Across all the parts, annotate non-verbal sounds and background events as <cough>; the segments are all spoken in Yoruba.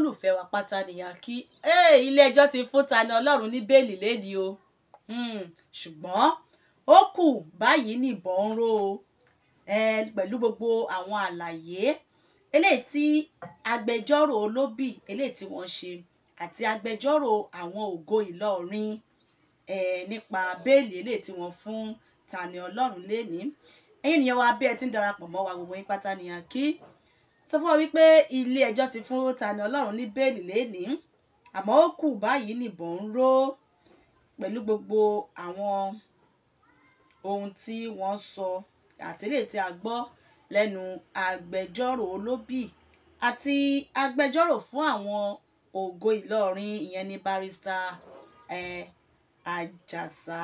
olólùfẹ́ wa pátá nìyà kí ilé ẹjọ́ ti fún Tani Ọlọ́run ní bẹ́ẹ̀lì lẹ́ni o hmm, ṣùgbọ́n ó kù báyìí nìbọn ń ró o pẹ̀lú gbogbo àwọn àlàyé eléyìí tí agbẹjọ́rò olóbì eléyìí tí wọ́n ṣe àti agbẹjọ́rò àwọn ògo Ìlọrin nípa bẹ́ẹ̀lì eléyìí tí wọ́n fún Tani Ọlọ́run lẹ́ni ẹ̀yin nìyẹn wá bí ẹ ti ń darapọ̀ mọ́ wa gbogbo yín pátá nìyà kí sọ fún wa wípé ilé ẹjọ́ ti fún Tani Olohun ní bẹ́ẹ̀lì lẹ́ni àmọ́ ó kù báyìí nìbọn ń ró pẹ̀lú gbogbo àwọn ohun tí wọ́n sọ àtìlẹ́yìn tí a gbọ́ lẹ́nu agbẹjọ́rò olóbì àti agbẹjọ́rò fún àwọn ògo Ìlọrin ìyẹn ní barista ẹ eh, Àjàsá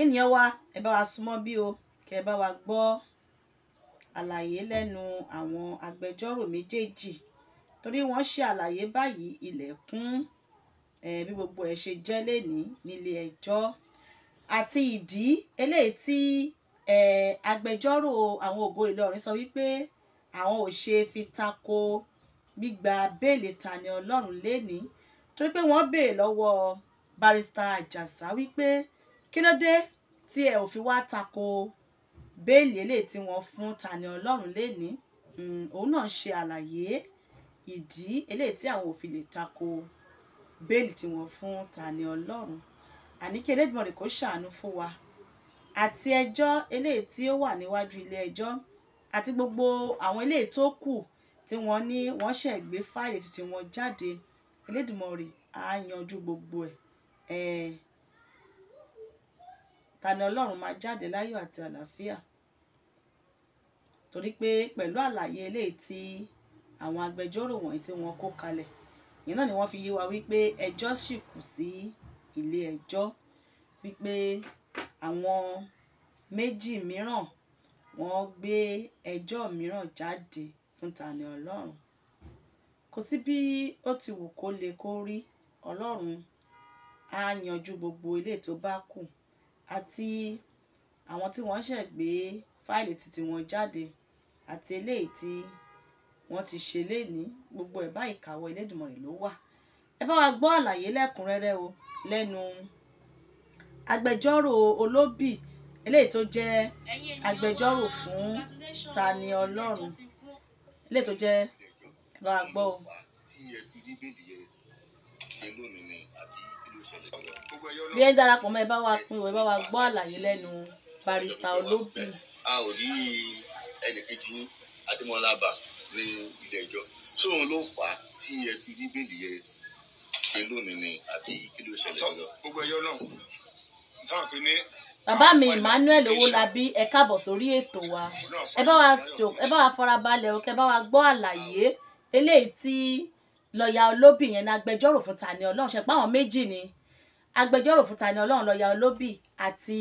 ènìyàn wa ẹ bá wa súnmọ́ bí o kẹ́ ẹ bá wa gbọ́ àlàyé lẹ́nu àwọn agbẹjọ́rò méjèèjì torí wọ́n ṣe àlàyé báyìí ilẹ̀kùn bí gbogbo ẹ̀ ṣe jẹ́ lénìí nílé ẹjọ́ àti ìdí eléyìí tí agbẹjọ́rò àwọn Ògo Ìlọrin sọ wípé àwọn ò ṣe fi tako gbígba béèlì Tani Ọlọ́run lénìí torí pé wọ́n béèrè lọ́wọ́ barrister Àjàsá wípé kí ló dé tí ẹ ò fi wá tako béèlì eléyìí tí wọ́n fún Tani Olohun lẹ́ni mm, òun náà ṣe àlàyé ìdí eléyìí tí àwọn òfin lè tako béèlì tí wọ́n fún Tani Olohun àní kí Elédùmarè kó ṣàánú fún wa àti ẹjọ́ eléyìí tí ó wà níwájú ilé ẹjọ́ àti gbogbo àwọn eléyìí tó kù tí wọ́n ní wọ́n ṣẹ̀ gbé fáìlì títí wọn jáde Elédùmarè á yanjú gbogbo ẹ̀ ẹ̀ẹ́ tani ọlọ́run máa jáde láyọ̀ àti àlàáfíà torí pé pẹ̀lú àlàyé eléyìí tí àwọn agbẹjọ́rò wọ̀nyí tí wọ́n kó kalẹ̀ ìyẹn náà ni wọ́n fi yé wa wípé ẹjọ́ sì kù sí ilé ẹjọ́ wípé àwọn méjì mìíràn wọ́n gbé ẹjọ́ mìíràn jáde fún tani ọlọ́run kò sí bí ó ti wù kó le kó rí ọlọ́run á yanjú gbogbo ilé tó bá kù àti àwọn tí wọ́n ṣẹ̀ gbé fáìlì títí wọn jáde àti eléyìí tí wọ́n ti ṣe lénìí gbogbo ẹ̀ bá ìkàwọ́ Elédùmarè ló wà ẹ bá wa gbọ́ àlàyé lẹ́kùnrẹ́rẹ́ o lẹ́nu agbẹjọ́rò olóbì eléyìí tó jẹ́ agbẹjọ́rò fún Tani Olohun eléyìí tó jẹ́ ẹ bá wa gbọ́ o bí ẹ darapọ̀ mọ́ ẹ bá wa pín o ẹ bá wa gbọ́ àlàyé lẹ́nu barista olóbì. a ò rí ẹnìkejì yín adémọlábà ní ilé ẹjọ́ sóun ló fà á tí ẹ fi rí bẹ́ẹ̀lì yẹn ṣe lónìí ni àbí kí ló ṣẹlẹ̀ lọ. gbogbo ẹyọ náà táwọn pè ní. bàbá mi Emmanuel Owólabí ẹ káàbọ̀ sórí ètò wa ẹ bá wa farabalẹ̀ o kẹ bá wa gbọ́ àlàyé eléyìí tí lọ́ọ̀yà olóbì yẹn ní agbẹjọ́rò fún Tani Olohun ṣe pé àwọn méjì ni agbẹjọ́rò fún Tani Olohun lọ́ọ̀yà olóbì àti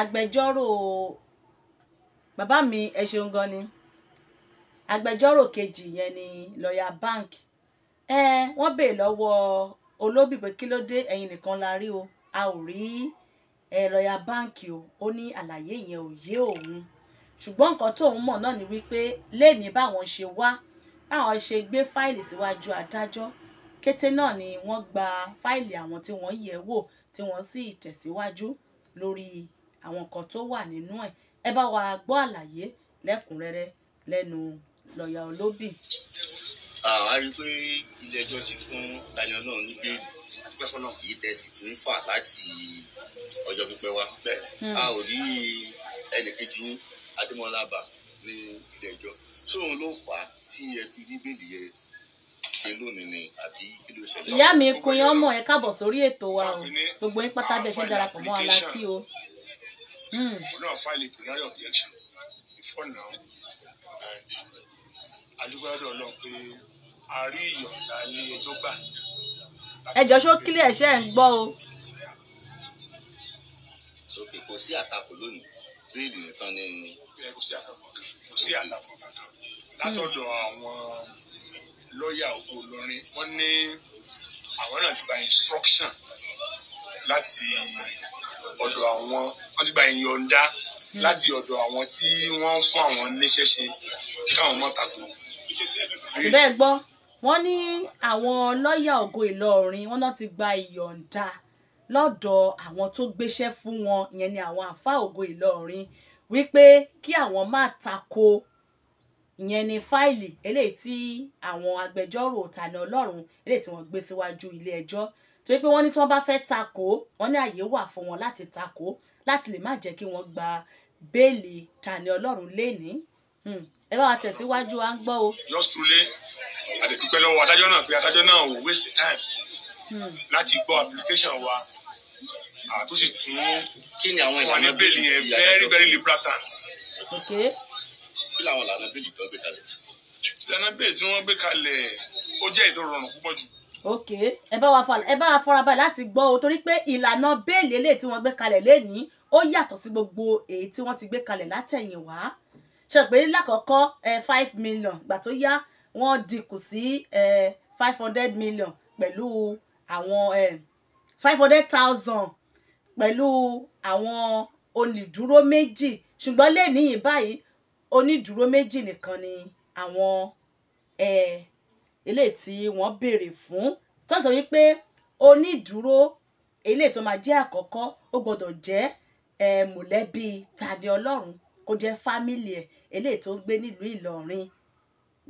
agbẹjọ́rò bàbá mi ẹ ṣeun gan ni agbẹjọ́rò kejì yẹn ni lọ́ọ̀yà bank wọ́n bèè lọ́wọ́ olóbì pé kí ló dé ẹ̀yin nìkan la rí o a ò rí lọ́ọ̀yà báǹkì o ó ní àlàyé yẹn ò yé òun ṣùgbọ́n nǹkan tóun mọ̀ náà ni wípé lẹ́ẹ̀ni báwọn ṣe wá báwọn ṣe gbé fáìlì síwájú adájọ́ kété náà ni wọ́n gba fáìlì àwọn tí wọ́n yẹ̀ wò tí wọ́n sì tẹ̀síwájú lórí àwọn nǹkan tó wà nínú ẹ̀ ẹ bá wa gbọ́ àlàyé lẹ́kùnrẹ́rẹ́ lẹ́nu lọ́ọ̀yà olóbì. àwa rí i pé ilé-ẹjọ́ ti fún Daniel náà ní bẹ́ẹ̀lì pẹ́sọ́ náà kì í tẹ̀sí ti ń fà láti ọjọ́ pípẹ́ wá bẹ́ẹ̀ hmm. a ò rí ẹnìkejì yín adémọlá bá ní ilé ẹjọ́ sóun ló fà á tí ẹ fi rí bẹ́ẹ̀lì yẹn ṣe lónìí ni àbí kí ló ṣẹlẹ̀. ìyá mi kun yín ọmọ ẹ káàbọ̀ sórí ètò wa o gbogbo yín pátá bẹ ṣe darapọ̀ mọ́ aláàkí o. mo hmm. náà fáìlì plenary objection before now a rí ìyọ̀ǹda ilé ẹjọ́ gbà. ẹ jọ ṣó kílẹ̀ ẹ̀ṣẹ́ ń gbọ́ o. òkè kò sí àtakò lónìí bẹ́ẹ̀lì nìkan ni bẹ́ẹ̀ kò sí àtàkùn kan kò sí àtàkùn kankan látọ̀dọ̀ àwọn lọ́ọ̀yà olórin wọ́n ní àwọn náà ti gba instruction láti ọ̀dọ̀ àwọn wọ́n ti gba ìyọ̀ǹda láti ọ̀dọ̀ àwọn tí wọ́n ń fún àwọn níṣẹ́ ṣe káwọn mọ́ tako. bẹ́ẹ̀ gbọ́ wọ́n ní àwọn lọ́ọ̀yà Ògo Ìlọrin wọ́n náà ti gba ìyọ̀ǹda lọ́dọ̀ àwọn tó gbéṣẹ́ fún wọn ìyẹn ni àwọn àfáà Ògo Ìlọrin wípé kí àwọn má tako ìyẹn ni fáìlì eléyìí tí àwọn agbẹjọ́rò Tani Olohrun eléyìí tí wọ́n gbé síwájú ilé ẹjọ́ torí pé wọ́n ní tí wọ́n bá fẹ́ tako wọ́n ní àyè wà fún wọn láti tako láti lè má jẹ́ kí wọ́n gba béèlì Tani Olohrun lénìí hmm. ẹ bá wa tẹ̀síwájú à ń gbọ́ o. just truly àdètúpẹ́ lọ́wọ́ adájọ́ náà pé adájọ́ náà ò waste time hmm. láti gbọ́ application wa tó sì tún kí ni àwọn ìlànà bẹ́ẹ̀lì yẹn very very liberal terms. kí làwọn ìlànà bẹ́ẹ̀lì tó ń gbé kalẹ̀. ìlànà bẹ́ẹ̀lì tí wọ́n gbé kalẹ̀ ó jẹ́ ètò rọrùn púpọ̀ jù. ok ẹ bá wa ẹ bá wa farabalẹ̀ láti gbọ́ o torí pé ìlànà bẹ́ẹ̀lì eléyìí tí wọ́n gbé kalẹ̀ lénìí ó yàtọ̀ sí gbogbo èyí tí wọ́n ti gbé kalẹ̀ látẹ̀yìnwá ṣe pé lákọ̀ọ́kọ́ five million gbà tó yá wọ́n dínkù sí five hundred million pẹ̀lú àwọn five hundred thousand pẹ̀lú àwọn onídùúró méjì ṣùgbọ́n lẹ́nìí báyìí onídùúró méjì nìkan ni àwọn eléyìí tí wọ́n béèrè fún tó sọ wípé onídùúró eléyìí tó máa jẹ́ àkọ́kọ́ ó gbọ́dọ̀ jẹ́ mọ̀lẹ́bí Tani Olohun kó jẹ́ fámìlì ẹ̀ eléyìí tó ń gbé nílùú Ìlọrin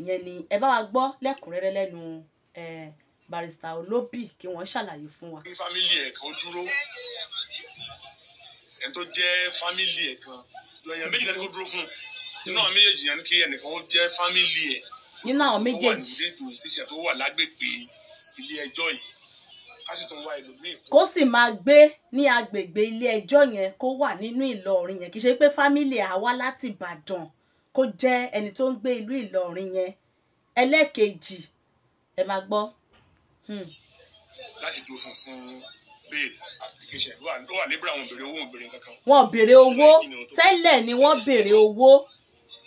yẹn ni ẹ bá wa gbọ́ lẹ́kùnrẹ́rẹ́ lẹ́nu barista olóbì kí wọ́n ṣàlàyé fún wa. fámìlì ẹ̀ kan dúró ẹni tó jẹ́ fámìlì ẹ̀ kan èèyàn méjì náà kó dúró fún un nínú àwọn méjèèjì yẹn kí ẹnìkan ó jẹ́ fámìlì ẹ̀ nínú àwọn méjèèjì tó wà lágbègbè ilé ẹjọ́ yìí kó sì máa gbé ní agbègbè ilé ẹjọ́ yẹn kó wà nínú Ìlọrin yẹn kì í ṣe pé fámìlì àwa láti Ìbàdàn kó jẹ́ ẹni tó ń gbé ìlú Ìlọrin yẹn ẹlẹ́ẹ̀kejì ẹ máa gbọ́. Hmm. láti dúró fún fún bail wọn béèrè owó tẹ́lẹ̀ ni wọ́n béèrè owó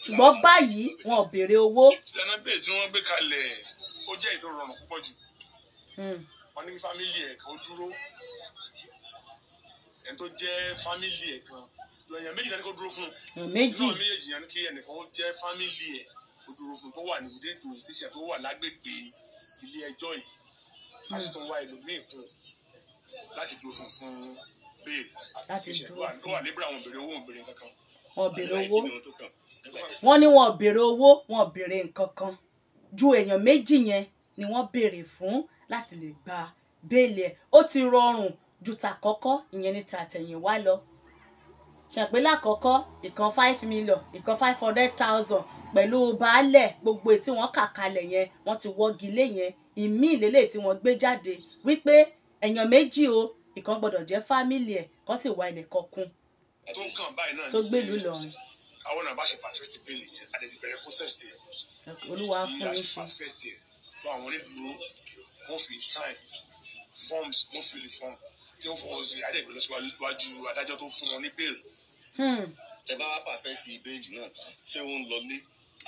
ṣùgbọ́n báyìí wọn ò owó. ìlànà bẹ́ẹ̀ tí wọ́n gbé kalẹ̀ ó jẹ́ ètò ìrọ̀rùn púpọ̀ jù. Hmm. wọ́n ní fámìlì ẹ̀ kan dúró ẹni tó jẹ́ fámìlì ẹ̀ kan èèyàn méjì náà kó dúró fún un. méjì náà méjèèjì yẹn kí ẹnìkan ó jẹ́ fámìlì ẹ̀ kó dúró fún un tó wà ní ìdè tó ìsísẹ́ tó wà lágbègbè ilé ẹjọ́ yìí. a sì tún wá ẹlòmíì kún un láti dúró fún fún bẹ́ẹ̀ àti ìṣẹ̀lú àlọ́ àlébùrà wọn béèrè owó wọn béèrè nǹkan kan. wọn béèrè owó wọn ní wọn béèrè owó wọn béèrè nǹkan kan ju èèyàn méjì yẹn ni wọn béèrè fún láti lè gba béèlì ẹ ó ti rọrùn ju tàkọ́kọ́ ìyẹn ní tàtẹ̀yìnwá lọ ṣàpèlè àkọ́kọ́ ìkan five million ìkan five hundred thousand pẹ̀lú baálẹ̀ gbogbo tí wọ́n kà kalẹ̀ yẹn wọ́n ti wọ́gi lé yẹn ìmí ìlélẹ̀ tí wọ́n gbé jáde wípé èèyàn méjì o ìkan gbọ́dọ̀ jẹ́ fámìlì ẹ̀ kó sì wá ẹnìkan kún tó gbèlú lọrin. àwọn náà bá ṣe pàṣẹtì pé nìyẹn a lè ti bẹ̀rẹ̀ pósẹ̀sì ẹ̀. olúwa fún yín ṣe. fún àwọn onídùúró wọn fi sign forms wọn fi lè fọn tí wọn fọwọ́ sí adẹ́gbẹ́ lọ́síwájú adájọ́ tó fún wọn ní bẹ́ẹ̀lì. Hmm. ẹ bá pàfẹ́tì bẹ́ẹ̀lì náà ṣé ó ń lọlé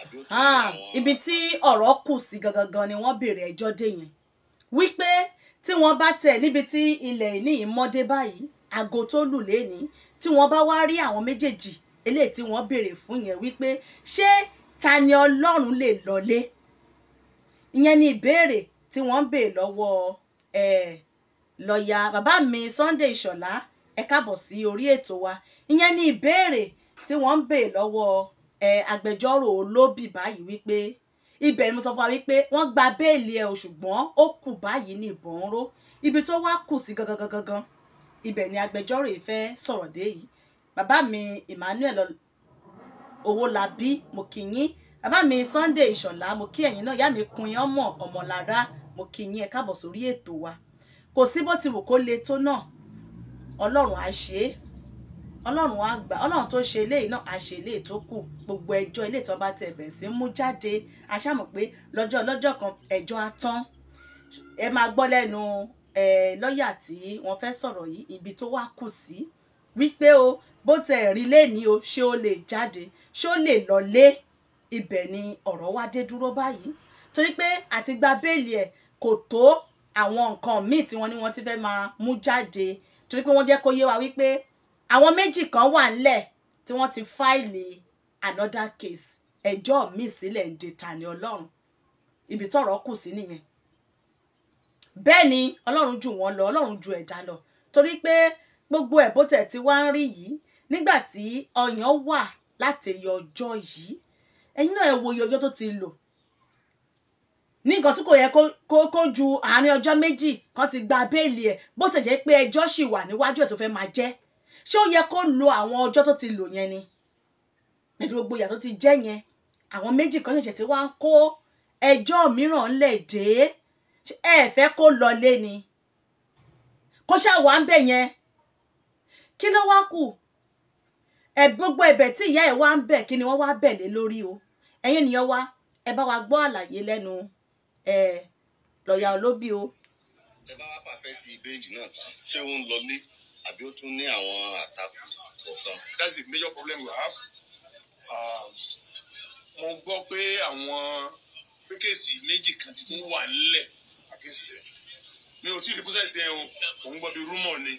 àbí ó tó ń lọ. ibi tí ọ̀rọ̀ kù sí gangan ni wọ́n béèrè ẹjọ́ dé yẹn wípé tí wọ́n bá tẹ̀ níbi tí ilẹ̀ ìní yìí mọ́dé báyìí aago tó lù léni tí wọ́n bá wá rí àwọn méjèèjì eléyìí tí wọ́n béèrè fún yẹn wípé ṣé ta ni ọlọ́run lè lọlé ìyẹn ni ìbéèrè tí wọ́n ń béè lọ́wọ́ ẹ̀ bàbá mi Sunday Ìṣọ̀lá ẹ káàbọ̀ sí orí ètò wa ìyẹn ni ìbéèrè tí wọ́n ń béè lọ́wọ́ agbẹjọ́rò olóbì báyìí wípé ibẹ̀ ni mo sọ fún wa wípé wọ́n gba béèlì ẹ̀ o ṣùgbọ́n ó kù báyìí ní ìbọn ró ibi tó wá kù sí gangan gangan gan ibẹ̀ ni agbẹjọ́rò yìí fẹ́ sọ̀rọ̀ dé yìí bàbá mi Emmanuel Owólabí mo kì í yín bàbá mi Sunday Ìṣọ̀lá mo kí ẹ̀yin náà ìyá mi Kúnyìn ọmọ Ọmọlára mo kí yín ẹ káàbọ̀ sórí ètò wa kò sí bó ti wù kó le tó náà Ọlọ́run á ọlọ́run á gbà ọlọ́run tó ṣe eléyìí náà á ṣe eléyìí tó kù gbogbo ẹjọ́ ilé tí wọ́n bá tẹ bẹ̀rẹ̀ sí mú jáde a ṣàmọ̀ pé lọ́jọ́ lọ́jọ́ kan ẹjọ́ á tán ẹ máa gbọ́ lẹ́nu ẹ lọ́ọ̀yà tí wọ́n fẹ́ sọ̀rọ̀ yìí ibi tó wá kù sí wípé o bó tẹ ẹ̀rí lẹ́ni o ṣé ó lè jáde ṣé ó lè lọlé ibẹ̀ ni ọ̀rọ̀ wá dé dúró báyìí torí pé àti gba béèlì ẹ̀ kò tó àwọn nǹkan míì tí wọ́n ní wọ́n ti fẹ́ máa mú jáde torí pé wọ́n jẹ́ kó yé wa wípé àwọn méjì kan wà ńlẹ̀ tí wọ́n ti fáìlì another case ẹjọ́ mi sílẹ̀ ń de Tani Ọlọ́run ibi tọ́rọ̀ kù sí nìyẹn bẹ́ẹ̀ ni Ọlọ́run jù wọ́n lọ Ọlọ́run ju ẹ̀dá lọ torí pé gbogbo ẹ̀ bó tẹ̀ ti wá ń rí yìí nígbà tí ọyàn wà láti yọ ọjọ́ yìí ẹ̀yin náà ẹ wo iye ọjọ́ tó ti lò ní nǹkan tí kò yẹ kó ju àárín ọjọ́ méjì kan ti gba béèlì ẹ̀ bó tẹ̀ jẹ́ pé ẹjọ́ ṣì wà níwájú ẹ̀ tó fẹ́ máa jẹ́ ṣé ó yẹ kó lo àwọn ọjọ́ tó ti lò yẹn ni pẹ̀lú gbogbo ìyà tó ti jẹ́ yẹn àwọn méjì kan ṣẹ̀ṣẹ̀ tí wọ́n á kó ẹjọ́ mìíràn lẹ̀ dé ẹ fẹ́ kó lọlé ni kó ṣàwà ń bẹ̀ yẹn kí ló wá kù ẹ gbogbo ẹ̀bẹ̀ tí ìyá ẹ̀ wá ń bẹ̀ kí ni wọ́n wá bẹ̀ lórí o ẹ̀yin ènìyàn wa ẹ bá wa gbọ́ àlàyé lẹ́nu ẹ lọ́ọ̀yà olóbì o. ẹ bá wá pàfẹ́ ti ìbéèjì náà ṣé ó ń lọlé àbí ó tún ní àwọn àtakò kọ̀ọ̀kan. that's the major problem we have. Um, mo gbọ́ pé àwọn pékèsì méjì kan ti tún wà nílẹ̀ against ẹ̀ mi ò tí ì rí púṣẹ̀sì ẹ̀ o òun gbọ́ bí rúmọ̀ ni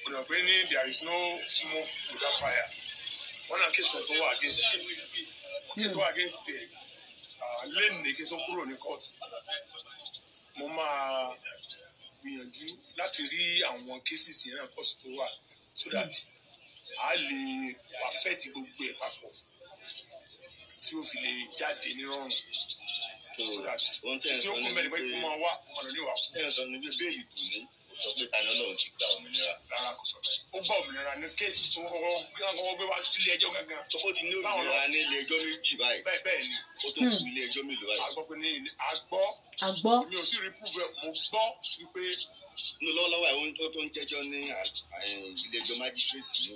mo dà pé ní there is no smoke without fire wọ́n náà kéésì kan tó wà against ẹ̀ kéésì wà against ẹ̀ uh, lẹ́nu ní kéésì ó kúrò ní court mo máa gbìyànjú láti rí àwọn cases yẹn náà kọ́sì tó wà so hmm. that a lè perfect gbogbo ẹ̀ papọ̀ tí o fi lè jáde ní ọrùn so that tí o kún mẹ́rin pé kó máa wá ọmọdé wa. ẹ̀ ń sọ ní bẹ́ẹ̀lì tó ní sọ pé ta ni Ọlọ́run ti gba òmìnira. rárá kò sọ bẹ́ẹ̀. ó gba òmìnira ní kéèsì tó kọ́kọ́ gbé wá sílé ẹjọ́ gangan. tó o ti ní òmìnira ní ilé ẹjọ́ méjì báyìí. bẹ́ẹ̀ bẹ́ẹ̀ ni. ó tó kù ilé ẹjọ́ mélòó báyìí. àgbọ̀ pé ní ilé àgbọ̀. àgbọ̀. mi ò sì rí púpọ̀ mo gbọ́ wípé. nínú lọ́wọ́lọ́wọ́ àwọn tó tó ń jẹ́jọ́ ní ilé ẹjọ́ májísírèètì mi.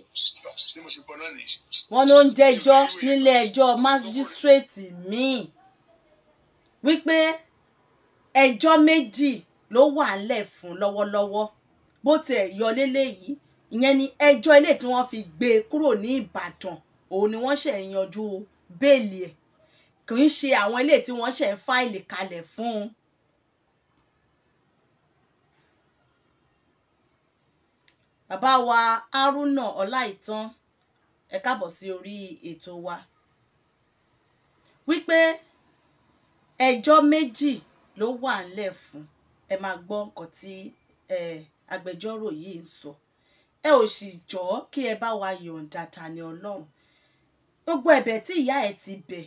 bí mo ṣe gbọ́ náà nìyí. wọ́n ló ń jẹ́jọ́ nílé ẹjọ́ májísírèètì míì wípé ẹjọ́ méjì ló wà ńlẹ̀ fún lọ́wọ́lọ́wọ́ bó tiẹ̀ yọ léléyìí ìyẹn ni ẹjọ́ ilé tí wọ́n fi gbé e kúrò ní Ìbàdàn òun ni wọ́n ṣe yanjú béèlì ẹ̀ kì í ṣe àwọn ilé tí wọ́n ṣe fáìlì kalẹ̀ fún un. bàbá wa Haruna Ọláìtàn ẹ káàbọ̀ sí orí ètò wa wípé ẹjọ́ méjì ló wà ńlẹ̀ fún ẹ máa gbọ́ nǹkan tí agbẹjọ́rò yìí ń sọ ẹ ò sì jọ kí ẹ bá wa yọ̀ǹda Tani Olohun gbogbo ẹ̀bẹ̀ tí ìyá ẹ̀ ti bẹ̀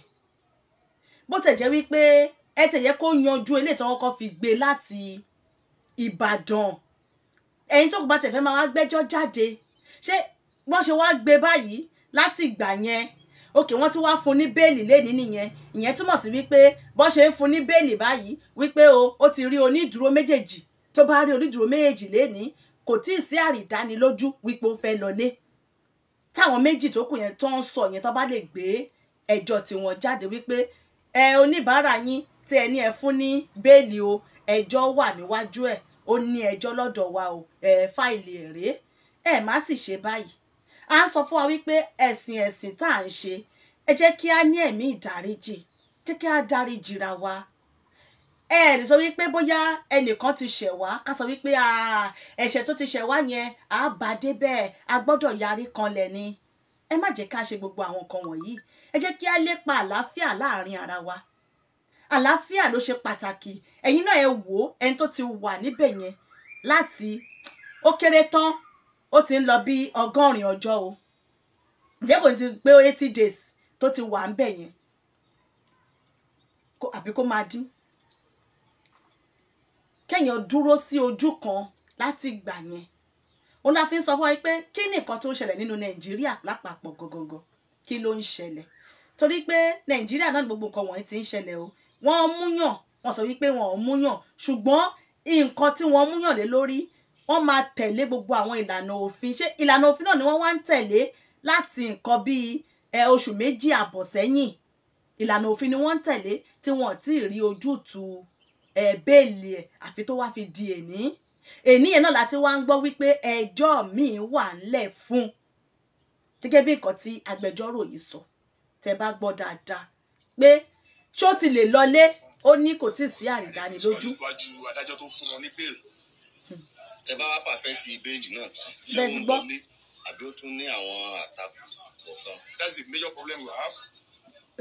bó tẹ̀ jẹ́ wípé ẹ tẹ̀ yẹ kó yanjú eléyìí tí wọ́n kọ́ fi gbé láti Ìbàdàn ẹ̀yin tó kù bá tẹ̀ fẹ́ máa wá gbẹ́jọ́ jáde ṣé wọ́n ṣe wá gbé báyìí láti ìgbà yẹn òkè wọ́n ti wá fún ní bẹ́ẹ̀lì lẹ́ni nìyẹn ìyẹn túmọ̀ sí wípé bọ́n ṣe ń fún ní bẹ́ẹ̀lì báyìí wípé o ó ti rí onídùúró méjèèjì tó bá rí onídùúró méjèèjì lẹ́ni kò tí ì sí àrídánilójú wípé ó fẹ́ lọlé táwọn méjì tó kù yẹn tó ń sọ yẹn tó bá lè gbé ẹjọ́ tiwọn jáde wípé ẹ oníbàárà yín tí ẹni ẹ fún ní bẹ́ẹ̀lì o ẹjọ́ wà níwájú ẹ̀ ó ní ẹjọ́ lọ́dọ̀ wa o ẹ fáìlì ẹ̀ rèé ẹ má sì ṣe báyìí à ń sọ fún wa wípé ẹ̀sìn ẹ̀sìn tá à ń ṣe ẹ jẹ́ kí a ní ẹ̀mí ìdáríjì jẹ́ kí a dáríjì ra wa ẹ lè sọ wípé bóyá ẹnìkan ti ṣẹ̀ wá ká sọ wípé ẹ̀ṣẹ̀ tó ti ṣẹ̀ wá yẹn á bá dé bẹ́ẹ̀ a gbọ́dọ̀ yarí kanlẹ̀ ni ẹ má jẹ́ ká ṣe gbogbo àwọn nǹkan wọ̀nyí ẹ jẹ́ kí a lépa àlàáfíà láàrin ara wa àlàáfíà ló ṣe pàtàkì ẹ̀yin náà ẹ wò ó ẹni tó ti wà níbẹ̀ yẹn láti ó kéré tán ó ti ń lọ bí ọgọ́rin ọjọ́ o ǹjẹ́ kò ti pé eighty days tó ti wà ń bẹ̀ yẹn àbí kó máa dín kéèyàn dúró sí ojú kan láti gbà yẹn ó la fi ń sọ fún wa pé kí ni nǹkan tó ń ṣẹlẹ̀ nínú nàìjíríà lápapọ̀ gangan kí ló ń ṣẹlẹ̀ torí pé nàìjíríà náà gbogbo nǹkan wọ̀nyí ti ń ṣẹlẹ̀ o wọ́n múyàn wọ́n sọ wípé wọ́n múyàn ṣùgbọ́n nǹkan tí wọ́n múyàn lé lórí wọ́n máa tẹ̀lé gbogbo àwọn ìlànà òfin ṣé ìlànà òfin náà ni wọ́n wá ń tẹ̀lé láti nǹkan bíi oṣù méjì àbọ̀ sẹ́yìn ìlànà òfin ni wọ́n ń tẹ̀lé tí wọ́n ti rí ojútùú ẹ̀ bẹ́ẹ̀lì ẹ̀ àfi tó wá fi di èní èní yẹn náà láti wá ń gbọ́ wípé ẹjọ́ míì wà ńlẹ̀ fún gẹ́gẹ́ bí nǹkan tí agbẹjọ́rò yìí sọ tẹ bá gbọ́ dáadáa pé ṣó ti lè lọlé ó ní kò tí ì sí àrídánilójú tẹ bá wá pàfẹ́tì béèlì náà ṣé òun gbọ́ mi àbí ó tún ní àwọn àtakò kọ̀ọ̀kan. that's the major problem we have.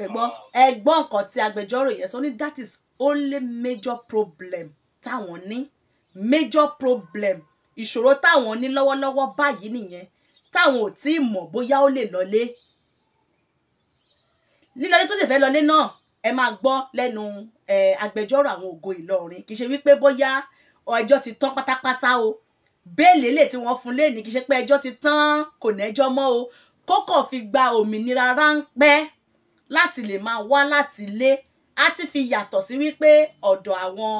ẹ̀gbọ́n ẹ̀gbọ́n nǹkan tí agbẹjọ́rò yẹn sọ ni that is only major problem táwọn ní major problem ìṣòro táwọn ní lọ́wọ́lọ́wọ́ báyìí nìyẹn táwọn ò tí ì mọ̀ bóyá ó lè lọlé lílọlé tó sì fẹ́ lọlé náà ẹ máa gbọ́ lẹ́nu agbẹjọ́rò àwọn Ògo Ìlọrin kì í ṣe wípé bóyá ọjọ́ ti tán pátápátá o béèlì lè tí wọ́n fún léèní kì í ṣe pé ẹjọ́ ti tán kò nẹ́jọ́ mọ́ o kókò fi gba òmìnira ráńpẹ́ láti lè máa wá láti ilé á ti fi yàtọ̀ sí wípé ọ̀dọ̀ àwọn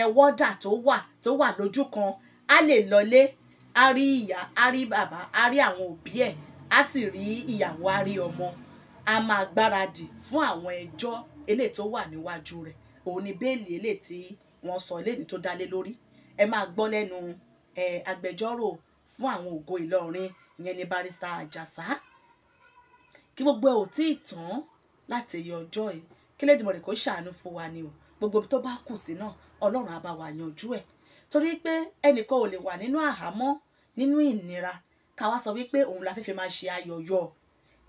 ẹwọ́dà tó wà tó wà lójú kan á lè lọlé á rí ìyá á rí bàbá á rí àwọn òbí ẹ̀ á sì rí ìyàwó á rí ọmọ a máa gbáradì fún àwọn ẹjọ́ eléyìí tó wà níwájú rẹ̀ òun ni béèlì eléyìí tí wọ́n sọ eléyìí tó dálé lórí ẹ máa gbọ́ lẹ́nu agbẹjọ́rò fún àwọn ògo Ìlọrin ìyẹn ní barista Àjàsá kí gbogbo ẹ ò tí ì tán láti èyí ọjọ́ yìí kí lẹ́dìmọ̀rẹ́ kó ṣàánú fún wa ni o gbogbo tó bá kù sí náà Ọlọ́run á bá wa yanjú ẹ̀ torí pé ẹnìkan ò lè wà nínú àhámọ́ nínú ìnira ká wá sọ wípé òun la fẹ́fẹ́ máa ṣe ayọ̀yọ̀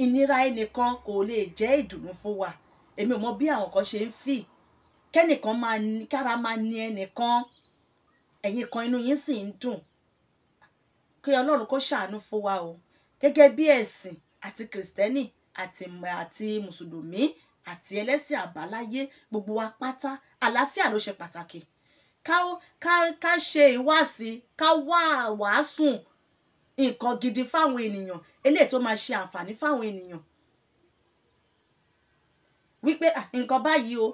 ìnira ẹnìkan kò lè jẹ́ ìdùnnú fún wa èmi ò mọ bí àwọn kan ṣe ń fì kẹ́nìkan máa kára máa ní ẹnìkan ẹ̀yin kan inú yín sì ń dùn kí ọlọ́run kó ṣàánú fún wa o gẹ́gẹ́ bí ẹ̀sìn àti kìrìsìtẹ́nì àti àti mùsùlùmí àti ẹlẹ́sìn àbáláyé gbogbo wa pátá àlàáfíà ló ṣe pàtàkì ká ṣe ìwáàsí ká wá wàásùn nǹkan gidi fáwọn ènìyàn eléyìí tó máa ṣe àǹfààní fáwọn ènìyàn wípé nǹkan báyìí o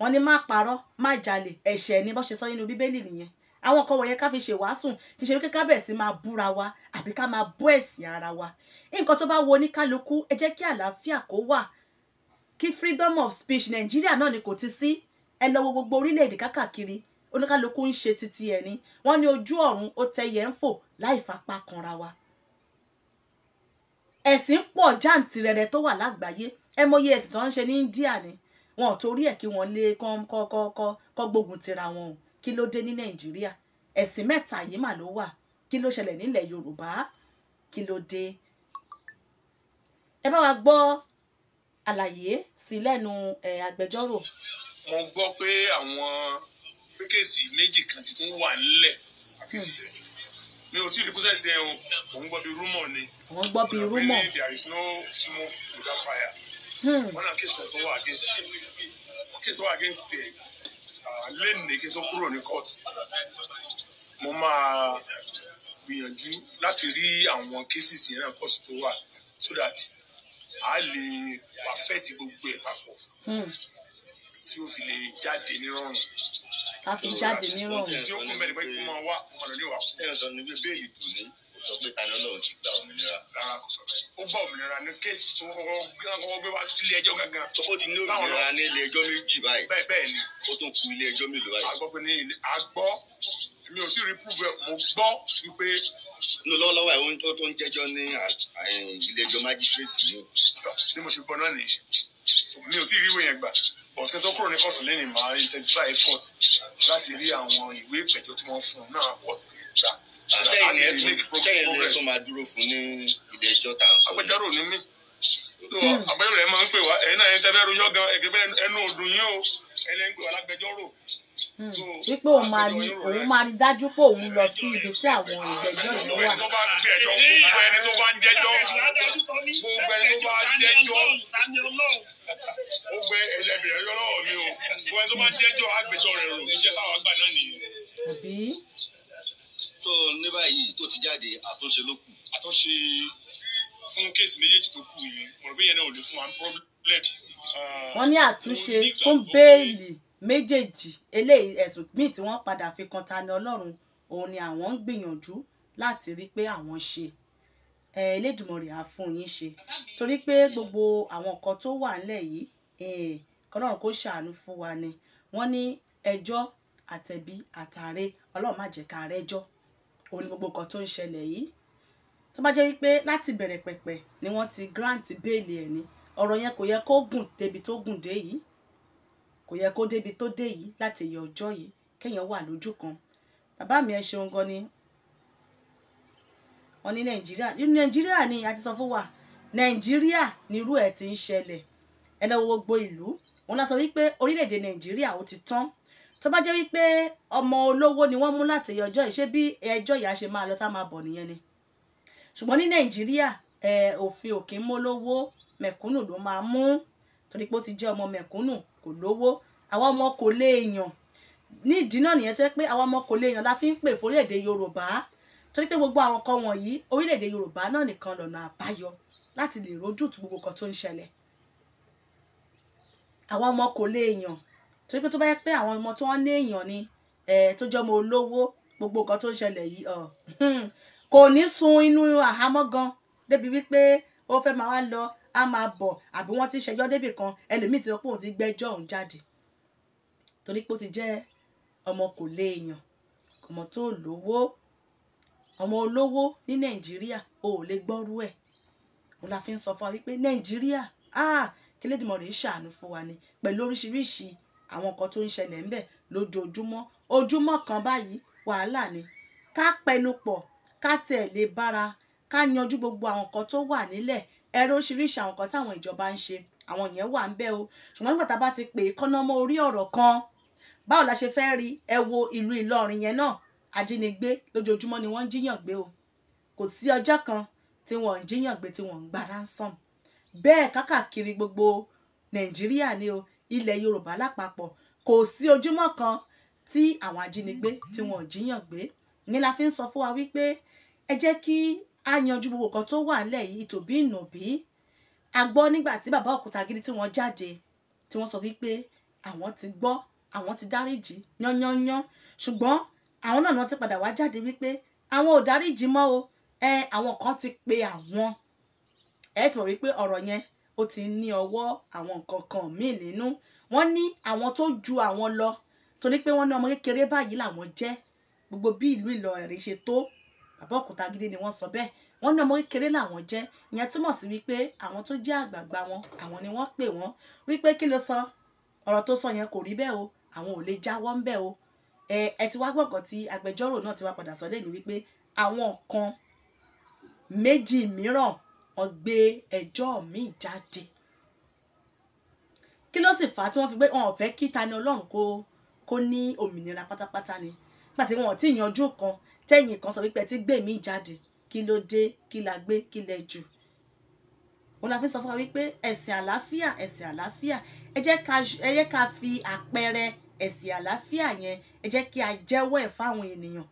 wọ́n ní má parọ́ má jalè ẹ̀ṣẹ̀ ni bó ṣe sọ nínú bíbélì nìyẹn àwọn ọkọ wọ̀nyẹn ká fi ṣe wàásùn kì í ṣe wípé ká bẹ̀rẹ̀ sí máa búra wa àbí ká máa bú ẹ̀sìn ara wa nǹkan tó bá wo oníkálukú ẹ jẹ́ kí àlàáfíà kó wà kí freedom of speech nàìjíríà náà ni kò ti sí ẹ lọ wo gbogbo orílẹ̀-èdè kákàkiri oníkálukú ń ṣe titi ẹ̀ ni wọ́n ní ojú ọ̀run ó tẹyẹ ń fò láì fapá kanra wa ẹ̀sìn pọ̀ jàǹtìrẹrẹ tó wà lágbàáyé ẹ mọyì ẹ̀sìn tó ń ṣe ní India ni wọn ò torí ẹ̀ kí wọ́n lé kọ́kọ́kọ́ gbógun tira wọn o kí ló dé ní nàìjíríà ẹ̀sìn mẹ́ta yìí mà ló wà kí ló ṣẹlẹ̀ nílẹ̀ yorùbá kí ló dé. ẹ bá wa gbọ́ àlàyé sí lẹ́nu agbẹjọ́rò. mo gbọ́ pé àwọn pékèsì méjì kan ti tún wà nílẹ̀ hmm. mi ò tí ì dípúsẹ̀ sí ẹ̀hún òun gbọ́ bí rúmọ̀ ni. òun gbọ́ bí rúmọ̀. there is no smoke without fire. Hmm. wọ́n náà kéésì kan tó wà against it. kéésì wà against it. Ah, lẹ́nìí kí n tó kúrò ní court mo máa gbìyànjú láti rí àwọn cases yẹn náà court tó wà so that a lè perfect gbogbo ẹ̀ papọ̀. Hmm tí ó fi lè jáde nírọ̀rùn. ká fi jáde nírọ̀rùn. tí ó kún bẹ́ẹ̀ ni pé kí wọ́n wá ọmọ lónìí wà. ẹ sọ ni pé bẹ́ẹ̀lì dùn ní kò sọ pé tani ọlọ́run ti gba òmìnira. rárá kò sọ bẹ́ẹ̀. ó gbà òmìnira ní kéèsì tó kọ́kọ́ gbé wá sílé ẹjọ́ gangan. ó ti ní òmìnira ní ilé ẹjọ́ méjì báyìí. bẹ́ẹ̀ bẹ́ẹ̀ ni. ó tún ku ilé ẹjọ́ mélòó báyìí. a gbọ́ pé ní àgbọ́ mi ò sì rí púpọ̀ mo gbọ́ wípé nínú lọ́wọ́lọ́wọ́ àwọn ohun tó ń jẹ́jọ́ ní ilé ẹjọ́ májísírèètì ni. bí mo ṣe gbọ́ náà nìyí mi ò sì rí ìwé yẹn gbà ọ̀sẹ̀ tó kúrò ní kóòtù lẹ́nìí máa intensify effort láti rí àwọn ìwé ìpẹ̀jọ́ tí wọ́n fún un náà pọ̀ sí ìgbà. sẹ́yìn lẹ́yìn tó máa dúró fún ní ilé ẹjọ́ tá à ń sọ. agbẹjọ́rò ni mí agbẹjọ́rò ẹ máa ń pè wá ẹ̀yin náà ẹni tẹ́ fẹ́ rojọ́ gan ẹgbẹ́ ẹnu ọdún yín o ẹni ẹ ń pè wá lágbẹjọ́rò. wípé òun máa ní dájú pé òun lọ sí ibi tí àwọn ìgbẹ́jọ́ yìí wà ó gbé ẹlẹ́bìrẹ́ lọ́wọ́ mi o gbogbo ẹni tó bá jẹ́jọ́ àgbẹ̀jọ́ rẹ̀ rò iṣẹ́ táwọn àgbà náà nìyẹn. tó ní báyìí tó ti jáde àtúnṣe ló kù. àtúnṣe fún kéèsì méjèèjì tó kù yìí mo rò bí yẹn náà ò lè fún wa problem. Ah, wọ́n ní àtúnṣe fún bẹ́ẹ̀lì méjèèjì eléyìí ẹ̀sùn míì tí wọ́n padà fi kan Tani Olohun òun ni àwọn ń gbìyànjú láti rí pé àwọn ṣe. Elédùmarè á fún yín ṣe torí pé gbogbo àwọn nǹkan tó wà ńlẹ̀ yìí eh, kọ́lọ́run kó ṣàánú fún wa ni wọ́n ní ẹjọ́ àtẹ̀bí àtàrẹ ọlọ́run má jẹ́ ká rẹ́jọ́ òun ni gbogbo nǹkan tó ń ṣẹlẹ̀ yìí tó bá jẹ́ wípé láti bẹ̀rẹ̀ pẹ̀pẹ̀ ni wọ́n ti grant béèlì ẹ̀ ni ọ̀rọ̀ yẹn kò yẹ kó gùn débi tó gùn dé yìí kò yẹ kó débi tó dé yìí láti yẹ ọjọ́ yìí kéèyàn wà lójú kan bàbá mi ẹ ṣeun gan ni wọn ní nàìjíríà nàìjíríà ni a ti sọ fún wa nàìjíríà nírú ẹ̀ ti ń ṣẹlẹ̀ ẹ lọ wo gbogbo ìlú wọn lọ sọ wípé orílẹ̀-èdè nàìjíríà ó ti tán tó bá jẹ́ wípé ọmọ olówó ni wọ́n mú láti ọjọ́ ìṣe bí ẹjọ́ ìyá ṣe máa lọ tá máa bọ̀ nìyẹn ni ṣùgbọ́n ní nàìjíríà òfin òkè mólówó mẹ̀kúnnù ló máa mú torí pé ó ti jẹ́ ọmọ mẹ̀kúnnù kò lówó àwa ọmọ kò lè èèyàn ní ìdí náà nìyẹn tó pé àwa ọmọ kò lè èèyàn la fi ń pè fórílẹ̀-èdè yorùbá torí pé gbogbo àwọn nǹkan wọ̀nyí orílẹ̀-èdè Yorùbá náà nìkan lọ́nà àbáyọ láti lè rojú tu gbogbo nǹkan tó ń ṣẹlẹ̀ àwa ọmọ kò lè èèyàn torí pé tó bá yẹ pé àwọn ọmọ tó wọ́n ní èèyàn ni eh, tó jẹ́ ọmọ olówó gbogbo nǹkan tó ń ṣẹlẹ̀ yìí oh, hmm, kò ní sun inú àhámọ́ gan débi wípé ó fẹ́ máa wá lọ á máa bọ̀ àbí wọ́n ti ṣẹjọ́ débì kan ẹlòmíì ti sọ pé òun ti gbẹ́jọ́ òun jáde torí pé ó ti jẹ́ ọmọ kò lè èèyàn ọmọ tó lówó àwọn olówó ní nàìjíríà o ò lè gbọ́rú ẹ̀ òun la fi ń sọ fún wa wípé nàìjíríà ah kílédìmọ̀ rèé ṣàánú fún wa ni pẹ̀lú oríṣiríṣi àwọn nǹkan tó ń ṣẹlẹ̀ ńbẹ̀ lójoojúmọ́ ojúmọ́ kan báyìí wàhálà ni ká pẹnupọ̀ ká tẹ̀ lé bára ká yanjú gbogbo àwọn nǹkan tó wà nílẹ̀ ẹ̀rọ oríṣiríṣi àwọn nǹkan táwọn ìjọba ń ṣe àwọn yẹn wà ń bẹ̀ o ṣùgbọ́n nígbà tá a bá ti pè é kọ́nọ́mọ́ orí ọ̀rọ̀ kan báwo la ṣe fẹ́ rí ẹ wo ìlú Ìlọrin yẹn náà ajínigbé lójoojúmọ́ ni wọ́n ń jíyàn gbé o kò sí ọjọ́ kan tí wọ́n ń jíyàn gbé tí wọ́n ń gba ransom bẹ́ẹ̀ kákàkiri gbogbo nàìjíríà ni o ilẹ̀ yorùbá lápapọ̀ kò sí ojúmọ́ kan tí àwọn ajínigbé tí wọ́n ń jíyàn gbé ni la fi ń sọ fún wa wípé ẹ jẹ́ kí á yanjú gbogbo kan tó wà nílẹ̀ yìí tòbí ìnàbí a gbọ́ nígbà tí bàbá Òkútagidi tí wọ́n jáde tí wọ́n sọ wípé àwọn ti gbọ́ àwọn ti dáríjì yányányán ṣùgbọ́n àwọn náà náà ti padà wá jáde wípé àwọn ò dáríjì mọ́ o ẹ àwọn kan ti pe àwọn ẹ ti mọ̀ wípé ọ̀rọ̀ yẹn ó ti ní ọwọ́ àwọn nǹkan kan míì nínú wọ́n ní àwọn tó ju àwọn lọ torí pé wọ́n ní ọmọ kékeré báyìí làwọn jẹ́ gbogbo bí ìlú Ìlọrin ṣe tó bàbá Òkútagídé ni wọ́n sọ bẹ́ẹ̀ wọ́n ní ọmọ kékeré làwọn jẹ́ ìyẹn túmọ̀ sí wípé àwọn tó jẹ́ àgbààgbà wọn àwọn ni wọ́n pè wọ́n wípé kí ló sọ ọ̀rọ̀ tó sọ yẹn kò rí bẹ́ẹ̀ o àwọn ò lè jáwọ́ ń bẹ́ẹ̀ o ẹ ẹ ti wá gbọ̀ngàn tí agbẹjọ́rò náà ti wá padà sọ lẹ́yìn wípé àwọn kan méjì mìíràn wọ́n gbé ẹjọ́ míì jáde kí ló sì fà á tí wọ́n fi gbé wọn ò fẹ́ kí Tani Olohun kó kó ní òmìnira pátápátá ni nígbà tí wọn ò tí ì yanjú kan tẹ́yìn kan sọ wípé ẹ ti gbé mi jáde kí ló dé kí la gbé kí lẹ jù òun la fi sọ fún wa wípé ẹ̀sìn àlàáfíà ẹ̀sìn àlàáfíà ẹ jẹ́ ká fi àpẹẹrẹ ẹ̀sìn àlàáfíà yẹn ẹ jẹ́ kí a jẹ́wọ́ ẹ̀ fáwọn ènìyàn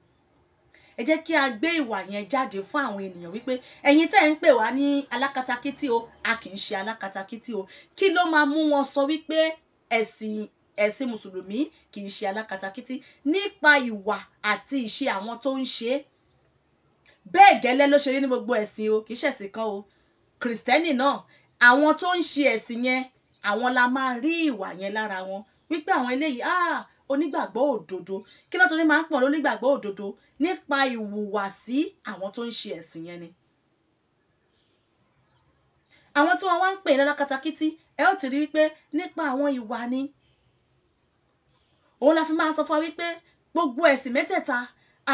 ẹ jẹ́ kí a gbé ìwà yẹn jáde fún àwọn ènìyàn wípé ẹ̀yin tẹ́ ẹ̀ ń pè wá ní alákatakítí o a kì í ṣe alákatakítí o kí ló máa mú wọn sọ wípé ẹ̀sìn ẹ̀sìn mùsùlùmí kì í ṣe alákatakítí nípa ìwà àti ìṣe àwọn tó ń ṣe é bẹ́ẹ̀ gẹ́lẹ́ ló ṣe rí ní gbogbo ẹ̀sìn o kì í ṣẹ̀sìn kan o kìrìsìtẹ́nì náà àwọn tó ń ṣe ẹ̀sìn yẹn àwọn la máa rí ìwà yẹn lára wọn wípé àwọn eléyìí ah onígbàgbọ́ òdodo kí ló torí máa ń pọ̀ lónígbàgbọ́ òdodo nípa ìhùwàsí àwọn tó ń ṣe ẹ̀sìn yẹn ni. àwọn tí wọ́n wá ń pè ní lọ́kàtàkìtì ẹ ó ti rí wípé nípa àwọn ìwà ni òun la fi máa sọ fún wa wípé gbogbo ẹ̀sìn mẹ́tẹ̀ẹ̀ta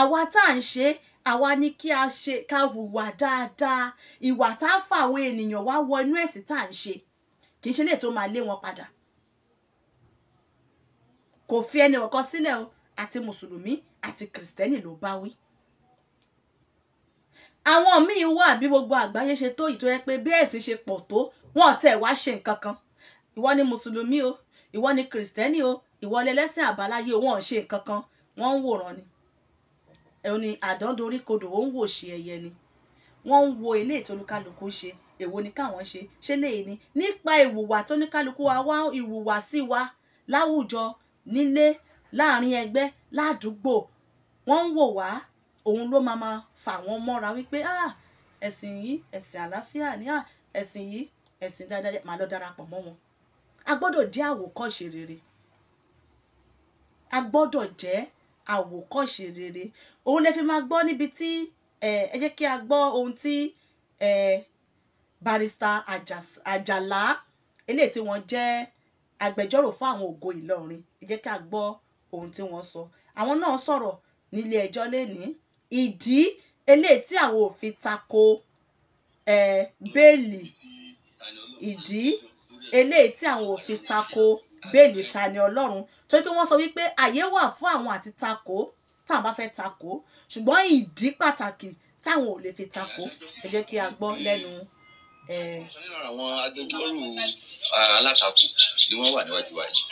àwa tá à ń ṣe àwa ni kí a ṣe ká hùwà dáadáa ìwà tá a fà àwọn ènìyàn wá wọ inú ẹ̀sìn tá à ń ṣe kì í ṣe lè tó máa lé wọn padà kò fi ẹnì ọ̀kan sílẹ̀ o àti mùsùlùmí àti kìrìsìtẹ́nì ló bá wí. àwọn míì wà bí gbogbo àgbáyé ṣe tó yìí tó yẹ pé bí ẹ̀sìn ṣe pọ̀ tó wọ́n tẹ̀ wá ṣe nǹkan kan ìwọ ni mùsùlùmí o ìwọ ni kìrìsìtẹ́nì o ìwọ ni ẹlẹ́sìn àbáláyé o wọ́n ṣe nǹkan kan wọ́n ń wòran ni ẹ̀hún ni àdándorí kodò ó ń wò ṣe ẹyẹ ni wọ́n ń wo ilé ìtolúkálukú ṣe èwo ni káwọn ṣe ṣe léyìí ni nípa ìwùwà tóníkálukú wa wá ìwùwà sí wa láwùjọ nílé láàrin ẹgbẹ́ ládùúgbò wọ́n ń wò wá òun ló máa ma fà wọ́n mọ́ra wípé ah ẹ̀sìn yìí ẹ̀sìn àlàáfíà ni ah ẹ̀sìn yìí ẹ̀sìn dáadáa máa lọ darapọ̀ mọ́ wọn a gbọ́dọ̀ jẹ́ àwòkọ́ṣe rere a gbọ́dọ̀ jẹ́ àwòkọ́ṣe rere òun lè fi máa gbọ́ níbi tí ẹ jẹ́ kí a gbọ́ ohun tí barista àjàlá eléyìí tí wọ́n jẹ́ agbẹjọ́rò fún àwọn ògo Ìlọrin ẹ jẹ́ ká gbọ ohun tí wọ́n sọ àwọn náà sọ̀rọ̀ nílé ẹjọ́ lẹ́ni ìdí eléyìí tí àwọn ò fi tako ẹ bẹ́ẹ̀lì ìdí eléyìí tí àwọn ò fi tako bẹ́ẹ̀lì Tani Ọlọ́run torí pé wọ́n sọ wípé àyè wà fún àwọn àti tako táwọn bá fẹ́ tako ṣùgbọ́n ìdí pàtàkì táwọn ò lè fi tako ẹ jẹ́ kí a gbọ́ lẹ́nu Eh. ọ̀kan nínú àwọn agbẹjọ́rò ah, alátakò ni wọ́n wà níwájú wa yìí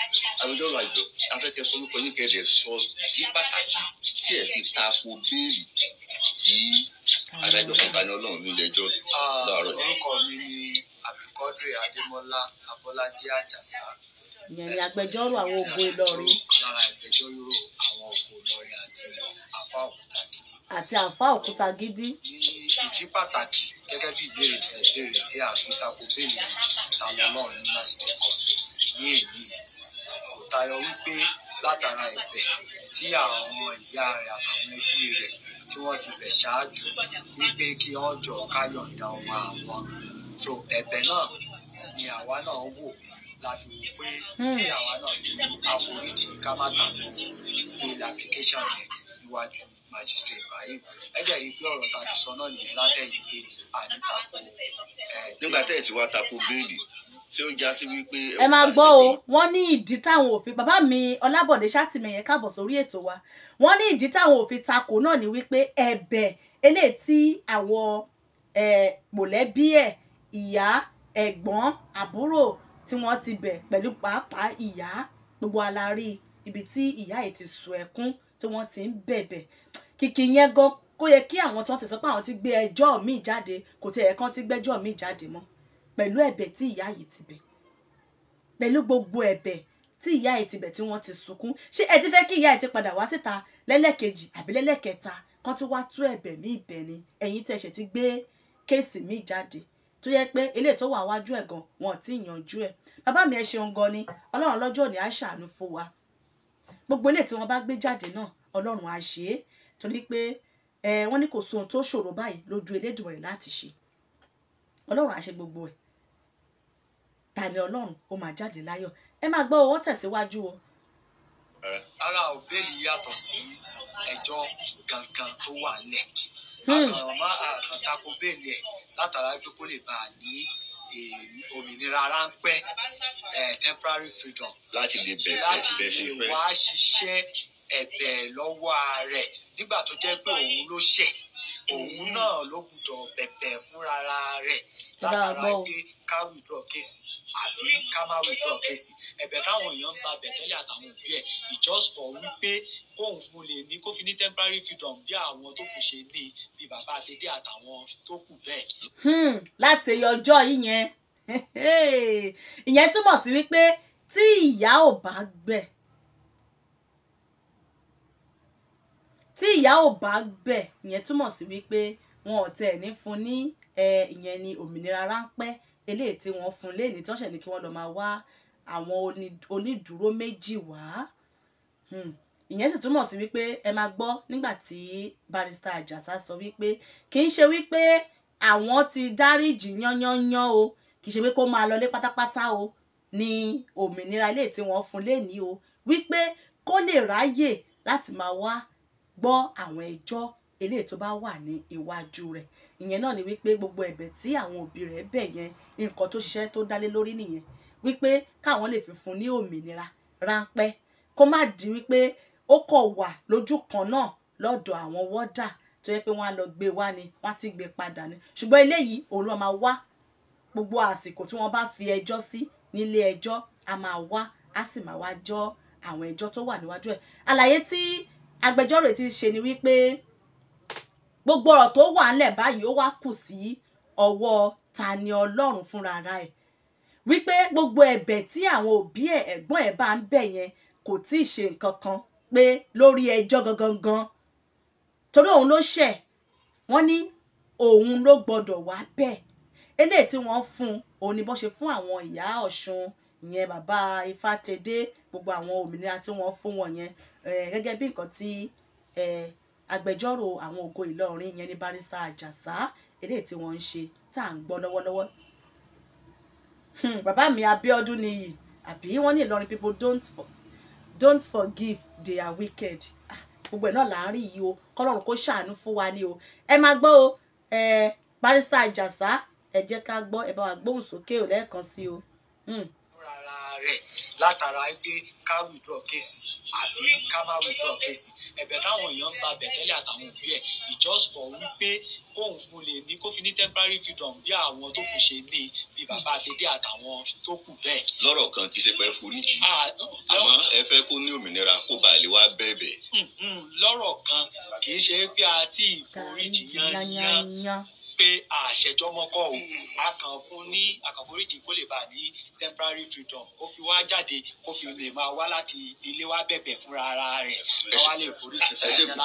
agbẹjọ́rò àjọ afẹ́kẹ́ sọ́lúkọ sọ di pàtàkì tí ẹ̀ fi ta ko béèlì tí adájọ́ kọ̀ọ̀kan ọlọ́run ní ilé-ẹjọ́ láàárọ̀. Ah, orúkọ mi ni abdulkadir adémọlá abọlájẹ àjàsà ìyẹn ni agbẹjọ́rò àwọn Ògo Ìlọrin. lára agbẹjọ́rò àwọn Ògo Ìlọrin àti àfa òkúta gidi. àti àfa òkúta gidi. ní ìdí pàtàkì gẹ́gẹ́ bí ìbéèrè tí ìbéèrè tí a fi tako béèlì tayọ náà ní masjid court ní èyí yìí kò tayọ wípé látara ẹ̀bẹ̀ tí àwọn ìyá rẹ̀ àtàwọn ẹbí rẹ̀ tí wọ́n ti bẹ̀ ṣáájú wípé kí wọ́n jọ káyọ̀ǹda ọmọ àwọn so ẹ̀bẹ̀ náà ni àwa náà wò la fi wò pé hmm. kí àwa náà ní àforíjì ká má tà fún bail application yẹn níwájú magistrate Ibrahim ẹ̀jẹ̀ rí i pé ọ̀rọ̀ tá a ti sọ náà nìyẹn látẹ̀yìn pé àní tako. nígbà tẹ́ ẹ̀ ti wá tako béèlì tí ó já sí wípé. ẹ máa gbọ́ o wọ́n ní ìdí táwọn òfin bàbá mi ọlábọ̀dé sátìmẹ̀yẹ káàbọ̀ sórí ètò wa wọ́n ní ìdí táwọn òfin takò náà ni wípé ẹ̀bẹ̀ eléyìí tí àwọn mọ̀lẹ́bí ẹ̀ ìyá ẹ̀gbọ́n àbúrò tí wọ́n ti bẹ̀ pẹ̀lú pàápàá ìyá gbogbo alárí ibi tí ìyá yìí ti sùn ẹkún tí wọ́n ti ń bẹ̀bẹ̀ kìkì yẹn gan kó yẹ kí àwọn tó ti sọ pé àwọn ti gbé ẹjọ́ míì jáde kò tí ẹ̀ẹ̀kan ti gbẹ́jọ́ míì jáde mọ́ pẹ̀lú ẹ̀bẹ̀ tí ìyá yìí ti bẹ̀ pẹ̀lú gbogbo ẹ̀bẹ̀ tí ìyá yìí ti bẹ̀ tí wọ́n ti sunkún ṣé ẹ ti fẹ́ kí ìyá yìí ti padà wá síta lẹ́lẹ́kejì àbí lẹ́lẹ́kẹta kan tí wá tú ẹ̀bẹ̀ míì bẹ̀ ni ẹ̀yin tẹ̀sẹ̀ ti gbé kéèsì míì jáde tó yẹ pé eléyìí tó wà wájú ẹ̀ gan wọn ti yanjú ẹ̀ bàbá mi ẹ ṣeun gan ni ọlọ́run lọ́jọ́ òní á ṣàánú fún wa gbogbo eléyìí tí wọ́n bá gbé jáde náà ọlọ́run á ṣe é torí pé ẹ wọ́n ní kò sí ohun tó ṣòro báyìí lójú Elédùmarè láti ṣe ọlọ́run á ṣe gbogbo ẹ̀ ta ni ọlọ́run ó máa jáde láyọ̀ ẹ máa gbọ́ owó tẹ̀síwájú o. ara òbéèlì yàtọ̀ sí ẹjọ́ gangan tó wà nílẹ̀ hmm. àkànmọ́ àkàntako béèlì ẹ̀ látara pé kó lè bàa ní eh, òmìnira ráńpẹ́ eh, temporary freedom láti lè wá ṣiṣẹ́ ẹ̀bẹ̀ lọ́wọ́ rẹ̀ nígbà tó jẹ́ pé òun ló ṣẹ̀ òun náà ló gbúdọ̀ bẹ̀bẹ̀ fúnra rẹ̀ látara pé ká withdraw kéèsì àbí ká má withdraw kéèsì ẹ̀bẹ̀ táwọn èèyàn ń ba bẹ̀tẹ́lẹ̀ àtàwọn òbí ẹ̀ just for wípé kóun fún lè ní kó fi ní temporary freedom bí àwọn tó kù ṣe ní bí bàbá àtẹ́dẹ́ àtàwọn tó kù bẹ́ẹ̀. Hmm, láti ọjọ́ yìí <laughs> ìyẹn túmọ̀ sí wípé tí ìyá ò bá gbẹ̀ tí ìyá ò bá gbẹ̀ ìyẹn túmọ̀ sí wípé wọn ò tẹ̀ ní fún ní ìyẹn ni òmìnira ráńpẹ́ eléyìí tí wọ́n fún léèní tí wọ́n ṣẹ̀ ní kí wọ́n lọ máa wá àwọn onídùúró méjì wá hmm. ìyẹn sì túmọ̀ sí wípé ẹ máa gbọ́ nígbà tí barrister Àjàsá sọ wípé kì í ṣe wípé àwọn ti dáríjì yányányán o kì í ṣe pé kó máa lọlé pátápátá o ní òmìnira eléyìí tí wọ́n fún léèní o wípé kó lè ráyè láti máa wá gbọ́ àwọn ẹjọ́ eléyìí tó bá wà ní iwájú rẹ̀ ìyẹn náà ni wípé gbogbo ẹ̀bẹ̀ tí àwọn òbí rẹ̀ bẹ̀ yẹn nǹkan tó ṣiṣẹ́ tó dálé lórí nìyẹn wípé káwọn lè fi fún ní òmìnira ráńpẹ́ kó má di wípé ó kọ̀ wà lójú kan náà lọ́dọ̀ àwọn wọ́dà tó yẹ pé wọ́n á lọ gbé wá ni wọ́n á ti gbé padà ni ṣùgbọ́n eléyìí òun ló máa wá gbogbo àsìkò tí wọ́n bá fi ẹjọ́ sí nílé ẹjọ́ a máa wá a sì máa wá jọ́ àwọn ẹjọ́ tó wà níwájú ẹ̀ àlàyé tí agbẹjọ́rò ti ṣe ni wípé gbogbo ọ̀rọ̀ tó wà ńlẹ̀ báyìí ó wá kù sí ọwọ́ Tani Ọlọ́run fúnra ara ẹ̀ wípé gbogbo ẹ̀bẹ̀ tí àwọn òbí ẹ̀ ẹ̀gbọ́n ẹ̀ bá ń bẹ̀ yẹn kò tí ì ṣe nǹkan kan pé lórí ẹjọ́ gangan gan torí òun ló ṣẹ̀ wọ́n ní òun ló gbọ́dọ̀ wá bẹ́ẹ̀ eléyìí tí wọ́n fún òun ni bọ́n ṣe fún àwọn ìyá Ọ̀ṣun ìyẹn bàbá Ifátedé gbogbo àwọn òmìnira tí wọ́n fún wọn yẹn eh, gẹ́gẹ́ bí nǹkan tí eh, agbẹjọ́rò àwọn ògo Ìlọrin ìyẹn ní barista Àjàsá eléyìí tí wọ́n ń ṣe tá à ń gbọ́ lọ́wọ́lọ́wọ́ hmm, bàbá mi Abíọ́dún nìyí àbí wọ́n ní Ìlọrin people don't don't forgive they are wicked ah, gbogbo ẹ̀ náà là ń rí yìí o kọ́lọ́run kó ṣàánú fún wa ni o ẹ máa gbọ́ o eh, barista Àjàsá ẹ jẹ́ ká gbọ́ ẹ bá wa gbóhùn sókè ò lẹ́ẹ̀kan sí o. Hmm rẹ̀ látara pé ká withdraw kéèsì àbí ká má withdraw kéèsì ẹ̀bẹ̀ táwọn èèyàn ń ba bẹ̀tẹ́lẹ̀ àtàwọn òbí ẹ̀ just for wípé kóun fún lè ní kó fi ní temporary freedom bí àwọn tó kù ṣe ní bí bàbá àtẹ̀dé àtàwọn tó kù bẹ́ẹ̀. lọ́rọ̀ kan kì í ṣe pé foríjì ah, àmọ́ ẹ fẹ́ kó ní òmìnira kó bá lè wá bẹ̀bẹ̀. Hmm, hmm, lọ́rọ̀ kan kì í ṣe pé a ti ìforíjì yan yan pé àṣẹjọmọkọ o àkànfúnni hmm. àkànforíjì kó lè bà ní temporary freedom kó fi wá jáde kó fi lè máa wá láti ilé wá bẹ̀bẹ̀ fúnra ara rẹ̀ kó wá lè foríjì. ẹ ṣe hmm.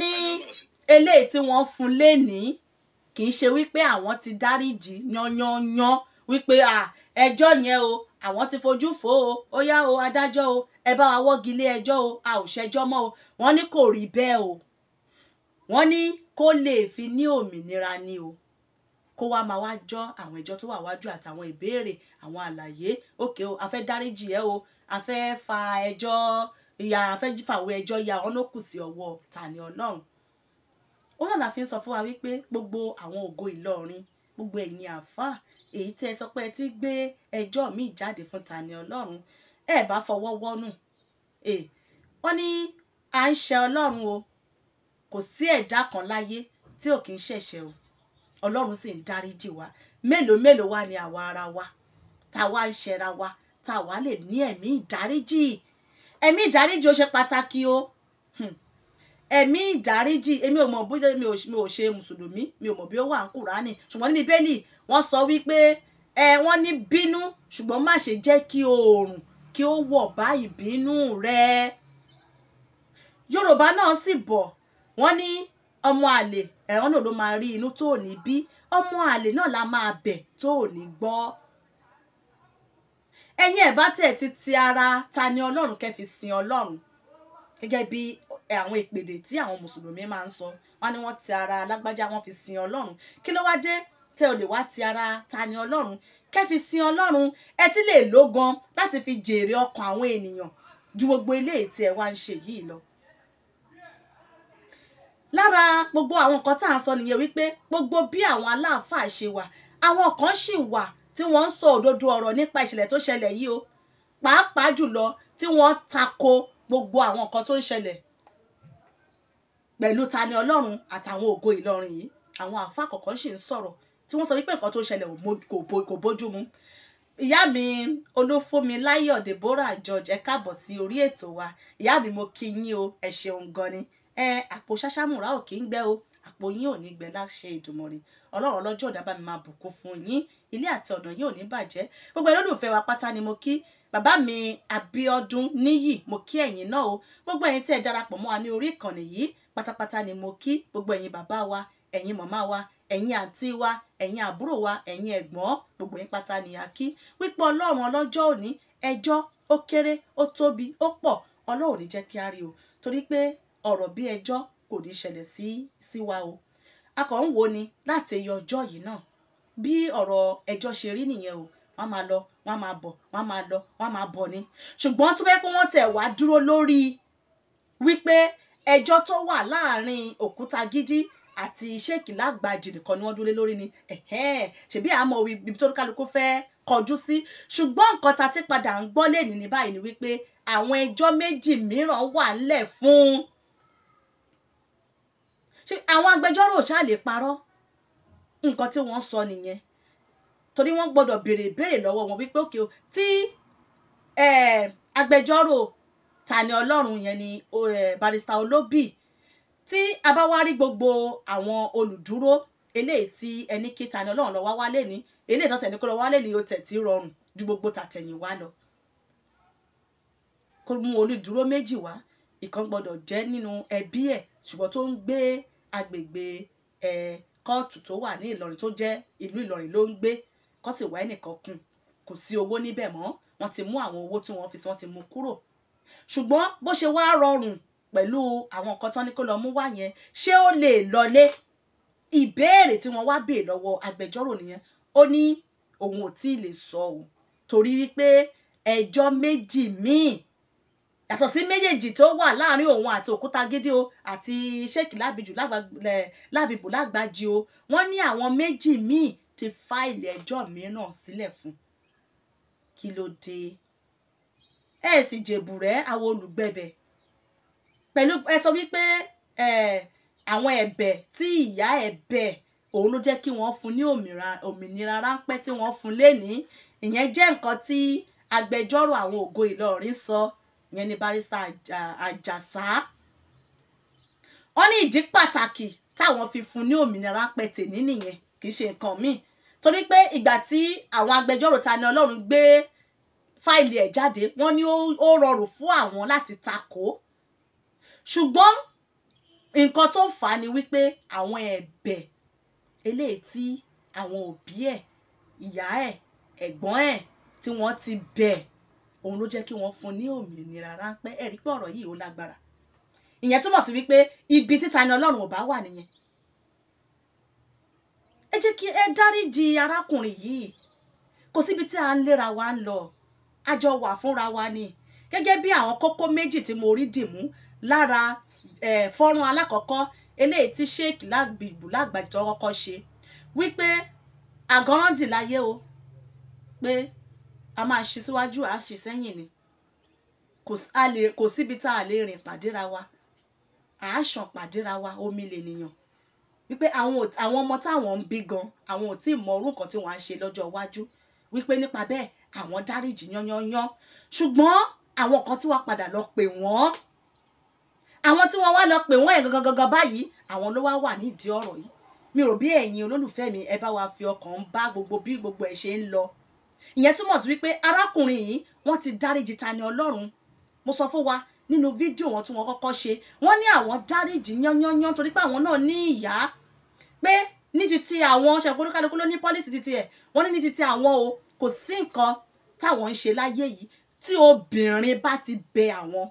ní eléyìí tí wọ́n fún lénìí kì í ṣe wípé àwọn ti dáríjì yányányán wípé ẹjọ́ yẹn o àwọn ti fojú fò ó ó yá o adájọ́ o ẹ bá wa wọ́gi lé ẹjọ́ o a ò ṣẹjọ́ mọ́ o wọ́n ní kò rí bẹ́ẹ̀ o wọ́n ní kó lè fi ní òmìnira ni o kó wá máa wá jọ àwọn ẹjọ́ tó wà wájú àtàwọn ìbéèrè àwọn àlàyé òkè o a dáríjì ẹ o a fa ẹjọ́ ìyá a fẹ́ fàwé ẹjọ́ ya ọ̀nà kù sí ọwọ́ tani ọlọ́run ó náà la fi ń sọ fún wa wípé gbogbo àwọn ògo ìlọrin gbogbo ẹ̀yin àfa èyí tẹ́ ẹ sọ pé ẹ ti gbé ẹjọ́ mi jáde fún tani ọlọ́run ẹ bá fọwọ́ wọ́nù ẹ wọ́n ní à ń ṣe ọlọ́run o kò sí ẹ̀dá kan láyé tí ò kì í ṣẹ̀ṣẹ̀ o ọlọ́run sì ń dáríjì wa mélòó mélòó wá ni àwa ara wa táwa ń ṣẹra wa táwa lè ní ẹ̀mí ìdáríjì ẹ̀mí ìdáríjì ó ṣe pàtàkì o hmm. ẹ̀mí ìdáríjì èmi ò mọ̀ bóyá mi ò ṣe mùsùlùmí mi ò mọ̀ bí ó wà ń kúránì ṣùgbọ́n ní bíbélì wọ́n sọ wípé ẹ wọ́n ní bínú ṣùgbọ́n má ṣe jẹ́ kí oòrùn kí ó wọ̀ bá ìbínú rẹ yorùbá náà sì bọ̀ wọ́n ní ọmọ àlè ẹ̀họ́n náà ló máa rí inú tó ní bí ọmọ àlè náà la máa bẹ̀ tó ní gbọ́ ẹ̀yin ẹ̀ bá tẹ̀ ti ti ara ta ni ọlọ́run kẹ́ fi sin ọlọ́run gẹ́gẹ́ bí àwọn ìpèdè tí àwọn mùsùlùmí máa ń sọ wọn ni wọ́n ti ara lágbájá wọ́n fi sin ọlọ́run kí ló wá dé tẹ ò lè wá ti ara ta ni ọlọ́run kẹ́ fi sin ọlọ́run ẹ ti lè lógan láti fi jèrè ọkàn àwọn ènìyàn ju gbogbo eléyìí tí ẹ wá ń ṣe yìí lọ lára gbogbo àwọn nǹkan tá à ń sọ nìyẹn wípé gbogbo bí àwọn aláàfáà ṣe wà àwọn kan ṣì wà tí wọ́n ń sọ òdodo ọ̀rọ̀ nípa ìṣẹ̀lẹ̀ tó ṣẹlẹ̀ yìí o pàápàá jùlọ tí wọ́n tako gbogbo àwọn nǹkan tó ń ṣẹlẹ̀ pẹ̀lú Tani Ọlọ́run àtàwọn ògo Ìlọrin yìí àwọn àfa kọ̀ọ̀kan ṣì ń sọ̀rọ̀ tí wọ́n sọ wípé nǹkan tó ń ṣẹlẹ̀ kò bójú mu ìyá mi Olúfúnmiláyọ̀ Deborah George ẹ káàbọ̀ sí orí ètò wa ìyá mi mo kí yín o ẹ ṣeun gan ni ẹ àpò ṣáṣámùrà ò kì í gbẹ o àpò yín ò ní gbẹ láṣẹ Èdùmàrè ọlọ́run ọlọ́jọ́ ọ̀dà bá mi máa bùkún fún yín ilé àti ọ̀nà yín ò ní bàjẹ́ gbogbo olólùfẹ́ wa pátá ni mo kí bàbá mi Abíọ́dún níyì mo kí ẹ̀yin náà o gbogbo ẹ̀yin tẹ́ ẹ darapọ̀ mọ́ wa ní orí ìkànnì yìí pátápátá ni mo kí gbogbo ẹ̀yin bàbá wa ẹ̀yin màmá wa ẹ̀yin àǹtí wa ẹ̀yin àbúrò wa ẹ̀yin ẹ̀gbọ́n gbogbo yín pátá ni a kí wípé ọlọ́run ọlọ́jọ́ òní ẹjọ́ ó kéré ó tóbi ó pọ̀ ọlọ́run ní jẹ́ kí á rí o torí pé ọ̀rọ̀ bí ẹjọ́ kò ní ṣẹlẹ̀ sí sí wa o a kàn ń wo ni láti eyọ ọjọ́ yìí náà bí ọ̀rọ̀ ẹjọ́ ṣe rí nìyẹn o wọ́n máa lọ wọ́n máa bọ̀ wọ́n máa lọ wọ́n máa bọ̀ ni ṣùgbọ́n tó bẹ́ẹ̀ pé wọ́n tẹ̀ wá dúró lórí wípé ẹjọ́ tó wà láàrin Òkútagidi àti Ṣèkì Lágbàjì nìkan ni wọ́n dúró lé lórí ni ṣèbí àmọ́ ibi tó kálukú fẹ́ kọjú sí ṣùgbọ́n nǹkan tá ti padà ń gbọ́ lẹ́nìí ní báyìí ni wípé àwọn ẹjọ́ méjì mìíràn wà ńlẹ̀ fún ṣé àwọn agbẹjọ́rò ṣá lè parọ́ nǹkan tí wọ́n sọ nìyẹn torí wọ́n gbọ́dọ̀ béèrè ìbéèrè lọ́wọ́ wọn wípé òkè o tí agbẹjọ́rò Tani Ọlọ́run yẹn ni barista Olóbì tí a bá wá rí gbogbo àwọn olùdúró eléyìí tí ẹni kí Tani Ọlọ́run lọ wá wálé ní eléyìí tó tẹ̀lé kó lọ wálé ní o tẹ̀tí rọrùn ju gbogbo tàtẹ̀yìn wá lọ kó mú olùdúró méjì wá ìkan gbọ́dọ̀ jẹ́ nínú ẹbí ẹ̀ ṣùgbọ́n tó ń gbé agbègbè ẹ kóòtù tó wà ní Ìlọrin tó jẹ́ ìlú Ìlọrin ló ń gbé kó sì wá ẹnìkan kún kò sí owó níbẹ̀ mọ́ wọ́n ti mú àwọn owó tí wọ́n fi sí wọ́n ti mú kúrò ṣùgbọ́n bó ṣe wá rọrùn pẹ̀lú àwọn nǹkan tán ní kó lọ mú wá yẹn ṣé ó lè lọlé ìbéèrè tí wọ́n wá béè lọ́wọ́ agbẹjọ́rò nìyẹn ó ní òun ò tí ì lè sọ ọ́ torí wípé ẹjọ́ méjì míì yàtọ̀ sí méjèèjì tó wà láàrin òun àti òkúta gidi o àti sheik lábìjù lábìbù lágbàjì o wọ́n ní àwọn méjì míì ti fáìlì ẹjọ́ mìíràn sílẹ̀ fún kí ló dé ẹ sì jèbù rẹ àwọn olùgbẹ̀bẹ̀ pẹ̀lú ẹ sọ wípé ẹ àwọn ẹ̀bẹ̀ tí ìyá ẹ̀bẹ̀ òun ló jẹ́ kí wọ́n fún ní òmìnira ráńpẹ́ tí wọ́n fún lénìí ìyẹn jẹ́ nǹkan tí agbẹjọ́rò àwọn ògo Ìlọrin sọ. So yẹn ni barista àjàsá wọ́n ní ìdí pàtàkì táwọn fi fún ní òmìnira pẹ̀tẹ̀ ní nìyẹn kì í ṣe nǹkan míì torí pé ìgbà tí àwọn agbẹjọ́rò Tani Ọlọ́run gbé fáìlì ẹ̀ jáde wọ́n ní ó rọrùn fún àwọn láti takò ṣùgbọ́n nǹkan tó fà á ni wípé àwọn ẹ̀bẹ̀ eléyìí tí àwọn òbí ẹ̀ ìyá ẹ̀ ẹ̀gbọ́n ẹ̀ tí wọ́n ti bẹ̀ òun ló jẹ́ kí wọ́n fún ní òmìnira ráńpẹ́ ẹ̀rí pé ọ̀rọ̀ yìí ó lágbára ìyẹn túmọ̀ sí wípé ibi títa ni ọlọ́run ò bá wà nìyẹn ẹ jẹ́ kí ẹ dáríji arákùnrin yìí kò síbi tí a ń léra wa ń lọ a jọ wà fúnra wa ni gẹ́gẹ́ bí àwọn kókó méjì tí mo rí dìmú lára fọ́nrán alákọ̀ọ́kọ́ eléyìí tí sheik lágbìgbù lágbàdì kọ́kọ́ ṣe wípé àgọ́rán dì láyé o pé a máa ṣe síwájú à ṣe sẹ́yìn ni kò síbi tá a lè rìn pàdéra wa à pàdéra wa omi lè nìyàn wípé àwọn ọmọ táwọn ń bí gan àwọn ò tí ì mọ orú tí wọ́n á ṣe lọ́jọ́ iwájú wípé nípa bẹ́ẹ̀ àwọn dáríjì yányányán ṣùgbọ́n àwọn kan tí wàá padà lọ pè wọ́n àwọn tí wọ́n wá lọ pè wọ́n ẹ̀ gangan báyìí àwọn ló wá wà nídìí ọ̀rọ̀ yìí mi rò bí ẹ̀yin olólùfẹ́ mi ẹ bá wa fi ọkàn bá gbogbo bí gbogbo ẹ̀ ṣe ń lọ ìyẹn túmọ̀ sí wípé arákùnrin yìí wọ́n ti dáríjì ta ni ọlọ́run mo sọ fún wa nínú fídíò wọn tí wọ́n kọ́kọ́ ṣe wọ́n ní àwọn dáríjì yánnyánnyán torí pé àwọn náà ní ìyá pé ní ti ti àwọn ṣẹ̀kúrú kálukú ló ní pọ́lísì ti tiẹ̀ wọ́n ní ní ti ti àwọn o kò sí nǹkan táwọn ń ṣe láyé yìí tí obìnrin bá ti bẹ àwọn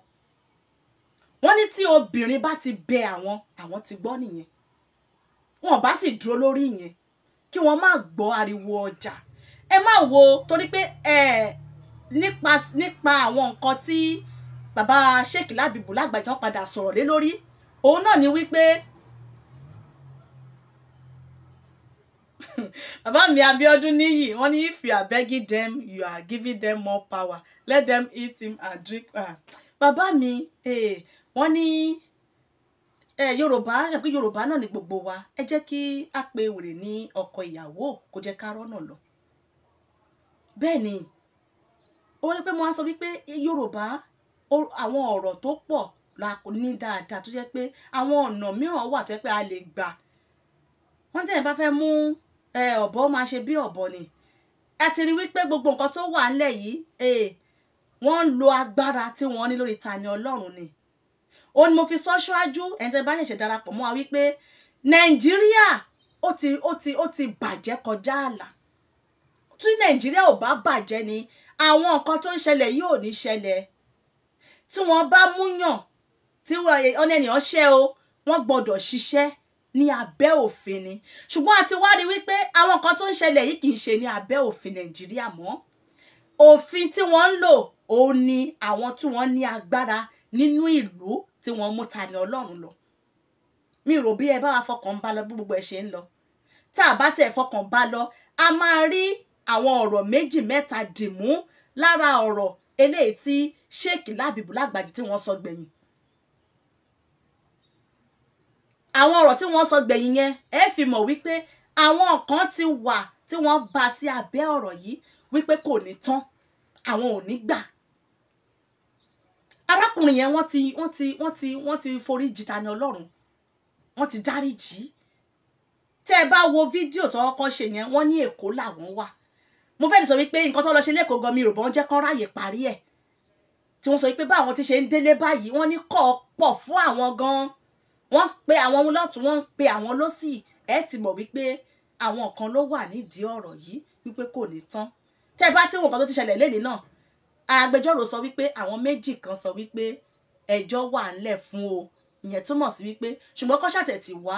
wọ́n ní tí obìnrin bá ti bẹ àwọn àwọn ti gbọ́ nìyẹn wọn bá sì dúró lórí ìyẹn kí wọ́n má gbọ́ ariwo ọjà ẹ má wo torí pé ẹ nípa nípa àwọn nǹkan tí bàbá Sheikh Labeeb Lagbaji tán padà sọ̀rọ̀ lé lórí òun náà ni wípé <laughs> bàbá mi Abíọ́dún níyì wọ́n ní if you are begging them you are giving them more power let them eat him and drink Ah, bàbá mi wọ́n ní Yorùbá Yorùbá náà ni gbogbo wa ẹ jẹ́ kí a pe wèrè ní ọkọ ìyàwó kó jẹ́ ká rọ́nà lọ bẹ́ẹ̀ ni ó rí pé mo wá sọ wípé yorùbá àwọn ọ̀rọ̀ tó pọ̀ la ní dáadáa tó jẹ́ pé àwọn ọ̀nà mìíràn wà tó jẹ́ pé a lè gbà wọ́n tẹ̀yìn bá fẹ́ mú ọ̀bọ máa ṣe bí ọ̀bọ ni a ti rí wípé gbogbo nǹkan tó wà ńlẹ̀ yìí e, wọ́n ń lo agbára tí wọ́n ní lórí Tani Ọlọ́run ni ó ní mo fi sọ ṣáájú ẹni tẹ́ bá ṣẹ̀ṣẹ̀ darapọ̀ mọ́ wa wípé Nàìjíríà ó ti ó ti ó ti bàjẹ́ kọjá ààlà tí nàìjíríà ò bá bàjẹ́ ni àwọn nǹkan tó ń ṣẹlẹ̀ yìí ò ní ṣẹlẹ̀ tí wọ́n bá múyàn tí ọ̀nà ènìyàn ṣẹ́ o wọ́n gbọ́dọ̀ ṣiṣẹ́ ní abẹ́ òfin ni ṣùgbọ́n àti wá rí wípé àwọn nǹkan tó ń ṣẹlẹ̀ yìí kì í ṣe ní abẹ́ òfin nàìjíríà mọ́ òfin tí wọ́n ń lò òun ni àwọn tí wọ́n ní agbára nínú ìlú tí wọ́n mú ta ni ọlọ́run lọ mi rò bí ẹ bá wa fọkàn bá lọ bí gbogbo ẹ ṣe ń lọ tá a bá tẹ̀ fọkàn bá lọ a máa rí àwọn ọ̀rọ̀ méjì mẹ́ta dìmú lára ọ̀rọ̀ eléyìí tí Sheikh Lábìbù Lágbàjì tí wọ́n sọ gbẹ̀yìn àwọn ọ̀rọ̀ tí wọ́n sọ gbẹ̀yìn yẹn ẹ fi mọ̀ wípé àwọn kan ti wà tí wọ́n bá sí abẹ́ ọ̀rọ̀ yìí wípé kò ní tán àwọn ò ní gbà arákùnrin yẹn wọ́n ti wọ́n ti wọ́n ti wọ́n ti forí jìtá ní ọlọ́run wọ́n ti dáríjì tẹ́ ẹ bá wo fídíò tó kọ́kọ́ ṣe yẹn wọ́n ní èkó làwọn wà mo fẹ́ lè sọ wípé nǹkan tó lọ ṣe lẹ́kọ̀ọ́ gan mi rò bọ́n jẹ́ kán ráàyè parí ẹ̀ tí wọ́n sọ wípé bá àwọn ti ṣe ń délé báyìí wọ́n ní kọ́ pọ̀ fún àwọn gan wọ́n pe àwọn lọ́tún wọ́n pe àwọn lọ́sì ẹ̀ ti mọ̀ wípé àwọn kan ló wà nídìí ọ̀rọ̀ yìí wípé kò ní tán tẹ́ bá tí nǹkan tó ti ṣẹlẹ̀ lẹ́nìí náà agbẹjọ́rò sọ wípé àwọn méjì kan sọ wípé ẹjọ́ wà ńlẹ̀ fún o ìyẹn túmọ̀ sí wípé ṣùgbọ́n kọ́ ṣàtẹ̀tì wá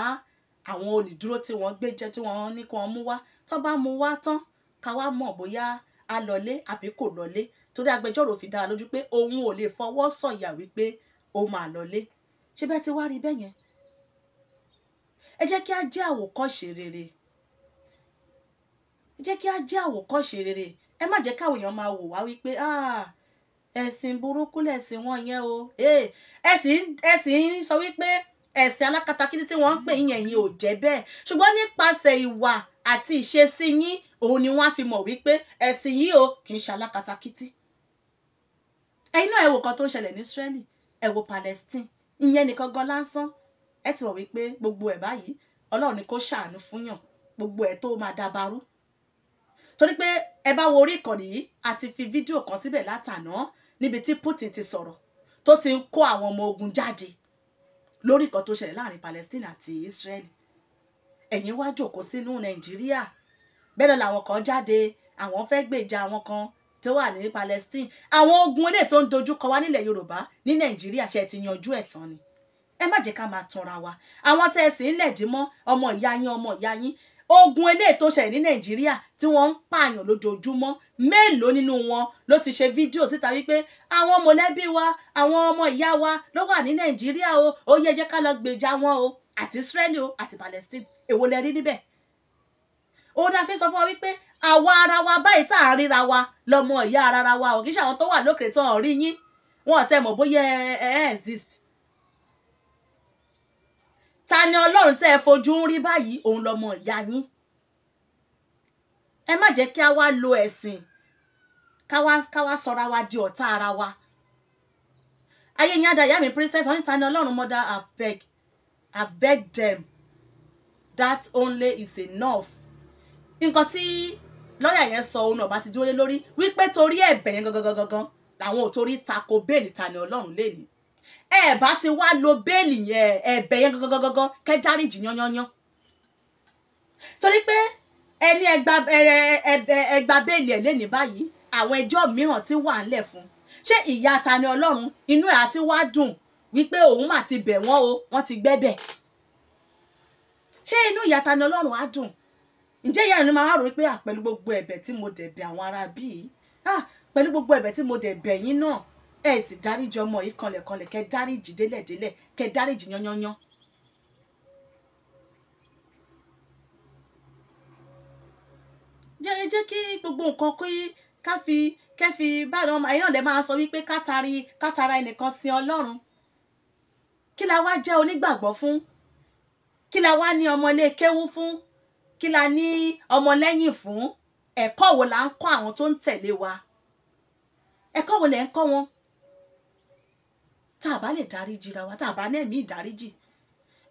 àwọn olùdúró tí wọ́n gbé jẹ́ tí wọ́n ní kí wọ́n mú wá tán bá mú wá tán ká wá mọ̀ bóyá a lọlé àbí kò lọlé torí agbẹjọ́rò fi dá a lójú pé òun ò lè fọwọ́ sọ̀yà wípé ó máa lọlé ṣé bẹ́ẹ̀ ti wá rí bẹ́ẹ̀ yẹn ẹ jẹ́ kí a jẹ́ àwòkọ́ṣe rere ẹ jẹ́ kí a jẹ́ àwòkọ́ṣe rere ẹ má jẹ́ káwọn èèyàn máa wò wá wípé ah, ẹ̀sìn burúkú lẹ̀sìn wọn yẹn o eh, ẹ̀sìn ń sọ wípé ẹ̀sìn alákatakítí tí wọ́n ń pè yín yẹn ò jẹ́ bẹ́ẹ̀ ṣùgbọ́n nípasẹ̀ ìwà àti ìṣesí yín òun ni wọ́n á fi mọ̀ wípé ẹ̀sìn yìí o kì í ṣe alákatakítí ẹ̀yin náà ẹ kan tó ń ṣẹlẹ̀ ní Israeli ẹ wo Palestine ìyẹn nìkan gan lásán ẹ ti mọ̀ wípé gbogbo ẹ̀ báyìí Ọlọ́run ni kó ṣàánú fúnyàn gbogbo ẹ̀ tó máa dábarú torí pé ẹ bá wo orí ìkànnì yìí àti fi fídíò kan síbẹ̀ látàná níbi tí Putin ti sọ̀rọ̀ tó ti ń kó àwọn ọmọ ogun jáde lórí nǹkan tó ṣẹlẹ̀ láàrin Palestine àti Israel ẹ̀yin wá jòkó sínú Nàìjíríà bẹ́ẹ̀ náà làwọn kan jáde àwọn fẹ́ gbèjà àwọn kan tó wà ní Palestine àwọn ogun eléyìí tó ń dojúkọ wá nílẹ̀ Yorùbá ní Nàìjíríà ṣe ti yanjú ẹ̀ tán ni ẹ má jẹ́ ká máa tanra wa àwọn tẹ́ ẹ sì ń lẹ̀dí mọ́ ọmọ ìyá yín ọmọ ìyá yín ogun eléyìí tó ṣẹlẹ̀ ní Nàìjíríà tí wọ́n ń pààyàn lójoojúmọ́ mélòó nínú wọn ló ti ṣe fídíò síta wípé àwọn mọ̀lẹ́bí wa àwọn ọmọ ìyá wa ló wà ní Nàìjíríà o ó yẹ jẹ́ ká lọ gbèjà wọn o àti Israeli o àti Palestine èwo lẹ rí níbẹ̀ òun náà fi sọ fún wa wípé àwa ara wa báyìí tá a ríra wa lọmọ ìyá ara wa ò kì tó wà lókè tó ọ̀ yín wọn ò mọ̀ bóyá ẹ ẹ exist ta ni ọlọ́run tẹ́ ẹ fojú ń rí báyìí òun lọmọ ìyá yín ẹ má jẹ́ kí a wá lo ẹ̀sìn ká wá sọra wa di ọ̀tá ara wa ayé yín adá ìyá mi princess wọn ní ta ni ọlọ́run mother abeg abeg dem that only is enough nǹkan tí lọ́ọ̀yà yẹn sọ òun náà ti dúró lé lórí wípé torí ẹ̀bẹ̀ yẹn gangan gangan làwọn ò torí tako bẹ́ẹ̀lì Tani Olohun lè ní ti wá lo bẹ́ẹ̀lì yẹn ẹ̀bẹ̀ yẹn gangan gangan kẹ́ yányányán torí pé ẹni ẹgba bẹ́ẹ̀lì ẹ̀ lé báyìí àwọn ẹjọ́ mìíràn ti wà ńlẹ̀ fún ṣé ìyá Tani Olohun inú ẹ̀ á wá dùn wípé òun mà ti bẹ̀ wọ́n o wọ́n ti gbẹ́bẹ̀ ṣé inú ìyá Tani Olohun á dùn ǹjẹ́ ìyá ìlú máa rò pé pẹ̀lú gbogbo ẹ̀bẹ̀ tí mo dẹ̀ bẹ̀ àwọn ará bíi pẹ̀lú gbogbo ẹ̀bẹ̀ tí mo dẹ̀ bẹ̀ yín náà ẹ̀ sì dáríjì ọmọ yìí kanlẹ̀kanlẹ̀ kẹ́ dáríjì délẹ̀délẹ̀ kẹ́ dáríjì yányányán. jẹ́ ẹ jẹ́ kí gbogbo nǹkan kí ká fi kẹ́ fi báyìí ọmọ ẹ̀yìn náà máa sọ wípé kátàrí ẹnìkan sin ọlọ́run kí la wá jẹ́ onígbàgbọ́ fún kí la wá ní ọmọ ilé kéwú fún kí la ní ọmọlẹ́yìn fún ẹ̀kọ́ wo la ń kọ́ àwọn tó ń tẹ̀lé wa ẹ̀kọ́ wo lẹ̀ ń kọ́ wọn tá a bá lè dáríjì ra wa tá a bá ní ẹ̀mí ìdáríjì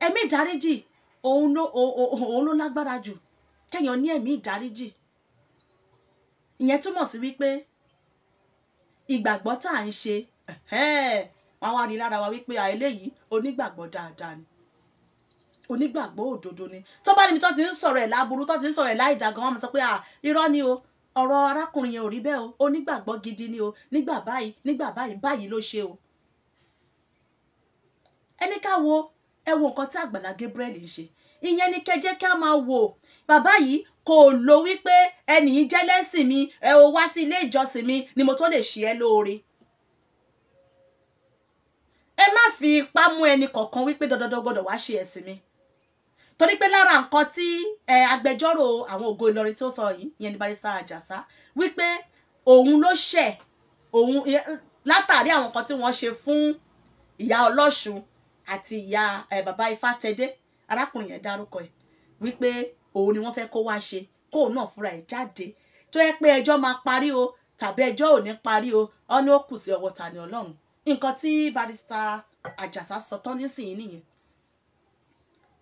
ẹ̀mí ìdáríjì òun ló òun ló lágbára jù kéèyàn ní ẹ̀mí ìdáríjì ìyẹn túmọ̀ sí wípé ìgbàgbọ́ tá à ń ṣe wọ́n wá rí lára wa wípé àìléyìí onígbàgbọ́ dáadáa ni onígbàgbọ́ òdodo ni tó bá níbi tó ti ń sọ̀rọ̀ ẹ̀ láburú tó ti ń sọ̀rọ̀ ẹ̀ láìjà gan wọn sọ pé irọ́ ni o ọ̀rọ̀ arákùnrin yẹn ò rí bẹ́ẹ̀ o onígbàgbọ́ gidi ni o nígbà báyìí nígbà báyìí báyìí ló ṣe o. ẹni ká wo ẹ wo nǹkan tí Àgbàlá Gabriel ń ṣe ìyẹn ni kẹjẹ ká máa wò bàbá yìí kò lo wípé ẹnì yìí jẹ́ lẹ́sìn mi ẹ o wá sí ilé ìjọsìn mi ni mo tó lè ṣe ẹ lóore ẹ má fi ipá mú ẹnì kọ̀ọ̀kan wípé dandandan gbọ́dọ̀ wá ṣe ẹ̀sìn mi torí pé lára nǹkan tí agbẹjọ́rò àwọn ògo Ìlọrin tó sọ yìí ìyẹn ní barista Àjàsá wípé òun ló ṣẹ̀ òun látàrí àwọn nǹkan tí wọ́n ṣe fún ìyá ọlọ́ṣun àti ìyá bàbá Ifátẹdé arákùnrin yẹn dárúkọ ẹ̀ wípé òun ni wọ́n fẹ́ kó wá ṣe kóun náà fúnra ẹ̀ jáde tó yẹ pé ẹjọ́ máa parí o tàbí ẹjọ́ ò ní parí o ọ́ ní ó kù sí ọwọ́ Tani Ọlọ́run nǹkan tí barista Àjàsá sọ tán nísìnyí nìyẹn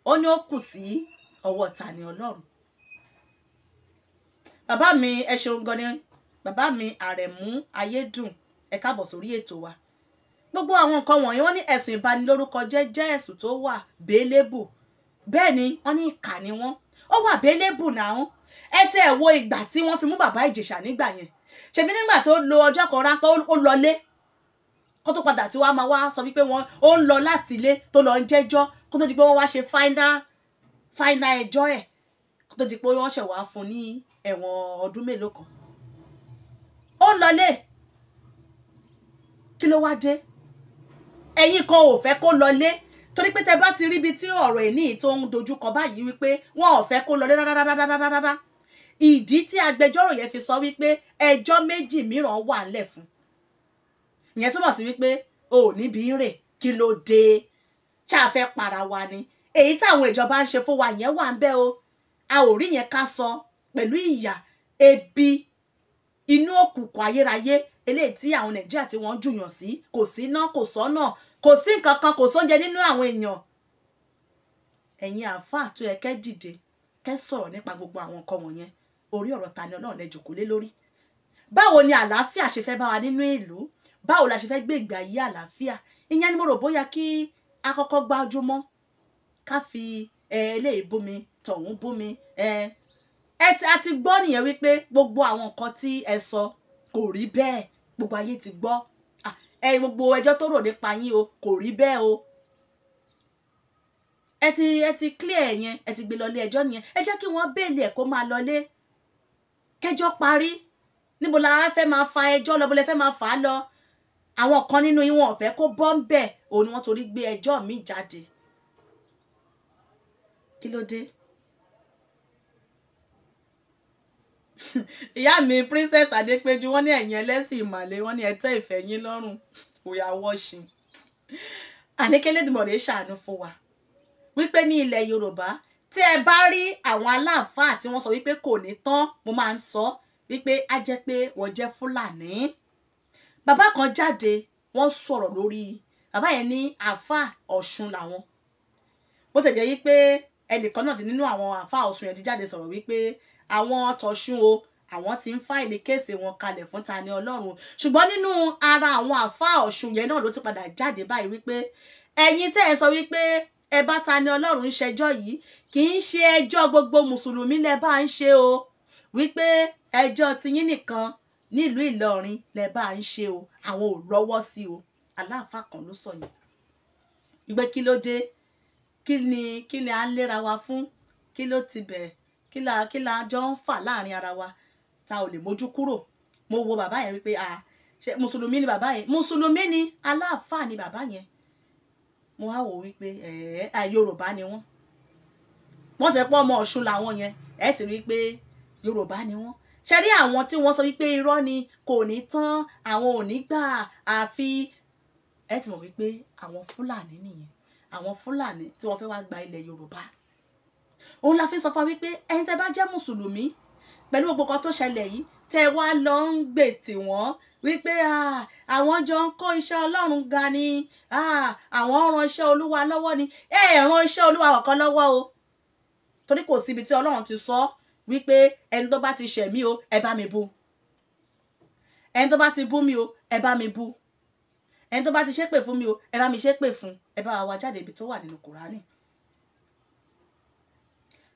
ó ní ó kù sí ọwọ́ Tani Ọlọ́run bàbá mi ẹ ṣeun gan ni bàbá mi Àrẹ̀mú Ayédùn ẹ káàbọ̀ sórí ètò wa gbogbo àwọn nǹkan wọ̀nyí wọ́n ní ẹ̀sùn ìbanilórúkọ jẹ́ jẹ́ ẹ̀sùn tó wà bélébù bẹ́ẹ̀ ni wọ́n ní ìkà ni wọ́n ó wà bélébù náà ẹ tẹ́ ẹ̀ wo ìgbà tí wọ́n fi mú bàbá Ìjẹ̀ṣà nígbà yẹn ṣèbí nígbà tó lo ọjọ́ kan ráńpẹ́ ó lọlé kó tó padà tí wàá máa wá sọ wípé wọn ó ń lọ láti ilé tó lọ ń jẹ́jọ́ kó tó di pé wọ́n wá ṣe final final ẹjọ́ ẹ̀ kó tó di pé wọ́n ṣẹ̀ wá fún ní ẹ̀wọ̀n ọdún mélòó kan ó ń lọlé kí ló wá dé ẹ̀yin kan ò fẹ́ kó lọlé torí pé tẹ bá ti ríbi tí ọ̀rọ̀ ìní tó ń dojúkọ báyìí wípé wọn ò fẹ́ kó lọlé rárárárárárá ìdí tí agbẹjọ́rò yẹn fi sọ wípé ẹjọ́ méjì mìíràn wà lẹ̀ fún ìyẹn túmọ̀ sí wípé o ò níbi ń rè kí ló dé ṣáà fẹ́ para wa ni èyí táwọn ìjọba ń ṣe fún wa yẹn wà ń bẹ́ o a ò rí yẹn ká sọ pẹ̀lú ìyà ebi inú òkùnkùn ayérayé eléyìí tí àwọn nàìjíríà tí wọ́n jùyàn sí kò sí iná kò sọ́nà kò sí nǹkan kan kò sóúnjẹ nínú àwọn èèyàn ẹ̀yin àáfàá tó yẹ kẹ́ dìde kẹ́ sọ̀rọ̀ nípa gbogbo àwọn nǹkan wọ̀nyẹn orí ọ̀rọ̀ ta ni ọlọ́run lẹ jòkó lé lórí báwo ni àlàáfíà ṣe fẹ́ bá wa nínú ìlú báwo la ṣe fẹ́ gbé ìgbé ayé àlàáfíà ìyẹn ni mo rò bóyá kí a kọ́kọ́ gbájúmọ́ ká fi eléyìí bómi tọ̀hún bómi ẹ ti gbọ́ nìyẹn wípé gbogbo àwọn nǹkan tí ẹ sọ kò rí bẹ́ẹ̀ gbogbo ayé ti gbọ́ ẹ gbogbo ẹjọ́ tó rò nípa yín o kò rí bẹ́ẹ̀ o ẹ ti ẹ ti clear ẹ yẹn ẹ ti gbé lọlé ẹjọ́ nìyẹn ẹ jẹ́ kí wọ́n béèlì ẹ̀ kó máa lọlé kẹjọ́ parí níbo la fẹ́ máa fa ẹjọ́ lọ bó lẹ fẹ́ máa fà á lọ àwọn kan nínú yín wọn ò fẹ́ kó bọ́ ń bẹ̀ òun ni wọ́n torí gbé ẹjọ́ mi jáde kí ló dé <laughs> ìyá mi princess adépéjú wọ́n ní ẹ̀yin ẹlẹ́sìn ìmàle wọ́n ní ẹtẹ́ ìfẹ́ yín lọ́rùn òyà wọṣin àníkélédìmọ̀rẹ́ ṣàánú fún wa wípé ní ilẹ̀ yorùbá tí ẹ bá rí àwọn aláàfáà tí wọ́n sọ wípé kò ní tán mo máa ń sọ wípé á jẹ́ pé wọ́n jẹ́ fúlàní bàbá kan jáde wọ́n sọ̀rọ̀ lórí bàbá yẹn ní àáfàá ọ̀ṣun làwọn bó tẹ̀ jẹ́ yí pé ẹnìkan náà ti nínú àwọn àáfàá ọ̀ṣun yẹn ti jáde sọ̀rọ̀ wípé àwọn tọ̀ṣun o àwọn ti ń fáìlì kéèsì wọn kalẹ̀ fún Tani Ọlọ́run ṣùgbọ́n nínú ara àwọn àáfàá ọ̀ṣun yẹn náà ló ti padà jáde báyìí wípé ẹ̀yin tẹ́ ẹ sọ wípé ẹ bá Tani Ọlọ́run ń ṣẹjọ́ yìí kì í ṣe ẹjọ́ gbogbo mùsùlùmí lẹ bá ń ṣe o wípé ẹjọ́ tiyín nìkan nílùú Ìlọrin lẹ bá ń ṣe o àwọn ò lọ́wọ́ sí o aláàfáà kan ló sọ yẹn ìgbé kí ló dé kí ni kí ni à ń léra wa fún kí ló ti bẹ̀ kí la kí la jọ ń fà láàrin ara wa ta ò lè mójú kúrò mo wo bàbá yẹn wípé a ṣe mùsùlùmí ni bàbá yẹn mùsùlùmí ni aláàfáà ni bàbá yẹn mo wá wò wípé ẹ̀ẹ́ Yorùbá ni wọ́n wọ́n ti pọ́ ọmọ Ọ̀ṣun làwọn yẹn ẹ̀ ti rí i pé Yorùbá ni wọ́n ṣe rí àwọn tí wọ́n sọ wípé irọ́ ni kò ní tán àwọn ò ní gbà àfi ẹ ti mọ̀ wípé àwọn fúlàní nìyẹn àwọn fúlàní tí wọ́n fẹ́ wá gba ilẹ̀ yorùbá òun la fi sọ fún wa wípé ẹni tẹ́ bá jẹ́ mùsùlùmí pẹ̀lú gbogbo kan tó ṣẹlẹ̀ yìí tẹ́ wá lọ ń gbè tì wọ́n wípé àwọn jọ ń kó iṣẹ́ ọlọ́run ga ni àwọn ń ran iṣẹ́ olúwa lọ́wọ́ ni ẹ ran iṣẹ́ olúwa ọ̀kan lọ́wọ́ o torí kò síbi tí ọlọ́run ti sọ ọ́ wípé ẹni tó bá ti ṣẹ̀ mí o ẹ bá mi bú ẹni tó bá ti bú mi o ẹ bá mi bú ẹni tó bá ti ṣépè fún mi o ẹ bá mi ṣépè fún ẹ bá wa wá jáde ibi tó wà nínú kùránì.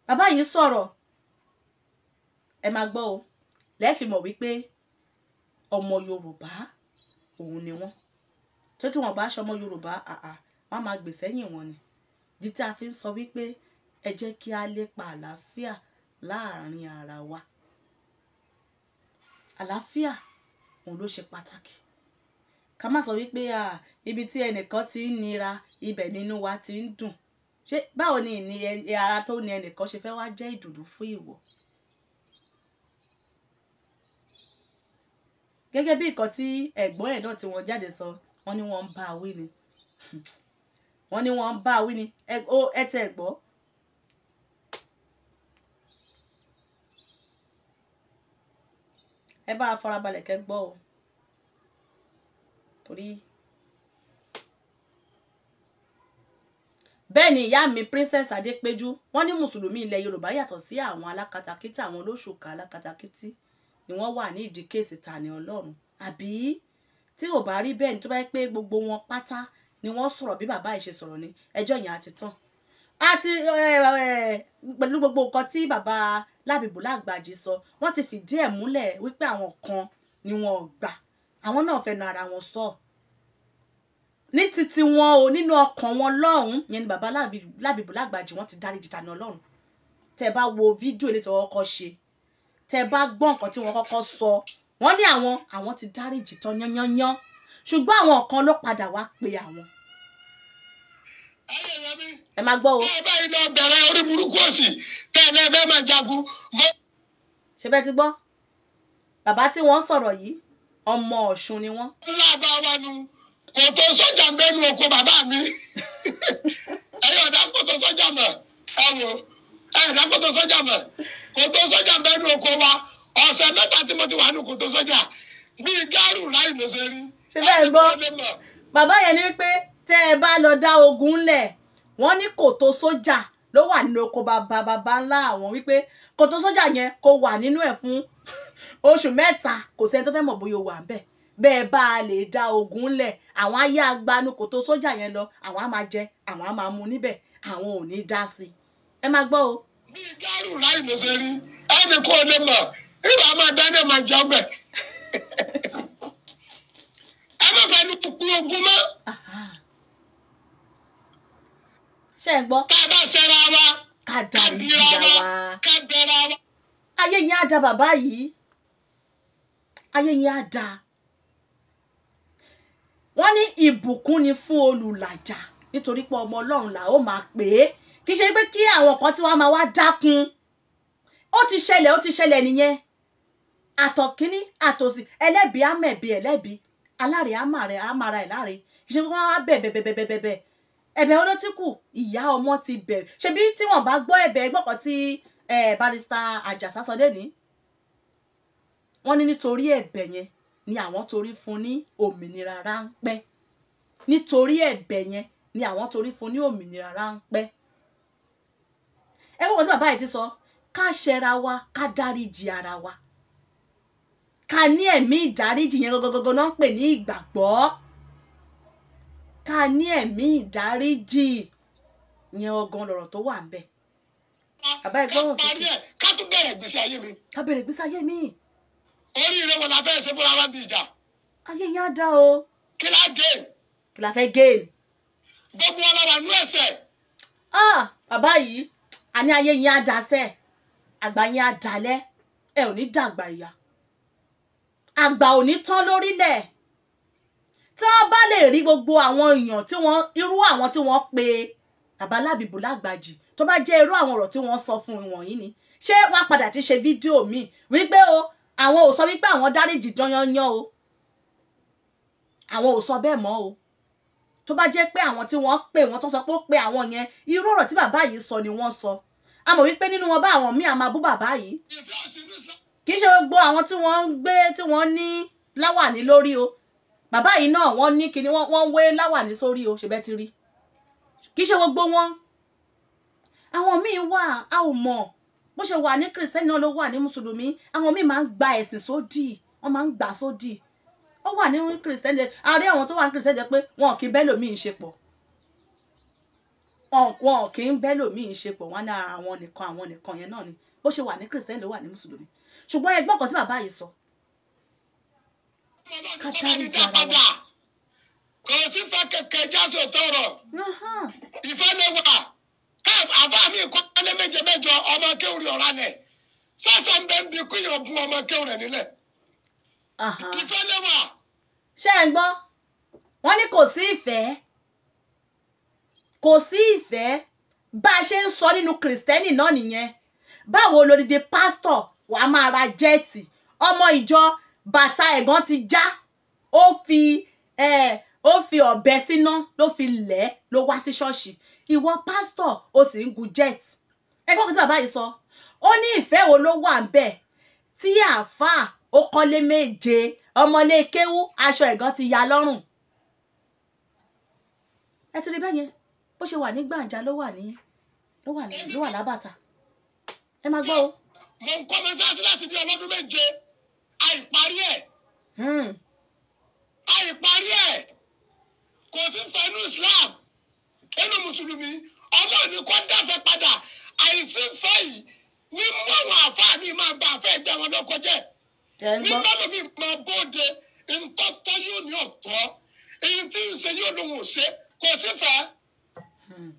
bàbá yìí sọ̀rọ̀ ẹ máa gbọ́ o lẹ́ẹ̀fì mọ̀ wípé ọmọ yorùbá òun ni wọ́n tó tí wọn bá aṣọ ọmọ yorùbá àà wọn máa gbè sẹ́yìn wọn ni dítà fi ń sọ wípé ẹ jẹ́ kí a lépa àlàáfíà láàrin ara wa àlàáfíà òun ló ṣe pàtàkì ká má sọ wípé ibi tí ẹnìkan ti ń nira ibẹ̀ nínú wa ti ń dùn ṣé báwo ni ìní ara tó ní ẹnìkan ṣe fẹ́ wá jẹ́ ìdùnnú fún ìwọ. gẹ́gẹ́ bí nǹkan tí ẹ̀gbọ́n ẹ̀ náà tí wọ́n jáde sọ wọ́n ní wọ́n ń bá a wí ni wọ́n ní wọ́n ń bá a wí ni ẹ tẹ ẹ̀gbọ́n ẹ bá a farabalẹ̀ kẹ́ gbọ́ o torí bẹ́ẹ̀ ni ìyá mi princess adépéjú wọ́n ní mùsùlùmí ilẹ̀ yorùbá yàtọ̀ sí àwọn alákatakítí àwọn olóṣùkà alákatakítí ni wọ́n wà ní ìdí kéèsì tani ọlọ́run àbí tí ò bá rí bẹ́ẹ̀ ni tó bá yẹ pé gbogbo wọn pátá ni wọ́n sọ̀rọ̀ bí bàbá yìí ṣe sọ̀rọ̀ ni ẹjọ́ yẹn á ti tán àti eh, pẹ̀lú gbogbo nǹkan tí bàbá Lábìbò Lágbàjì sọ wọ́n ti fìdí ẹ̀ múlẹ̀ wípé àwọn kan ni wọn ò gbà àwọn náà fẹnu ara wọn sọ ní titi wọn o nínú ọkàn wọn lọ́hùn yẹn ni bàbá Lábìbò Lágbàjì wọ́n ti dáríjì tani Ọlọ́run tẹ́ bá wo fídíò eléyìí tí wọ́n kọ́kọ́ ṣe tẹ́ bá gbọ́ nǹkan tí wọ́n kọ́kọ́ sọ wọ́n ní àwọn àwọn ti dáríjì tán yányányán ṣùgbọ́n àwọn kan ló padà wá pe àwọn ẹ máa gbọ́ o. báyìí lọ bẹ̀rẹ̀ orí burúkú òsì tẹ̀lé ẹ bẹ́ẹ̀ máa jagun. ṣe bẹ́ẹ̀ ti gbọ́ bàbá tí wọ́n sọ̀rọ̀ yìí ọmọ ọ̀ṣun ni wọ́n. ńlá bá wa nu kò tó sọ́jà mẹ́nu oko bàbá mi <laughs> ẹ̀yin ọ̀dà kò tó sọ́jà mẹ́ ẹ wò ọ̀dà kò tó sọ́jà mẹ́ kò tó sọ́jà mẹ́nu oko wa ọ̀sẹ̀ mẹ́ta tí mo ti wà ní kò tó sọ́jà bíi gáàrú ráì ló ṣe rí. ṣe bẹ́ẹ̀ gbọ́ bàbá yẹn ní pé tẹ́ ẹ bá lọ dá ogun lẹ̀ wọ́n ní kòtò sójà ló wà nínú oko bàbá bàbá ńlá àwọn wípé kòtò sójà yẹn kò wà nínú ẹ̀ fún oṣù mẹ́ta kò sẹ́ni tó fẹ́ mọ̀ bóyá o wà bẹ́ẹ̀ bẹ́ẹ̀ bá a lè dá ogun lẹ̀ àwọn ayé agbanu kòtò sójà yẹn lọ àwọn á máa jẹ àwọn á máa mu níbẹ̀ àwọn ò ní dá sí i ẹ máa gbọ́ o. bí dárò láì mo ṣe rí ẹnì kó o lè mọ ìwà máa dáná máa jẹ ọbẹ <laughs> ẹ má fẹnu kú ogun mọ́ ṣe ń gbọ́. ká bá ṣẹra wa. ká darí ìjà wa. ká bẹ̀rẹ̀ wa. ayé yẹn á da bàbá yìí ayé yẹn á da wọ́n ní ìbùkún ni fún olùlàjà nítorí pé ọmọ ọlọ́run là ó máa pè é kì í ṣe pé kí àwọn kan tí wọ́n máa wá dákun ó ti ṣẹlẹ̀ ó ti ṣẹlẹ̀ nìyẹn àtọ̀kíní àtòsí ẹlẹ́bi á mẹ̀bi ẹlẹ́bi aláre á màrẹ̀ á ẹ̀ láre kì í ṣe pé wọ́n á bẹ̀ bẹ̀ bẹ̀ bẹ̀ bẹ̀ bẹ̀ ẹ̀bẹ̀ ọdún tí kù ìyá ọmọ ti bẹ̀rẹ̀ ṣebí tí wọ́n bá gbọ́ ẹ̀bẹ̀ gbọ́kàn tí barista àjàsá sọ dé ní wọ́n ní nítorí ẹ̀bẹ̀ yẹn ni àwọn torí fún ní òmìnira ráńpẹ́ nítorí ẹ̀bẹ̀ yẹn ni àwọn torí fún ní òmìnira ráńpẹ́ ẹ wọ́n kọ́ sí bàbá yìí ti sọ ká ṣẹra wa ká dáríji ara wa ká ní ẹ̀mí ìdáríji yẹn gọ́gọ́gọ́ náà ń pè ní ìgbàgbọ́ ká ní ẹ̀mí ìdáríjì yẹn ọgàn lọ̀rọ̀ tó wà ń bẹ̀. bàbá ẹ gbọ́ràn sókè. ká tún bẹ̀rẹ̀ gbèsè ayé mi. ká bẹ̀rẹ̀ gbèsè ayé mi. oríire wo la fẹ́ ṣe fúnra wa ìjà. ayé yẹn á dá o. kí la gain. kí la fẹ́ gain. gbogbo ọlọ́wà nú ẹ̀sẹ̀. ah bàbá yìí àní ayé yẹn á dasẹ̀ àgbà yẹn á dalẹ̀ ẹ ò ní dàgbà ìyá àgbà ò ní tán lórílẹ̀ tá a bá lè rí gbogbo àwọn èèyàn tí wọ́n irú àwọn tí wọ́n pe bàbá Lágbàjì tó bá jẹ́ irú àwọn ọ̀rọ̀ tí wọ́n sọ fún wọ̀nyí ni ṣé wọ́n padà ti ṣe fídíò míì wípé o àwọn ò sọ wípé àwọn dáríjì dányányán o àwọn ò sọ bẹ́ẹ̀ mọ́ o tó bá jẹ́ pé àwọn tí wọ́n pè wọ́n tó sọ pé ó pe àwọn yẹn irú ọ̀rọ̀ tí bàbá yìí sọ ni wọ́n sọ a mọ̀ wípé nínú wọn bá àwọn míì àmọ́ abú bàbá yìí kì í ṣe gbogbo àwọn tí wọ́n ń gbé tí wọ́n ní láwàní lórí o bàbá yìí náà wọ́n ní kíní wọ́n wọ́n wé láwàní sórí o ṣe bẹ́ẹ̀ ti rí kì í ṣe gbogbo wọn àwọn míì wà a ò mọ̀ bó ṣe wà ní kìrìsìtẹ́nì náà ló wà ní mùsùlùmí àwọn míì máa ń gba ẹ̀sìn sódì wọ́n máa ń gbà sódì ó wà ní kìrìsìtẹ́nì jẹ àárẹ̀ àwọn tó wà ní kìrìsìtẹ́nì jẹ pé wọn kì í bẹ́ẹ̀ lòmíì ń ṣe pọ̀ wọn kì í bẹ́ẹ̀ lòmíì ń ṣe pọ̀ wọn náà àwọn nìkan àwọn nìkan yẹn náà ni bó ṣe wà ní kìrìsìtẹ́nì ló wà ní mùsùlùmí ṣùgbọ́n ẹgbọ́n kan tí bàbá yìí sọ Katari jarawa. Kò sí fa kẹ̀kẹ́ jásò tọrọ. Ìfẹ́lẹ́wà káf àbá mi kọ́ ọ́lé méje mẹ́jọ ọmọ kéwìrì ọ̀rá nẹ̀. Sẹ́sẹ̀ ń bẹ́ ń bi kú yọ̀ gun ọmọ kéwìrì rẹ̀ nílẹ̀. Ìfẹ́lẹ́wà. Ṣé ẹ gbọ́? Wọ́n ní kò sí ìfẹ́. Kò sí ìfẹ́. Bá a ṣe ń sọ nínú Kìrìsìtẹ́nì náà nìyẹn. Báwo lódìdí pásítọ̀ wàá máa ra jẹ́ẹ̀tì ọmọ ìjọ bàtà ẹ̀gán ti já ó fi ó fi ọ̀bẹ síná ló fi lẹ̀ ló wá sí ṣọ́ọ̀ṣì ìwọ pásítọ̀ o sì ń gun jet ẹgbẹ́ kan tí bàbá yìí sọ ó ní ìfẹ́ wo ló wà ń bẹ̀ tí àáfàá ó kọ́lé méje ọmọlé kéwú aṣọ ẹ̀gán ti ya lọ́rùn ẹ ti rí bẹ́ẹ̀ yẹn bó ṣe wà ní gbàǹjà ló wà ní ló wà ní ló wà lábàtà ẹ máa gbọ́ o. mo ń kọ́ mẹ́sàásì láti bí ọlọ́dún méje àìparí ẹ̀ hmm. àìparí ẹ̀ kò sí fẹnu Islam nínú mùsùlùmí ọmọ mi kọ́ dáfẹ́ padà àìsí fẹ́ yìí ní mọ́wọ́n àfáàní máa bá àfẹ́ ẹgbẹ́ wọn lọ́kọ jẹ́ ní báwo mi máa bóde nǹkan tó yóò ní ọ̀tọ̀ èyí tí ń ṣe yóò lóhùn ṣe kò sí fẹ́ hmm.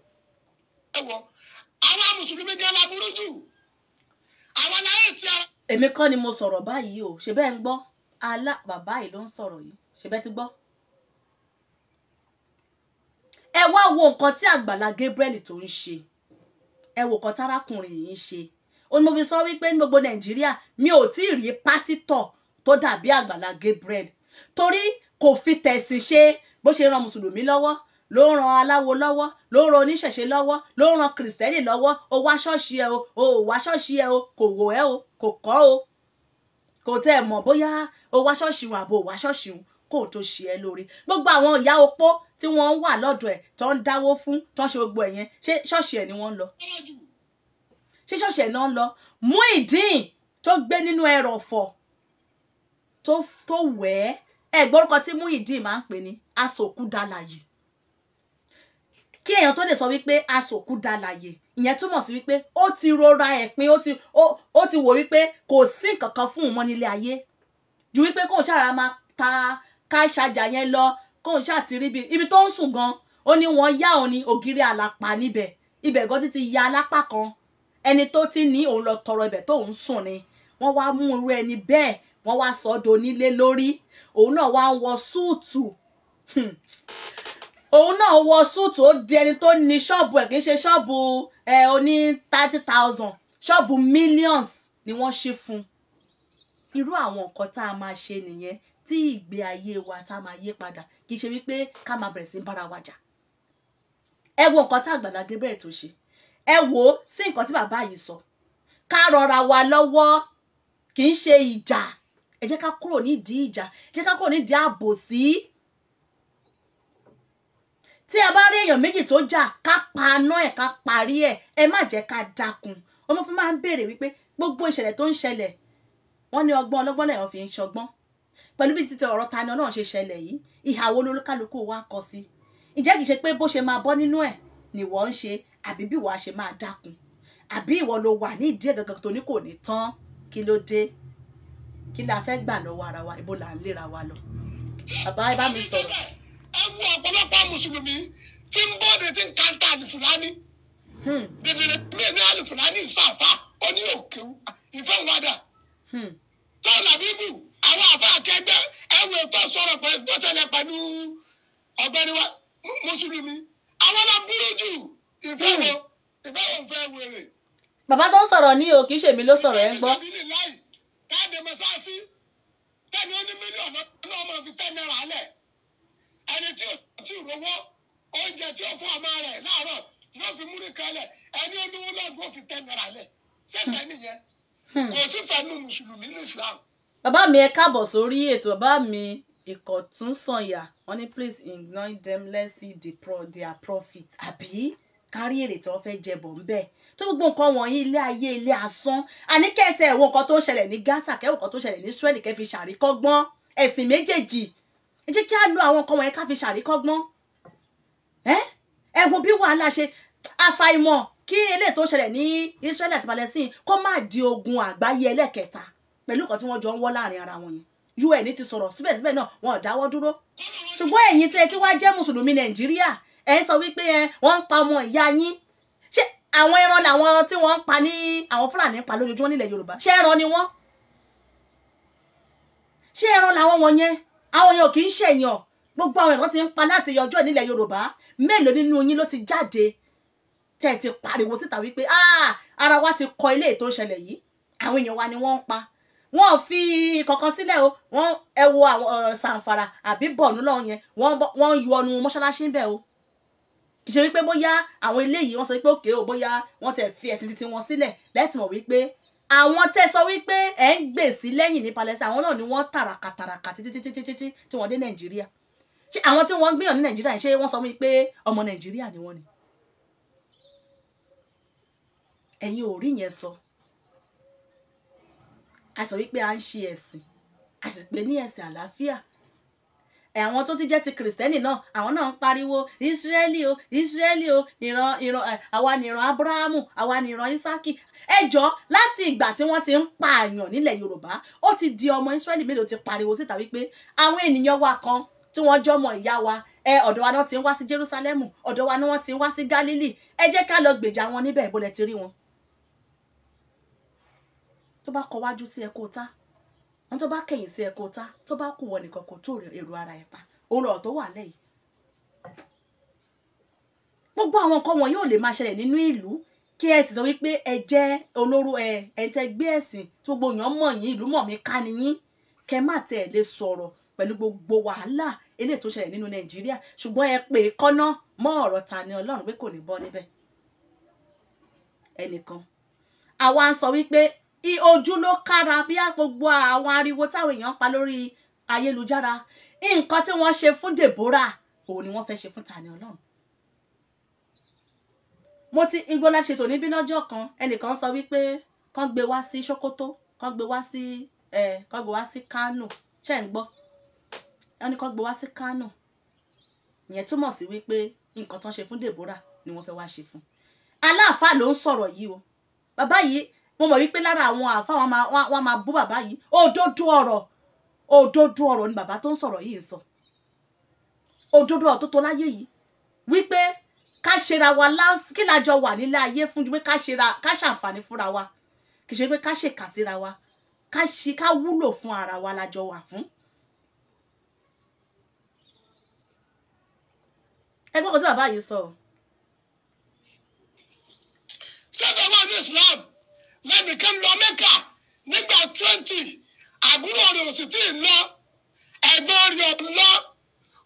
ẹ wọ àwọn mùsùlùmí gan la burú jù àwọn aláìsí àwọn èmi kọ́ ni mo sọ̀rọ̀ báyìí o ṣe bẹ́ẹ̀ ń gbọ́ alá bàbá yìí ló ń sọ̀rọ̀ yìí ṣe bẹ́ẹ̀ ti gbọ́. ẹ wá wo nǹkan tí àgbàlá Gabriel tó ń ṣe ẹ wo nǹkan tárákùnrin yìí ń ṣe ó mo fi sọ wípé ní gbogbo Nàìjíríà mi ò tí ì rí pásítọ̀ tó dàbí àgbàlá Gabriel torí kò fi tẹ̀sìn ṣe bó ṣe ran mùsùlùmí lọ́wọ́ ló ń ran aláwo lọ́wọ́ ló ń ran oníṣẹ̀ṣe lọ́wọ́ ló ń ran kìrìsìtẹ́nì lọ́wọ́ o wá ṣọ́ọ̀ṣì ẹ o o ò wá ṣọ́ọ̀ṣì ẹ o kò wò ẹ o kò kọ́ o kò tẹ́ ẹ mọ̀ bóyá o wá ṣọ́ọ̀ṣì wọn àbò wá ṣọ́ọ̀ṣì wọn kó o tó ṣe ẹ lórí gbogbo àwọn ìyá opó tí wọ́n wà lọ́dọ̀ ẹ̀ tó ń dáwó fún tó ń ṣe gbogbo ẹ̀ yẹn ṣé ṣọ́ọ̀ṣì ẹ̀ ni wọ́n ń lọ ṣé ṣọ́ọ̀ṣì ẹ̀ náà ń lọ Muyideen tó gbé nínú ẹrọ̀fọ̀ tó wẹ̀ ẹ́ ẹ̀ gbọ́rúkọ tí Muyideen máa ń pè ní asòkúdalàyè kí èèyàn tó lè sọ wípé asòkú dalàyè ìyẹn túmọ̀ sí wípé ó ti rora ẹ̀pin ó ti ó ti wò wípé kò sí kankan fún òun nílé ayé ju wípé kóun ṣàrà máa ta káṣájà yẹn lọ kóun ṣàtìrí ibi ibi tó ń sùn gan ó ní wọ́n yá òun ní ògiri àlàpà níbẹ̀ ibẹ̀ gan ti ti ya alápá kan ẹni tó ti ní òun lọ tọrọ ibẹ̀ tóun sùn ni wọ́n wá mú irú ẹni bẹ́ẹ̀ wọ́n wá sọ ọ́ donílé lórí òun náà wá ń wọ súùtù hmm òun náà wọ súùtù ó di ẹni tó ní ṣọ́ọ̀bù ẹ̀ kì í ṣe ṣọ́ọ̀bù ẹ̀ oní thirty thousand ṣọ́ọ̀bù millions ni wọ́n ṣí fún un irú àwọn nǹkan tá a máa ṣe nìyẹn tí ìgbé ayé wa tá a máa yé padà kì í ṣe wípé ká máa bẹ̀rẹ̀ sí bára wa jà ẹ wo nǹkan tá Àgbàlá Gabriel tó ṣe ẹ wò ó sí nǹkan tí bàbá yìí sọ ká rọra wa lọ́wọ́ kì í ṣe ìjà ẹ jẹ́ ká kúrò nídìí ìjà ẹ jẹ́ ká kúrò nídìí àbòsí. Si tí a bá rí èèyàn méjì tó jà ká paná ẹ̀ ká parí ẹ̀ ẹ má jẹ́ ká dákun ọmọ fún máa ń béèrè wípé gbogbo ìṣẹ̀lẹ̀ tó ń ṣẹlẹ̀ wọ́n ní ọgbọ́n ọlọ́gbọ́n lẹ́yìn fi ń ṣọgbọ́n pẹ̀lú bí títẹ ọ̀rọ̀ Tani Olohun ṣe ṣẹlẹ̀ yìí ìhà wo lolúkálukú wa kọ sí ìjẹ́ kìí ṣe pé bó ṣe máa bọ́ nínú ẹ̀ ni wọ́n ń ṣe àbí bí wàá ṣe máa dákun àbí ìwọ ló wà ní ìdí ẹ̀ gangan tó ní kò ní tán kí ló dé kí la fẹ́ gbà lọ́wọ́ ara wa ibo là ń léra wa lọ bàbá ẹ mi sọ̀rọ̀ ẹ wo ọ̀pọ̀lọpọ̀ mùsùlùmí tí ń bọ́ọ̀dù tí ń kanta àlùfùlání bìbìrì mi ní àlùfùlání ìsàfà oní òkè ìfọ̀nwádà tọ́lá bíbù àwọn àfa akẹgbẹ́ ẹ wo ètò sọ̀rọ̀ pẹ̀lú bọ́tẹ̀lẹ̀ pẹ̀lú ọ̀gbẹ́ni wa mùsùlùmí àwọn náà burú jù ìfẹ́ wo ìfẹ́ wo fẹ́ wèrè. bàbá tó ń sọ̀rọ̀ ní o kì í ṣèmi ló sọ̀rọ̀ ẹ̀ ń gbọ́. káàdì mọ́sáàsì tẹ́ni ó ní mílíọ̀nù náà mọ̀ fi tẹ́ náírà lẹ̀ ẹni tí ò tí ì rówó oúnjẹ tí ó fún ọmọ rẹ̀ láàárọ̀ ló fi múrí kalẹ̀ ẹni olówó lọ́gọ́ fi tẹ́ náírà lẹ̀ sẹ́fẹ̀ hmm. nìyẹn hmm. kò sí fẹ́nu mùsùlùmí ní Islam. bàbá mi ẹ káàbọ̀ sórí ètò bàbá mi ìkọ̀tún sọ̀yà wọ́n ní please ignore them let's see the pro their profit àbí kárí èrè tí wọ́n fẹ́ jẹ bọ̀ ńbẹ̀ tó gbogbo nǹkan wọ̀nyí ilé ayé ilé asán àní kẹsẹ̀ ẹ̀wọ̀n kan tó ń ṣẹlẹ̀ ní Gaza kẹ́wọ̀n kan tó ń ṣẹlẹ̀ ní Israel kẹ́ fi ṣàríkọ́gbọ́n ẹ̀sìn méjèèjì ẹ jẹ́ kí a lo àwọn nǹkan wọ̀nyẹn ká fi ṣàríkọ́gbọ́n ẹ ẹ wo bí wàhálà ṣe àfàìmọ̀ kí eléyìí tó ṣẹlẹ̀ ní Israel àti Palestine kó má di ogun àgbáyé ẹlẹ́kẹta pẹ̀lú nǹkan tí wọ́n jọ ń wọ́ láàrin ara wọn yẹn UN ti sọ̀rọ̀ síbẹ̀síbẹ̀ náà wọn ò dáwọ́ dúró ṣùgbọ́n ẹ̀yin tẹ́ tí wàá jẹ́ mùsùlùmí Nàìjíríà ẹ̀ ń sọ wípé ẹ wọ́n ń pa ọmọ ìyá yín ṣé àwọn ẹran làwọn tí wọ́n ń pa ní àwọn Fúlàní pa lójoojúmọ́ nílẹ̀ Yorùbá ṣé ẹran ni wọ́n ṣé ẹran làwọn wọ̀nyẹn àwọn èèyàn kì í ṣèyàn gbogbo àwọn ẹ̀kọ́ ti ń pa láti yọjọ́ nílẹ̀ yorùbá mélòó nínú yín ló ti jáde tẹ́ ẹ ti pariwo síta wípé ah, ara wa ti kọ ilé ètò ìṣẹ̀lẹ̀ yìí àwọn èèyàn wa ni wọ́n ń pa wọ́n fi kankan sílẹ̀ o wọ́n ẹ wo àwọn sàǹfàrà àbí bọ̀ọ̀nù lọ́wọ́ yẹn wọ́n ń yọ ọnu mọ́ṣáláṣí ń bẹ̀ o kì í ṣe wípé bóyá àwọn ilé yìí wọ́n sọ pé òkè o bóyá wọ́n tẹ̀ fi ẹ̀sìn titi wọn sílẹ̀ lẹ́tìmọ̀ wípé àwọn tẹ́ sọ wípé ẹ̀ ń gbèsè lẹ́yìn ní Palestine àwọn náà ni wọ́n tàràkà tàràkà títí títí títí tí wọ́n dé Nàìjíríà ṣé àwọn tí wọ́n ń gbìyànjú Nàìjíríà ṣé wọ́n sọ mí pé ọmọ Nàìjíríà ni wọ́n ni ẹ̀yin ò rí yẹn sọ a sọ wípé a ń ṣe ẹ̀sìn a sì pè ní ẹ̀sìn àlàáfíà àwọn tó ti jẹ́ ti kìrìsìtẹ́nì náà àwọn náà ń pariwo ìsírẹ́lì o ìsírẹ́lì o ìran ìran àwa nìran abrahamu àwa nìran isaki ẹjọ́ láti ìgbà tí wọ́n ti ń pààyàn nílẹ̀ yorùbá ó ti di ọmọ ìsírẹ́lì mélòó ti pariwo síta wípé àwọn ènìyàn wa kan tí wọ́n jọmọ ìyá wa ẹ ọ̀dọ̀ wa náà ti ń wá sí jerusalemu ọ̀dọ̀ wa náà wọ́n ti ń wá sí galili ẹ jẹ́ ká lọ gbèjà wọn níbẹ̀ ìbọlẹ̀ ti rí wọn tó bá kọwájú sí ẹ kó ta wọn tó bá kẹ̀yìn sí ẹ̀kọ́ ta tó bá kù wọ nìkan kò tó èrò ara ẹ̀ pa òun ọ̀rọ̀ tó wà lẹ́yìn. gbogbo àwọn nǹkan wọn yóò lè máa ṣẹlẹ̀ nínú ìlú kí ẹ sì sọ wípé ẹ jẹ́ olóró ẹ ẹ tẹ gbé ẹ̀sìn tí gbogbo èèyàn mọ̀ yín ìlú mọ̀ mí ká niyín kẹ má tẹ̀ lè sọ̀rọ̀ pẹ̀lú gbogbo wàhálà eléyìí tó ṣẹlẹ̀ nínú Nàìjíríà ṣùgbọ́n ẹ pè é kọ́ná mọ́ ọ̀rọ̀ Tani Olohun pé kò ní bọ́ níbẹ̀ ẹnìkan àwa sọ wípé ojú ló kára bí gbogbo àwọn ariwo táwọn èèyàn pa lórí ayélujára nǹkan tí wọ́n ṣe fún Deborah òun ni wọ́n fẹ́ ṣe fún Tani Olohun mo ti igbóná ṣètò níbí lọ́jọ́ kan ẹnìkan sọ wípé kán gbé wá sí Sokoto kán gbé wá sí ẹ kán gbé wá sí Kano ṣe ń gbọ́ ẹ ní kán gbé wá sí Kano ìyẹn túmọ̀ sí wípé nǹkan tán ṣe fún Deborah ni wọ́n fẹ́ wá ṣe fún aláàfáà ló ń sọ̀rọ̀ yìí o bàbá yìí mo mọ̀ wípé lára àwọn àáfàá wọn máa bú bàbá yìí òdodo ọ̀rọ̀ òdodo ọ̀rọ̀ ni bàbá tó ń sọ̀rọ̀ yìí ń sọ òdodo ọ̀rọ̀ tó tó láyé yìí wípé ká ṣera wa kí lájọ wà nílé ayé fún ju pé ká ṣera ká ṣàǹfààní fúnra wa kì í ṣe pé ká ṣèkà síra wa ká ṣe ká wúlò fún ara wa lájọ wà fún. ẹ gbọ́dọ̀ tí bàbá yìí sọ. sábà máa ní Islam lẹ́nìkan lọ mẹ́kà nígbà twenty àbúrò rẹ̀ ò sì tí ì lọ ẹ̀gbọ́n rẹ̀ ò lọ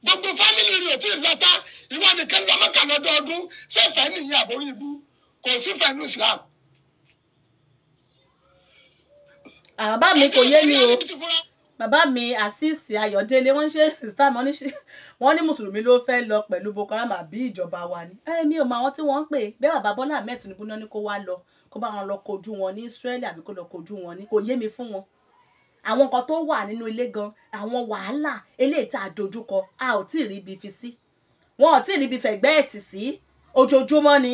gbogbo fámìlì rẹ̀ ò tí ì lọ tá ìwọ nìkan lọ mẹ́kà lọ́dọọdún sẹ́fẹ̀ẹ́ nìyí àbórí ibú kò sí fẹ́ẹ́nu Islam. bàbá mi kò yé mi o bàbá mi Azeez Ayọ̀délé wọ́n ṣe sista mi wọ́n ní mùsùlùmí ló fẹ́ lọ pẹ̀lú Boko Haram àbí ìjọba wa ni. ẹ mi ò mọ àwọn tí wọ́n ń pè bẹ́ẹ̀ bàbá Bọ́lá Ahmed náà ni kó wá lọ kó bá wọn lọ kojú wọn ní Ísírẹ́lì àbí kó lọ kojú wọn ní kò yé mi fún wọn àwọn nǹkan tó wà nínú ilé gan àwọn wàhálà eléyìí tá a dojúkọ a ò tí ì rí ibi fi sí wọn ò tí ì rí ibi fẹ̀gbẹ́ ẹ̀tì sí ojoojúmọ́ ni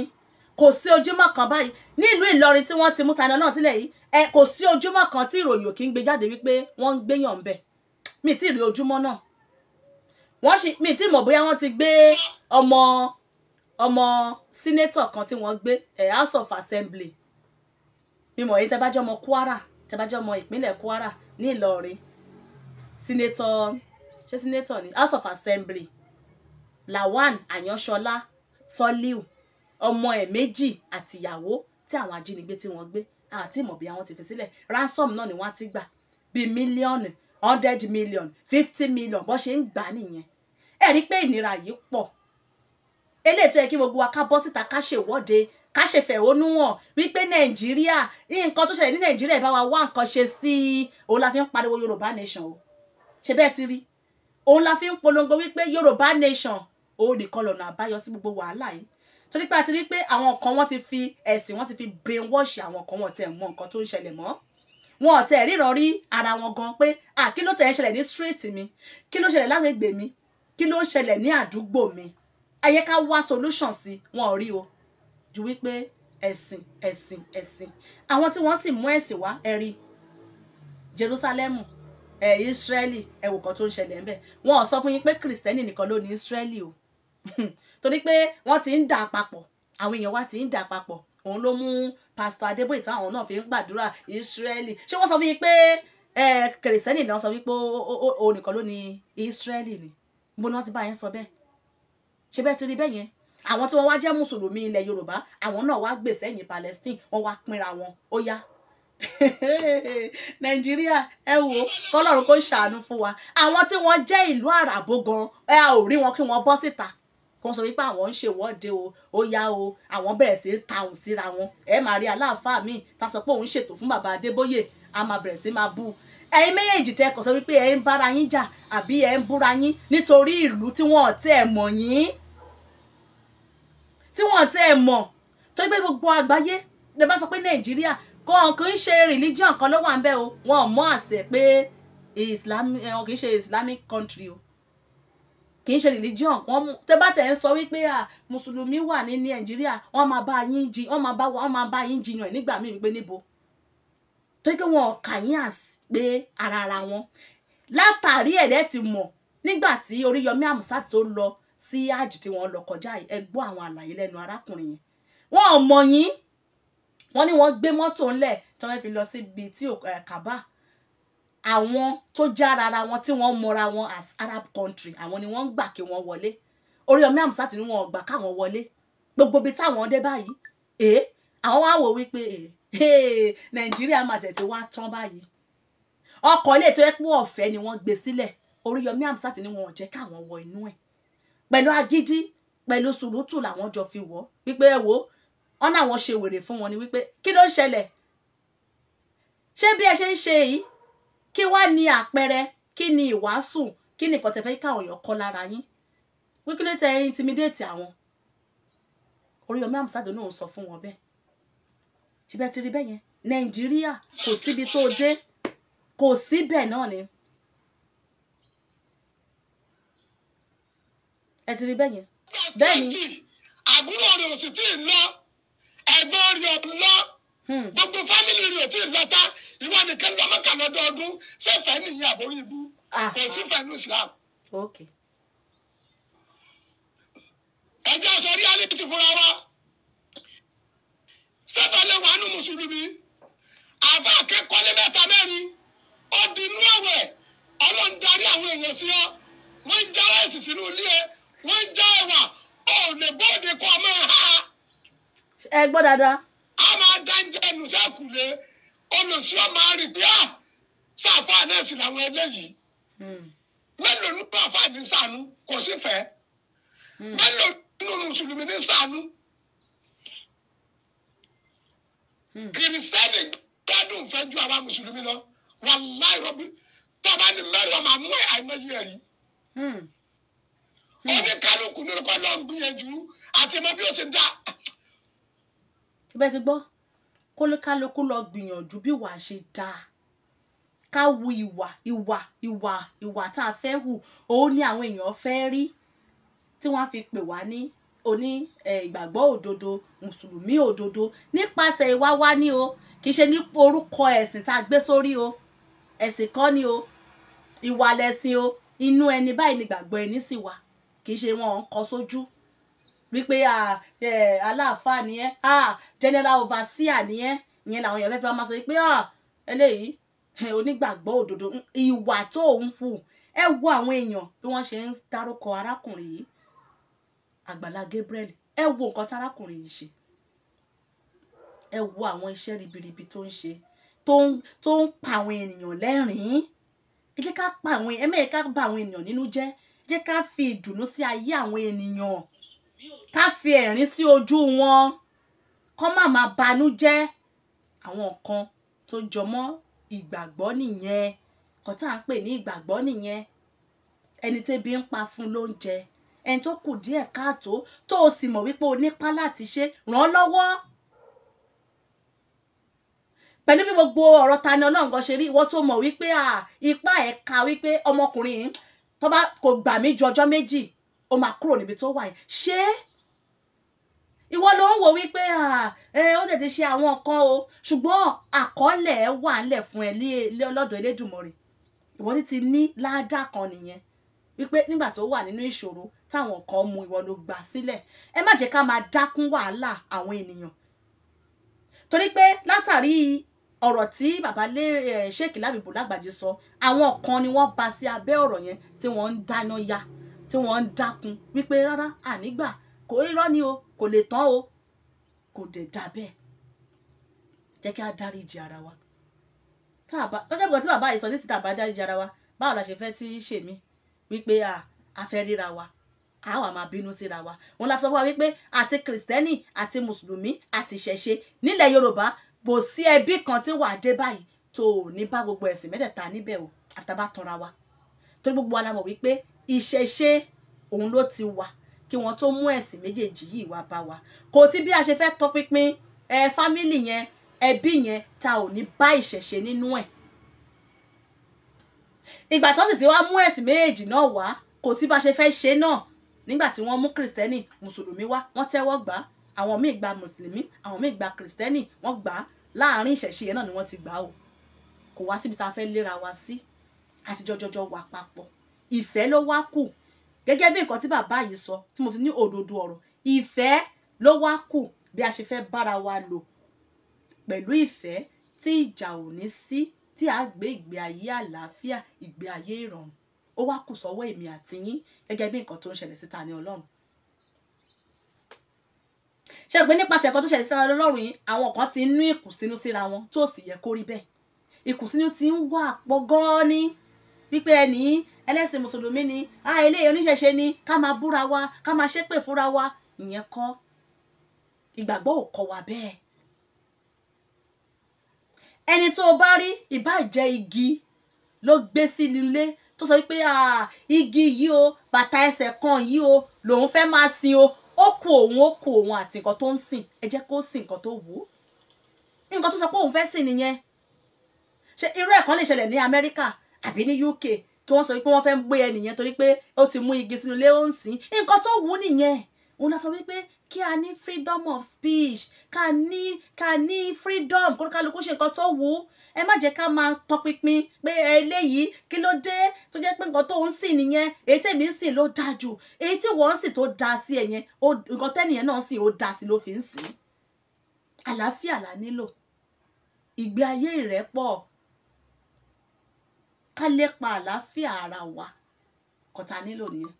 kò sí ojúmọ́ kan báyìí ní Ìlọrin tí wọ́n ti mú Tani náà sílẹ̀ yìí ẹ kò sí ojúmọ́ kan tí ìròyìn ò kí ń gbé jáde wípé wọ́n ń gbéyàn ń bẹ̀ mi tí ì rí ojúmọ́ náà wọ́n sì mi tí mọ̀ bóyá wọ́n ti gbé ọmọ ọmọ sínétọ̀ kan tí wọ́n gbé eh, House of Assembly mi mọ̀ èyí tẹ́ bá jẹ́ ọmọ Kwara tẹ́ bá jẹ́ ọmọ ìpínlẹ̀ Kwara ní Ìlọrin sínétọ̀ ṣé sínétọ̀ ní House of Assembly Lawan Àyànṣọlá Soliu ọmọ ẹ̀ méjì àtìyàwó tí àwọn ajínigbé tí wọ́n gbé àti ìmọ̀ bí àwọn ti fi sílẹ̀ ransom náà ni wọ́n ti gbà bíi mílíọ̀nù hundred million fifty million bó ṣe ń gbà nìyẹn ẹ rí i pé ìnira yìí pọ̀ eléyìí tó yẹ kí gbogbo wa ká bọ́ síta ká ṣèwọ́de ká ṣe fẹ̀hónú hàn wípé nàìjíríà nǹkan tó ṣẹlẹ̀ ní nàìjíríà ìbá wa wá nǹkan ṣe sí i òun la fi ń pariwo yorùbá nation o ṣe bẹ́ẹ̀ ti rí òun la fi ń polongo wípé yorùbá nation òun nìkan lọ́nà àbáyọ sí gbogbo wàhálà yìí torí pé a ti rí pé àwọn kan wọ́n ti fi ẹ̀sìn wọ́n ti fi brain wash àwọn kan wọ́n tẹ̀ mọ nǹkan tó ń ṣẹlẹ̀ mọ́ wọn ò tẹ̀ ríran rí ara wọn gan pé à kí ló tẹ̀ ń ṣẹlẹ̀ ní street mi kí ló ṣẹlẹ̀ lágbègbè mi kí ló ṣẹlẹ̀ ní àdúgbò mi ayé ká wá solution sí wọn ò rí o ju wípé ẹ̀sìn ẹ̀sìn ẹ̀sìn àwọn tí wọ́n sì mú ẹ̀sìn wá ẹ̀rí Jerusalem, ẹ̀ Ísírẹ́lì ẹ̀wò kan tó ń ṣẹlẹ̀ ńbẹ̀ wọn ò sọ fún yín pé kìrìsìtẹ́nì nìkan ló ní Ísírẹ́lì o <laughs> torí pé wọ́n ti ń dà papọ̀ àwọn èèyàn wa ti ń dà papọ̀ òun ló mú pásítọ̀ Adébóyè tí àwọn náà fi ń gbàdúrà Ísírẹ́lì ṣé wọ́n sọ fún yín pé kìrìsìtẹ́nì náà sọ wípé òun nìkan ló ní Ísírẹ́lì ni bó ni wọ́n ti bá yẹn sọ bẹ́ẹ̀ ṣe bẹ́ẹ̀ ti rí bẹ́ẹ̀ yẹn àwọn tí wọ́n wá jẹ́ mùsùlùmí ilẹ̀ yorùbá àwọn náà wá gbè sẹ́yìn palestine wọ́n wá pínra wọn ó yá <laughs> nàìjíríà ẹ wo kọlọ́run kò ṣàánú fún wa àwọn tí wọ́n jẹ́ ìlú àràbó gan ẹ ò rí wọn kí wọ́n bọ́ síta kò sọ wípé àwọn ń ṣèwọ́de o ó yá o àwọn bẹ̀rẹ̀ sí í tàùn síra wọn ẹ máa rí aláàfáà míì ta sọ pé òun ṣètò fún bàbá adébóyè a máa bẹ̀rẹ̀ sí máa bú ẹ̀yin méjèèjì tẹ́ kò sọ wípé ẹ ń bára yín jà àbí ẹ ń búra yín nítorí ìlú tí wọn ò tí ẹ mọ̀ yín tí wọ́n tẹ́ ẹ mọ̀ tó gbé gbogbo àgbáyé lè bá sọ pé nàìjíríà kan kì í ṣe religion kan ló wà ń bẹ̀ o wọn ò mọ̀ àṣẹ pé islamic kì í ṣe islamic country o kì í ṣe religion wọn tẹ́ bá tẹ́ ń sọ wípé à mùsùlùmí wà ní nàìjíríà wọ́n máa bá yín jiyàn wọ́n máa bá wọ́n máa bá yín jiyàn nígbà míì wípé níbo tó gbé wọn kà yín àṣì pé ara ara wọn látàrí ẹ̀rẹ́ ti mọ̀ nígbà tí Oríyọmí Àmúsà tó lọ sí àjì tí wọ́n lọ kọjá yìí ẹ gbọ́ àwọn àlàyé lẹ́nu arákùnrin yẹn wọ́n ò mọ̀ yín wọ́n ní wọ́n gbé mọ́tò ńlẹ̀ tí wọ́n fi lọ síbi tí Kaaba àwọn tó jára ara wọn tí wọ́n mọra wọn as Arab country àwọn ni wọ́n ń gbà kí wọ́n wọlé Oríyọmí Hamzat ni wọ́n gbà káwọn wọlé gbogbo ibi táwọn dé báyìí èé àwọn wá wò wípé èé Nàìjíríà máa tètè wá tán báyìí ọkọ̀ ilé tó yẹ pé ọ̀fẹ́ ni wọ́n gbé sílẹ̀ Oríyọmí Hamzat ni wọ́n jẹ́ káwọn wọ inú ẹ̀ pẹ̀lú agídí pẹ̀lú sùúrùtù làwọn jọ fi wọ̀ wípé ẹ wo ọ́n làwọn ṣe wèrè fún wọn ni wípé kí ló ń ṣẹlẹ̀ ṣé bí ẹ ṣe ń ṣe yìí kí wá ní àpẹẹrẹ kí ni ìwàásù kí ni nǹkan tẹ́ fẹ́ káwọn èèyàn kọ́ lára yín wípé ló tẹ intimidate àwọn Oríyọmí Àmúsàdé náà sọ fún wọn bẹ́ẹ̀ ṣùgbọ́n ti rí bẹ́ẹ̀ yẹn Nàìjíríà kò síbi tó dé kò síbẹ̀ náà ni ẹ ti rí bẹ́ẹ̀ yẹn bẹ́ẹ̀ ni. àbúrò rẹ̀ ò sì tí ì lọ ẹ̀gbọ́n rẹ̀ ò lọ hmm. gbogbo fámìlì rẹ̀ ò tí ì lọ tá ìwọ nìkan lọ́mọ́kà lọ́dọọdún sẹ́fẹ̀ẹ́ nìyẹn àbórí ibú ah. kò sí fẹ́ẹ́ ní Islam. ẹ jẹ́ sọ reality fúnra wa sẹ́fẹ̀lẹ̀ wà nù mùsùlùmí àbá akẹ́kọ̀ọ́ ní mẹ́ta mẹ́rin ó di inú ẹ̀wẹ̀ ọlọ́ndarí àwọn èèyàn sí ọ wọ́n ń jáwé ẹ̀sìn sínú ilé ẹ̀ wọ́n ń já ẹwà ó lè bóde kọ́ ọ ha. ẹ gbọ́ dáadáa. a máa dáńjẹ́ ẹnu sẹ́kùlé olùsí ọmọ rìn pé ah, à sáfà náà sì làwọn eléyìí. Hmm. mélòó ló bá fà ní sànú kò sí fẹ́. Hmm. mélòó ló lù sùlùmí ní sànú. Hmm. kìrìsìtẹ́nì gbádùn fẹ́ ju àwa mùsùlùmí lọ wàláì rọ́bì tọ́ba ni mẹ́rin ọmọ àmúwẹ̀ àìmọye ẹ̀rí ẹni kálukú ní ọkọ lọ gbìyànjú ati ẹmọ bí ó ṣe dá. bẹ́ẹ̀ ti gbọ́ kólókálukú lọ gbìyànjú bí wàá ṣe dá ká wu ìwà ìwà ìwà ìwà tá a fẹ́ wù òun ni àwọn èèyàn fẹ́ rí tí wọ́n fi pè wá ní oní ìgbàgbọ́ òdodo mùsùlùmí òdodo nípasẹ̀ ìwà wa ni o kì í ṣe ní orúkọ ẹ̀sìn tá a gbé sórí o ẹ̀sìn kọ́ ni o ìwà lẹ̀sìn o inú ẹni báyìí ni gbàgbọ́ ẹni sì wà kì í ṣe wọn ń kọ sójú wípé aláàfáà ni ẹ general overseer ni ẹ ìyẹn làwọn èèyàn fẹ́fẹ́ máa sọ pé eléyìí onígbàgbọ́ òdodo ìwà tó ń hù ẹ wo àwọn èèyàn bí wọ́n ṣe ń dárúkọ arákùnrin yìí àgbàlá Gabriel ẹ wo nǹkan tárákùnrin yìí ṣe ẹ wo àwọn iṣẹ́ ribiribi tó ń ṣe tó ń pa àwọn ènìyàn lẹ́rìn-ín ẹ jẹ́ pa àwọn ẹ nínú jẹ́ jẹ́ ká fi ìdùnnú sí ayé àwọn ènìyàn ká fi ẹ̀rín sí ojú wọn kọ́ má má banú jẹ́ àwọn kan tó jọmọ́ ìgbàgbọ́ nìyẹn kan tá à ń pè ní ìgbàgbọ́ nìyẹn ẹni tẹ́bi ń pa fún lóúnjẹ ẹni tó kù díẹ̀ káàtó tó o sì mọ̀ wípé o nípa láti ṣe ràn án lọ́wọ́ pẹ̀lú bí gbogbo ọ̀rọ̀ ta ni ọlọ́run ṣe rí ìwọ tó mọ̀ wípé ipá ẹ̀ wípé ọmọkùnrin tó bá kò gbà mí ju ọjọ́ méjì ó máa kúrò níbi tó wà yẹn ṣé ìwọ ló ń wò wípé ó tètè ṣe àwọn nǹkan o ṣùgbọ́n àkọọ́lẹ̀ wà ńlẹ̀ fún ẹ lọ́dọ̀ Elédùmarè ìwọ ti ti ní ládà kan nìyẹn wípé nígbà tó wà nínú ìṣòro táwọn kan mú ìwọ ló gbà sílẹ̀ ẹ má jẹ́ ká máa dákún wàhálà àwọn ènìyàn torí pé látàrí ọ̀rọ̀ tí bàbá lé Sheikh Labeeb Lagbaji sọ àwọn kan ni wọ́n ba sí abẹ́ ọ̀rọ̀ yẹn tí wọ́n ń dáná ya tí wọ́n ń dákun wípé rárá ànígbà kò irọ́ ni o kò lè tán o kò dẹ̀ dà bẹ́ẹ̀ jẹ́ kí a dáríji ara wa tá a bá gẹ́gẹ́ bí tí bàbá yìí sọ ní síta bá dáríji ara wa báwo la ṣe fẹ́ tí í ṣèmí wípé a fẹ́ ríra wa a wà máa bínú síra wa wọn la sọ fún wa wípé àti kìrìsìtẹ́nì àti mùsùlùmí àti ìṣẹ̀ṣe nílẹ̀ yorùbá kò sí ẹbí kan tí wàá dé báyìí tó o ní bá gbogbo ẹ̀sìn mẹ́tẹ̀ẹ̀ta níbẹ̀ o àtàbà tanra wa torí gbogbo wa la mọ̀ wípé ìṣẹ̀ṣe òun ló ti wà kí wọ́n tó mú ẹ̀sìn méjèèjì yìí wá bá wa kò sí bí a ṣe fẹ́ tọpinpin ẹ fámìlì yẹn ẹbí yẹn ta ò ní bá ìṣẹ̀ṣe nínú ẹ̀ ìgbà tó sì ti wá mú ẹ̀sìn méjèèjì náà wá kò sí bá a ṣe fẹ́ ṣe náà nígbà tí wọ́n mú kìrìsìtẹ́nì mùsùlùmí wá wọ́n tẹ́wọ́ gbà àwọn míì gba mùsùlùmí àwọn míì gba kìrìsìtẹ́nì wọ́n gbà á láàrin ìṣẹ̀ṣe yẹn náà ni wọ́n ti gbà á o kò wá síbi tá a fẹ́ léra wa sí àti jọjọjọ wà papọ̀ ìfẹ́ ló wá kù gẹ́gẹ́ bí nǹkan tí bàbá yìí sọ tí mo fi ní òdodo ọ̀rọ̀ ìfẹ́ ló wá kù bí a ṣe fẹ́ bára wa lò pẹ̀lú ìfẹ́ tí ìjà ò ní sí tí a gbé ìgbé ayé àlàáfíà ìgbé ayé ìrọ̀rùn ó wá kù sọ́wọ́ èmi àti gẹ́gẹ́ bí nǹkan tó ń ṣẹlẹ̀ síta ní ọlọ́run ṣe pé nípasẹ̀ ẹ̀kọ́ tó ṣẹlẹ̀ sára lọ́rùn yìí àwọn kan ti ń ní ìkùnsínú síra wọn tó sì yẹ kó rí bẹ́ẹ̀ ìkùnsínú ti ń wà pọ̀ gan-an ní wípé ẹni ẹlẹ́sìn mùsùlùmí ni a eléyìí oníṣẹ̀ṣe ni ká máa búra wa ká máa ṣépè fúnra wa ìyẹn kọ́ ìgbàgbọ́ ò kọ́ wa bẹ́ẹ̀ ẹni tó o bá rí ìbá jẹ́ igi ló gbé sí ilé tó sọ wípé igi yìí o bàtà ẹsẹ̀ kan yìí o lòun fẹ́ máa sin o ó kù òun ó kù òun àti nǹkan tó ń sìn ẹ jẹ́ kó sìn nǹkan tó wù ú nǹkan tó sọ pé òun fẹ́ sìn nìyẹn ṣe irú ẹ̀ kan lè ṣẹlẹ̀ ní Amẹ́ríkà àbí ní UK kí wọ́n sọ pé wọ́n fẹ́ gbé ẹnìyẹn torí pé ó ti mú igi sínú ilé ó ń sìn nǹkan tó wù ú nìyẹn òun náà sọ wípé kí a ní freedom of speech ká ní ká ní freedom kó kálukú ṣe nǹkan tó wù ú ẹ má jẹ́ ká máa tọpinpin pé eléyìí kí ló dé tó jẹ́ pé nǹkan tó ń sìn nìyẹn èyí tí èmi ń sìn ló dáa jù èyí tí wọ́n ń sìn tó dáa sí ẹ̀yẹn nǹkan tẹ́nìyẹn náà ń sìn ó dáa sí ló fi ń sìn àlàáfíà la nílò ìgbé ayé ìrẹ́pọ̀ ká lépa àlàáfíà ara wa kọ́ta nílò nìyẹn.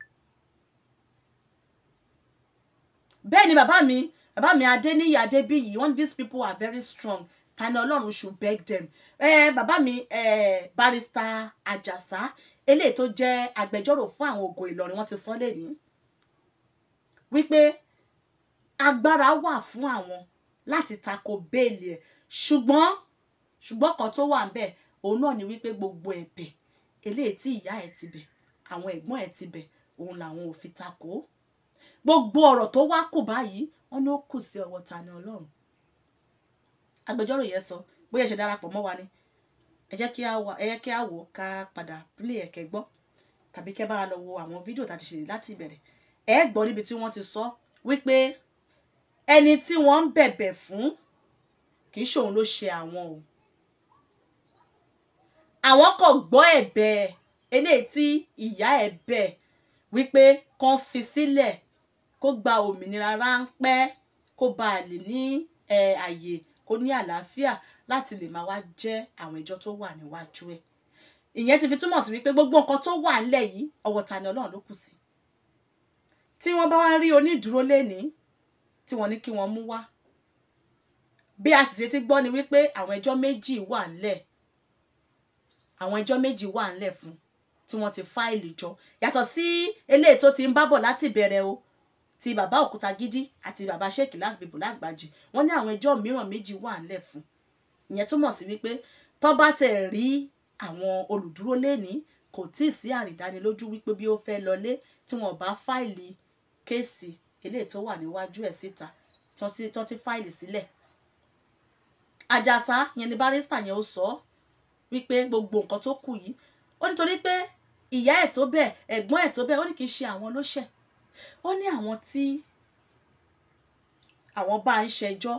bẹ́ẹ̀ ni bàbá mi bàbá mi adéníyí adébíyì one these people are very strong tani ọlọ́run should beg them eh, bàbá mi eh, barrister àjàsá eléyìí tó jẹ́ agbẹjọ́rò fún àwọn ògo ìlọrin wọ́n ti sọ lẹ́ni wípé agbára wà fún àwọn láti tako béèlì ẹ̀ ṣùgbọ́n ṣùgbọ́n kan tó wà ńbẹ̀ òun náà ni wípé gbogbo ẹ̀bẹ̀ eléyìí tí ìyá ẹ̀ ti bẹ̀ àwọn ẹ̀gbọ́n ẹ̀ ti bẹ̀ òun làwọn ò fi tako gbogbo ọ̀rọ̀ tó wá kù báyìí wọ́n ní ó kù sí ọwọ́ Tani Olohun agbẹjọ́rò yẹn sọ bóyá ẹ darapọ̀ mọ́ wa ni ẹ kí a wò ká padà play ẹ̀kẹ́ gbọ́ tàbí kẹ́ bá lọ wo àwọn fídíò tá a ti ṣe láti ìbẹ̀rẹ̀ ẹ gbọ́ níbi tí wọ́n ti sọ wípé ẹni tí wọ́n ń bẹ̀bẹ̀ fún kì í ṣòun ló ṣe àwọn o àwọn kò gbọ́ ẹ̀bẹ̀ eléyìí tí ìyá ẹ̀ bẹ̀ wípé kàn fi sílẹ̀ kó gba òmìnira ráńpẹ́ kó bá a lè ní àyè kó ní àlàáfíà láti lè máa wá jẹ́ àwọn ìjọ tó wà níwájú ẹ̀ ìyẹn ti fi túmọ̀ sí wípé gbogbo nǹkan tó wà ńlẹ̀ yìí ọwọ́ ta ni ọlọ́run ló kù sí tí wọ́n bá wá rí onídùúró lénìí tí wọ́n ní kí wọ́n mú wá bí a sì ṣe ti gbọ́ ni wípé àwọn ẹjọ́ méjì wà ńlẹ̀ àwọn ẹjọ́ méjì wà ńlẹ̀ fún tí wọ́n ti fáìlì jọ yàtọ̀ sí eléyìí tó ti ń bábọ̀ láti bẹ̀rẹ̀ o ti bàbá Òkútagídí àti bàbá Sheikh Lágbèbò Lágbàjì wọ́n ní àwọn ẹjọ́ mìíràn méjì wà ńlẹ̀ fún ìyẹn túmọ̀ sí wípé tó bá tẹ̀ rí àwọn olùdúró lẹ́ni kò tíì sí àrídánilójú wípé bí ó fẹ́ lọlé tí wọn bá fáìlì kéèsì eléyìí tó wà níwájú ẹ̀ síta tó ti fáìlì sílẹ̀ àjàsá yẹn ni barista yẹn ó sọ wípé gbogbo nǹkan tó kù yìí ó nítorí pé ìyá ẹ̀ tó bẹ́ẹ̀ ẹ̀gbọ́n ẹ̀ tó bẹ́ẹ̀ ó ní kì í ṣe àwọn ló Wọ́n ní àwọn tí àwọn bá ń ṣẹjọ́,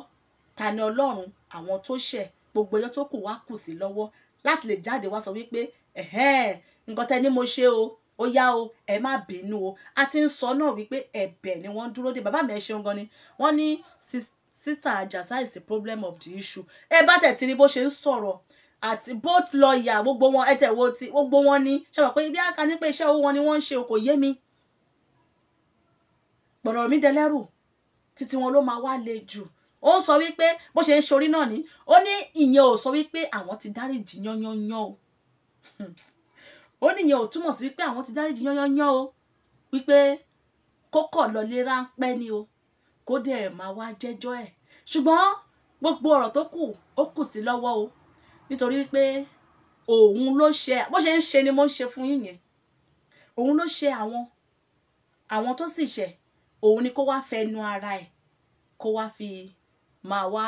ta ni Ọlọ́run, àwọn tó ṣẹ̀, gbogbo ẹjọ́ tó kù wá kù sí lọ́wọ́ láti lè jáde wá sọ wípé ẹ̀hẹ́n, nǹkan tẹ ní mo ṣe o, ó yá o, ẹ má bínú o. A ti ń sọ náà wípé ẹ̀bẹ̀ ni wọ́n dúró dè. Bàbá mi ẹ ṣeun gan ni. Wọ́n ní sister Ajasa is the problem of the issue. Ẹ bá tẹ̀ tí rí bó ṣe ń sọ̀rọ̀ àti both lawyer gbogbo wọn ẹ tẹ̀ wo ti gbogbo wọn ni ṣe mọ̀ pé bí a kà ní pé iṣẹ́ owó wọn ni wọ́n ń ṣe o kò yé mi pọ̀rọ̀ mi dẹlẹ́rù títí wọn ló máa wá le jù ó sọ wípé bó ṣe ń ṣorí náà ni ó ní ìyẹn ò sọ wípé àwọn ti dáríjì yányányán o <laughs> ó ní ìyẹn ò túmọ̀ sí wípé àwọn ti dáríjì yányányán o wípé kókọ̀ lọlé ráńpẹ́ ni o kó dẹ̀ máa wá jẹ́jọ́ ẹ̀ ṣùgbọ́n gbogbo ọ̀rọ̀ tó kù ó kù sí lọ́wọ́ o nítorí wípé òun ló ṣe bó ṣe ń ṣe ni mo ń ṣe fún yín òun ló ṣe àwọn àwọn tó sì ṣe òun ni kó wá fẹnu ara ẹ̀ kó wá fi máa wá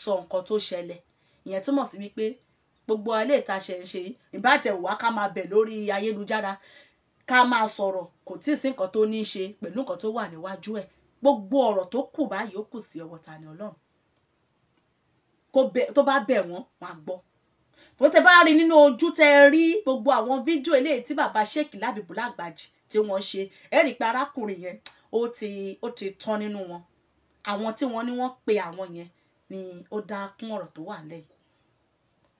sọ nǹkan tó ṣẹlẹ̀ ìyẹn túmọ̀ sí wípé gbogbo alẹ́ ìta ṣe ń ṣe ìbátẹ̀wá ká máa bẹ̀ lórí ayélujára ká máa sọ̀rọ̀ kò tí ì sí nǹkan tó ní í ṣe pẹ̀lú nǹkan tó wà níwájú ẹ̀ gbogbo ọ̀rọ̀ tó kù báyìí ó kù sí ọwọ́ Tani Olohun tó bá bẹ̀ wọ́n wọ́n á gbọ́ tẹ bá rí nínú ojú tẹ rí gbogbo àwọn fídíò eléyìí tí bàbá Sheikh Labeeb Lagbaji tí wọ́n ṣe ẹ rí i pé arákùnrin yẹn ó ti ó ti tán nínú wọn àwọn tí wọ́n ní wọ́n pe àwọn yẹn ni ó dá kún ọ̀rọ̀ tó wà nílẹ̀ yìí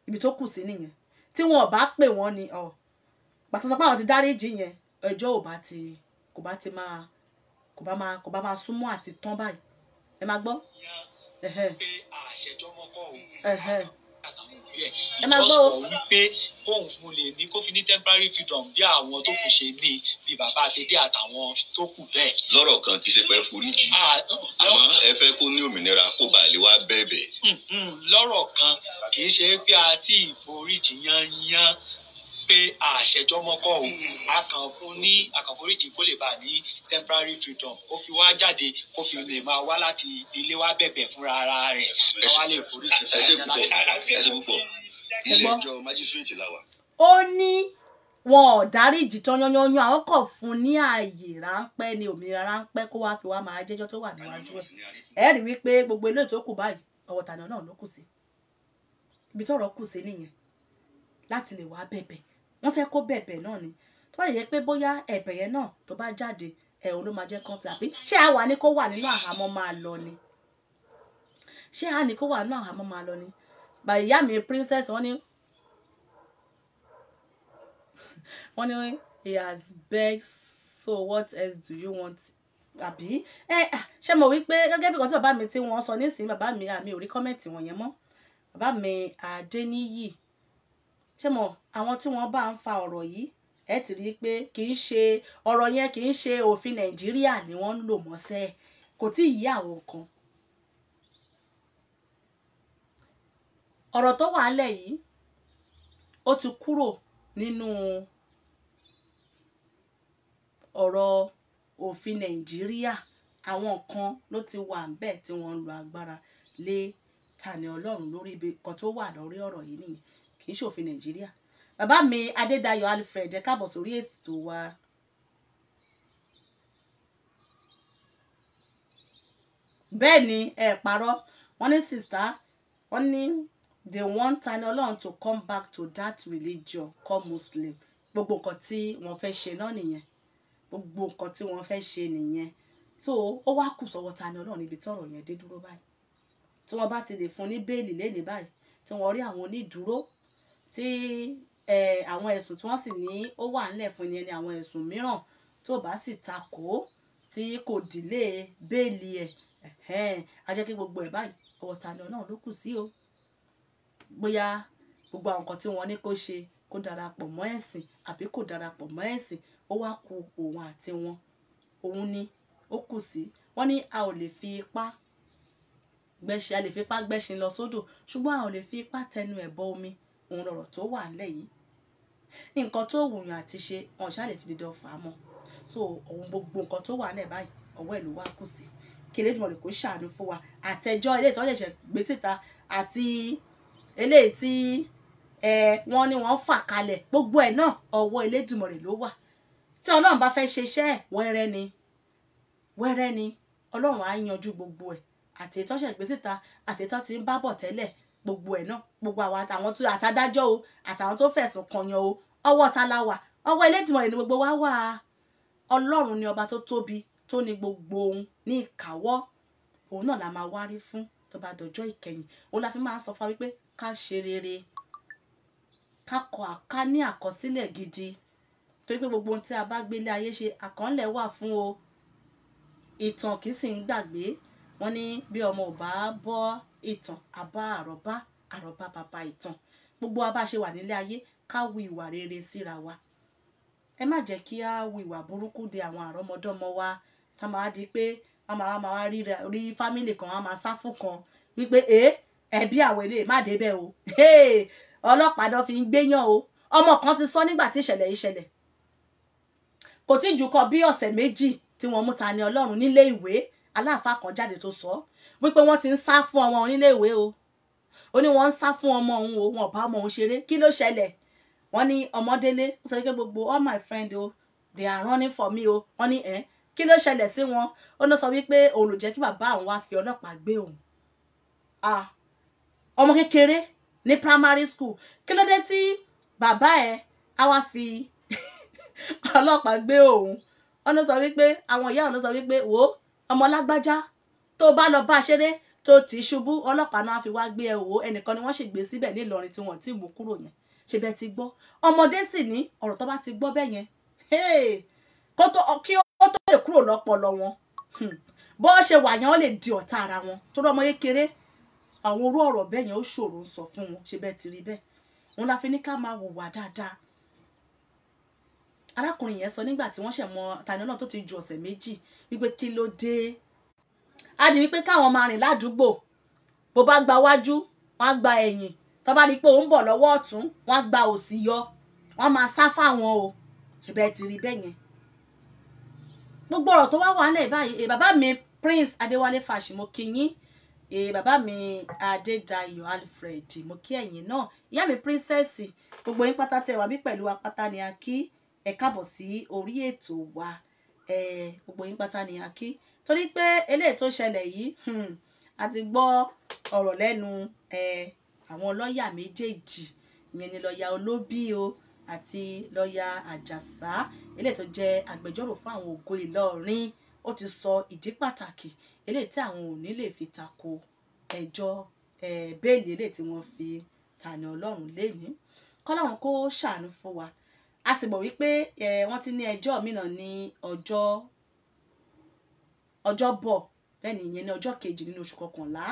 ibi tó kù sí nìyẹn tí wọn ò bá pè wọ́n ni ọ̀ pàtó sọ pé àwọn ti dáríjì yẹn ẹjọ́ ò bá ti kò bá ti máa kò bá máa kò bá máa súnmọ́ àti tán báyìí ẹ máa gbọ́. pé àṣẹjọ́ mọ́kọ́ òun ẹ̀ just for wípé kóun fún lè ní kó fi ní temporary freedom bí àwọn tó kù ṣe ní bí bàbá Adédé àtàwọn tó kù bẹ́ẹ̀. lọ́rọ̀ kan kì í ṣe pé foríjì ah, àmọ́ ẹ fẹ́ kó ní òmìnira kó bàa lè wá bẹ̀bẹ̀. Hmm, hmm, lọ́rọ̀ kan kì í ṣe pé a ti ìforíjì yan yan pé àṣẹjọ́ mọ́kọ́ o àkànfún ní àkànforíjì kó lè bà ní temporary freedom kó fi wá jáde kó fi lè máa wá láti ilé wá bẹ̀bẹ̀ fúnra ara rẹ̀ lọ́wọ́ lè foríjì. ẹ ṣe púpọ̀ ẹ ṣe púpọ̀ ilé ẹjọ́ májísírèètì la wà. ó ní wọn ò dáríjì tán yanyanyan àwọn kò fún ní ààyè ráńpẹ́ ní òmìnira ráńpẹ́ kó wáá fi wá máa jẹ́jọ́ tó wà níwájú ẹ̀ ẹ́ rí wípé gbogbo eléyìí tó kù báyìí ọwọ́ náà ló kù sí ibi tọ́rọ̀ kù sí nìyẹn láti lè wá bẹ̀bẹ̀ wọ́n fẹ́ kó bẹ̀bẹ̀ náà ni tó bá yẹ pé bóyá ẹ̀bẹ̀ yẹn náà tó bá jáde ẹ̀hún ló máa jẹ́ kán fi àbí ṣé a wà ní kó wà nínú àhámọ́ máa lọ ni ṣé a ní kó wà nínú àhámọ́ máa lọ ni bàyí ìyá mi princess wọ́n ní wọ́n ní he has begged so what else do you want àbí ẹ ṣe mọ̀ wípé gẹ́gẹ́ bí kan tí bàbá mi tí wọ́n sọ nísìnyí bàbá mi àmì ò rí kọ́mẹ̀ntì wọn yẹn mọ́ bàbá mi Adéníyì ṣé mo àwọn tí wọ́n bá ń fa ọ̀rọ̀ yìí ẹ ti rí i pé kì í ṣe ọ̀rọ̀ yẹn kì í ṣe òfin nàìjíríà ni wọ́n ń lò mọ́sẹ́ kò tí ì yí àwọn kan ọ̀rọ̀ tó wà á lẹ̀ yìí ó ti kúrò nínú ọ̀rọ̀ òfin nàìjíríà àwọn kan ló ti wà ńbẹ̀ tí wọ́n ń lo agbára lé Tani Olohun lórí ibi kan tó wà lórí ọ̀rọ̀ yìí nìyẹn kì í ṣòfin nàìjíríà bàbá mi adédayọ̀ alfred ẹ káàbọ̀ sórí ètò wa. bẹ́ẹ̀ ni ẹ parọ́ wọ́n ní sista wọ́n ní they want Tani Olohun to come back to that religion called muslim gbogbo nǹkan tí wọ́n fẹ́ ṣe náà nìyẹn gbogbo nǹkan tí wọ́n fẹ́ ṣe nìyẹn so ó wá kù sọ́wọ́ Tani Olohun níbi tọ́rọ̀ yẹn dé dúró báyìí tí wọ́n bá ti lè fún ní bẹ́ẹ̀lì lẹ́ni báyìí tí wọ́n rí àwọn onídùúró tí àwọn ẹ̀sùn tí wọ́n sì ní ó wà ńlẹ̀ fún ni àwọn ẹ̀sùn mìíràn tó bá sì takò tí kò dìlé béèlì ẹ̀ a jẹ́ kí gbogbo ẹ̀ báyìí ọ̀tá ni ọlọ́run ló kù sí o bóyá gbogbo àwọn nǹkan tí wọ́n ní kó ṣe kó darapọ̀ mọ́ ẹ̀sìn àbí kò darapọ̀ mọ́ ẹ̀sìn ó wá ku òun àti wọn òun ni ó kù sí wọ́n ní a ò lè fi ipá gbẹ́ṣin a lè fi ipá gbẹ́ṣin lọ sódò ṣùgbọ́n a ò lè fi ipá tẹnu ẹ̀ omi òun lọ̀rọ̀ tó wà ńlẹ̀ yìí nǹkan tó wùyàn àti ṣe wọn ṣáà lè fi dídán fà á mọ́ so òun gbogbo nǹkan tó wà ńlẹ̀ báyìí ọwọ́ ẹ̀ ló wá kù sí kí Elédùmarè kó ṣàánú fún wa àtẹjọ́ ilé ìtọ́jú ẹ̀ṣẹ̀ gbé síta àti eléyìí tí ẹ wọn ni wọn fà kalẹ̀ gbogbo ẹ̀ náà ọwọ́ Elédùmarè ló wà tí Ọlọ́run bá fẹ́ ṣe iṣẹ́ ẹ̀ wẹ́rẹ́ ni wẹ́rẹ́ ni Ọlọ́run á yanjú gbogbo ẹ̀ àti ìtọ́jú ẹ̀gbé síta àti ìtọ́ ti ń bábọ̀ tẹ́lẹ̀ gbogbo ẹ̀ náà gbogbo àwọn àtàwọn tó àtàdájọ́ o àtàwọn tó fẹ̀sùn kànyàn o ọwọ́ ta la wà ọwọ́ Elédùmarè ni gbogbo wa wà á Ọlọ́run ni ọba tó tóbi tó ní gbogbo ohun ní ìkáwọ́ òun náà la máa wárí fún tó bá dọjọ́ ìkẹyìn òun la fi máa ń sọ fún wa wípé ká ṣe rere ká ní àkọsílẹ̀ gidi torí pé gbogbo ohun tí a bá gbélé ayé ṣe àkọọ́lẹ̀ wà fún o ìtàn kì í sì ń gbàgbé wọn ní bí ọmọ ò bá bọ́ ìtàn àbá àrọ́bá àrọ́bá bàbá ìtàn gbogbo wa bá ṣe wà nílé ayé ká wu ìwà rere síra wa ẹ má jẹ́ kí á wu ìwà burúkú de àwọn àrọ́mọdọ́mọ wa tá a máa di pé a máa máa rí fámìlì kan a máa sáfù kan wípé ẹ ẹbí àwọn eléyìí má débẹ̀ o <laughs> ọlọ́pàá náà fi ń gbéyàn o ọmọ kan ti sọ nígbà tí ìṣẹ̀lẹ̀ yìí ṣẹlẹ̀ kò tí ju kan bí ọ̀sẹ̀ méjì tí wọ́n mú ta ni ọlọ́run nílé ìwé aláàfáà kan jáde tó sọ wípé wọ́n ti ń sá fún ọmọ òun níléèwé o ó ní wọ́n ń sá fún ọmọ òun o wọn ò bá ọmọ òun ṣeré kí ló ṣẹlẹ̀ wọ́n ní ọmọdélé ó sọ pé gbogbo all my friend o they are running for me o wọ́n ní ẹ̀ kí ló ṣẹlẹ̀ sí wọn ó ní sọ wípé òun ló jẹ́ kí bàbá òun wá fi ọlọ́pàá gbé òun ah ọmọ kékeré ní primary school kí ló dé tí bàbá ẹ á wá fi <laughs> ọlọ́pàá gbé òun ó ní sọ wípé àwọn ìyá òun ló sọ wípé wo ọmọ lágbájá tó bá lọ bá a ṣeré tó ti ṣubú ọlọ́pàá náà fi wá gbé ẹ wò ẹnìkan ni wọ́n sì gbé síbẹ̀ nílọrin tí wọ́n ti mú kúrò yẹn ṣe bẹ́ẹ̀ ti gbọ́ ọmọdé sì ní ọ̀rọ̀ tó bá ti gbọ́ bẹ́ẹ̀ yẹn kí ó tó lè kúrò lọ́pọlọ wọn hmm. bó ṣe wà yẹn ó lè di ọ̀tá ara wọn tó rọ́mọ kékeré àwọn orú ọ̀rọ̀ bẹ́ẹ̀ yẹn ó ṣòro ń sọ fún wọn ṣe bẹ́ẹ̀ ti rí bẹ́ẹ̀ òun la fi ní ká máa wùwà dáadáa arákùnrin yẹn sọ nígbà tí wọ́n ṣẹ̀ mọ tani náà tó ti ju ọ̀sẹ̀ méjì wípé kí ló dé á di wípé káwọn máa rìn ládùúgbò bó bá gba wájú wọ́n á gba ẹ̀yìn tó bá di pé òun bọ̀ lọ́wọ́ ọ̀tún wọ́n á gba òsì yọ wọ́n máa sá fáwọn o ṣùgbọ́n ẹ ti rí bẹ́ẹ̀ yẹn gbogbo ọ̀rọ̀ tó wá wà lẹ̀ báyìí eh, bàbá mi Prince Adéwálé Fáṣìmọ̀ kìyìn eh, bàbá mi Adédayọ̀ Alfred mo kí ẹ̀yin náà ìyá mi princess gbogbo yín pátá tẹ́ wà bí pẹ̀lú apátá ni a kí ẹ káàbọ̀ sí orí ètò wa eh, gbogbo yín pátá ni a kí torí pé eléyìí tó ṣẹlẹ̀ yìí hmm, a ti gbọ́ ọ̀rọ̀ lẹ́nu àwọn lọ́ọ̀yà méjèèjì ìyẹn ni lọ́ọ̀yà olóbí o àti lọ́ọ̀yà àjàsá eléyìí tó jẹ́ agbẹjọ́rò fún àwọn ògo ìlọrin ó ti sọ ìdí pàtàkì eléyìí tí àwọn ò ní lè fi tako ẹjọ́ bẹ́ẹ̀lì eléyìí tí wọ́n fi Tani Olohun lẹ́ni kọ́lọ́run kó ṣàánú fún wa a sì mọ̀ wípé wọ́n ti ní ẹjọ́ mìíràn ní ọjọ́ ọjọ́bọ̀ bẹ́ẹ̀ni ìyẹn ní ọjọ́ kejì nínú oṣù kọkànlá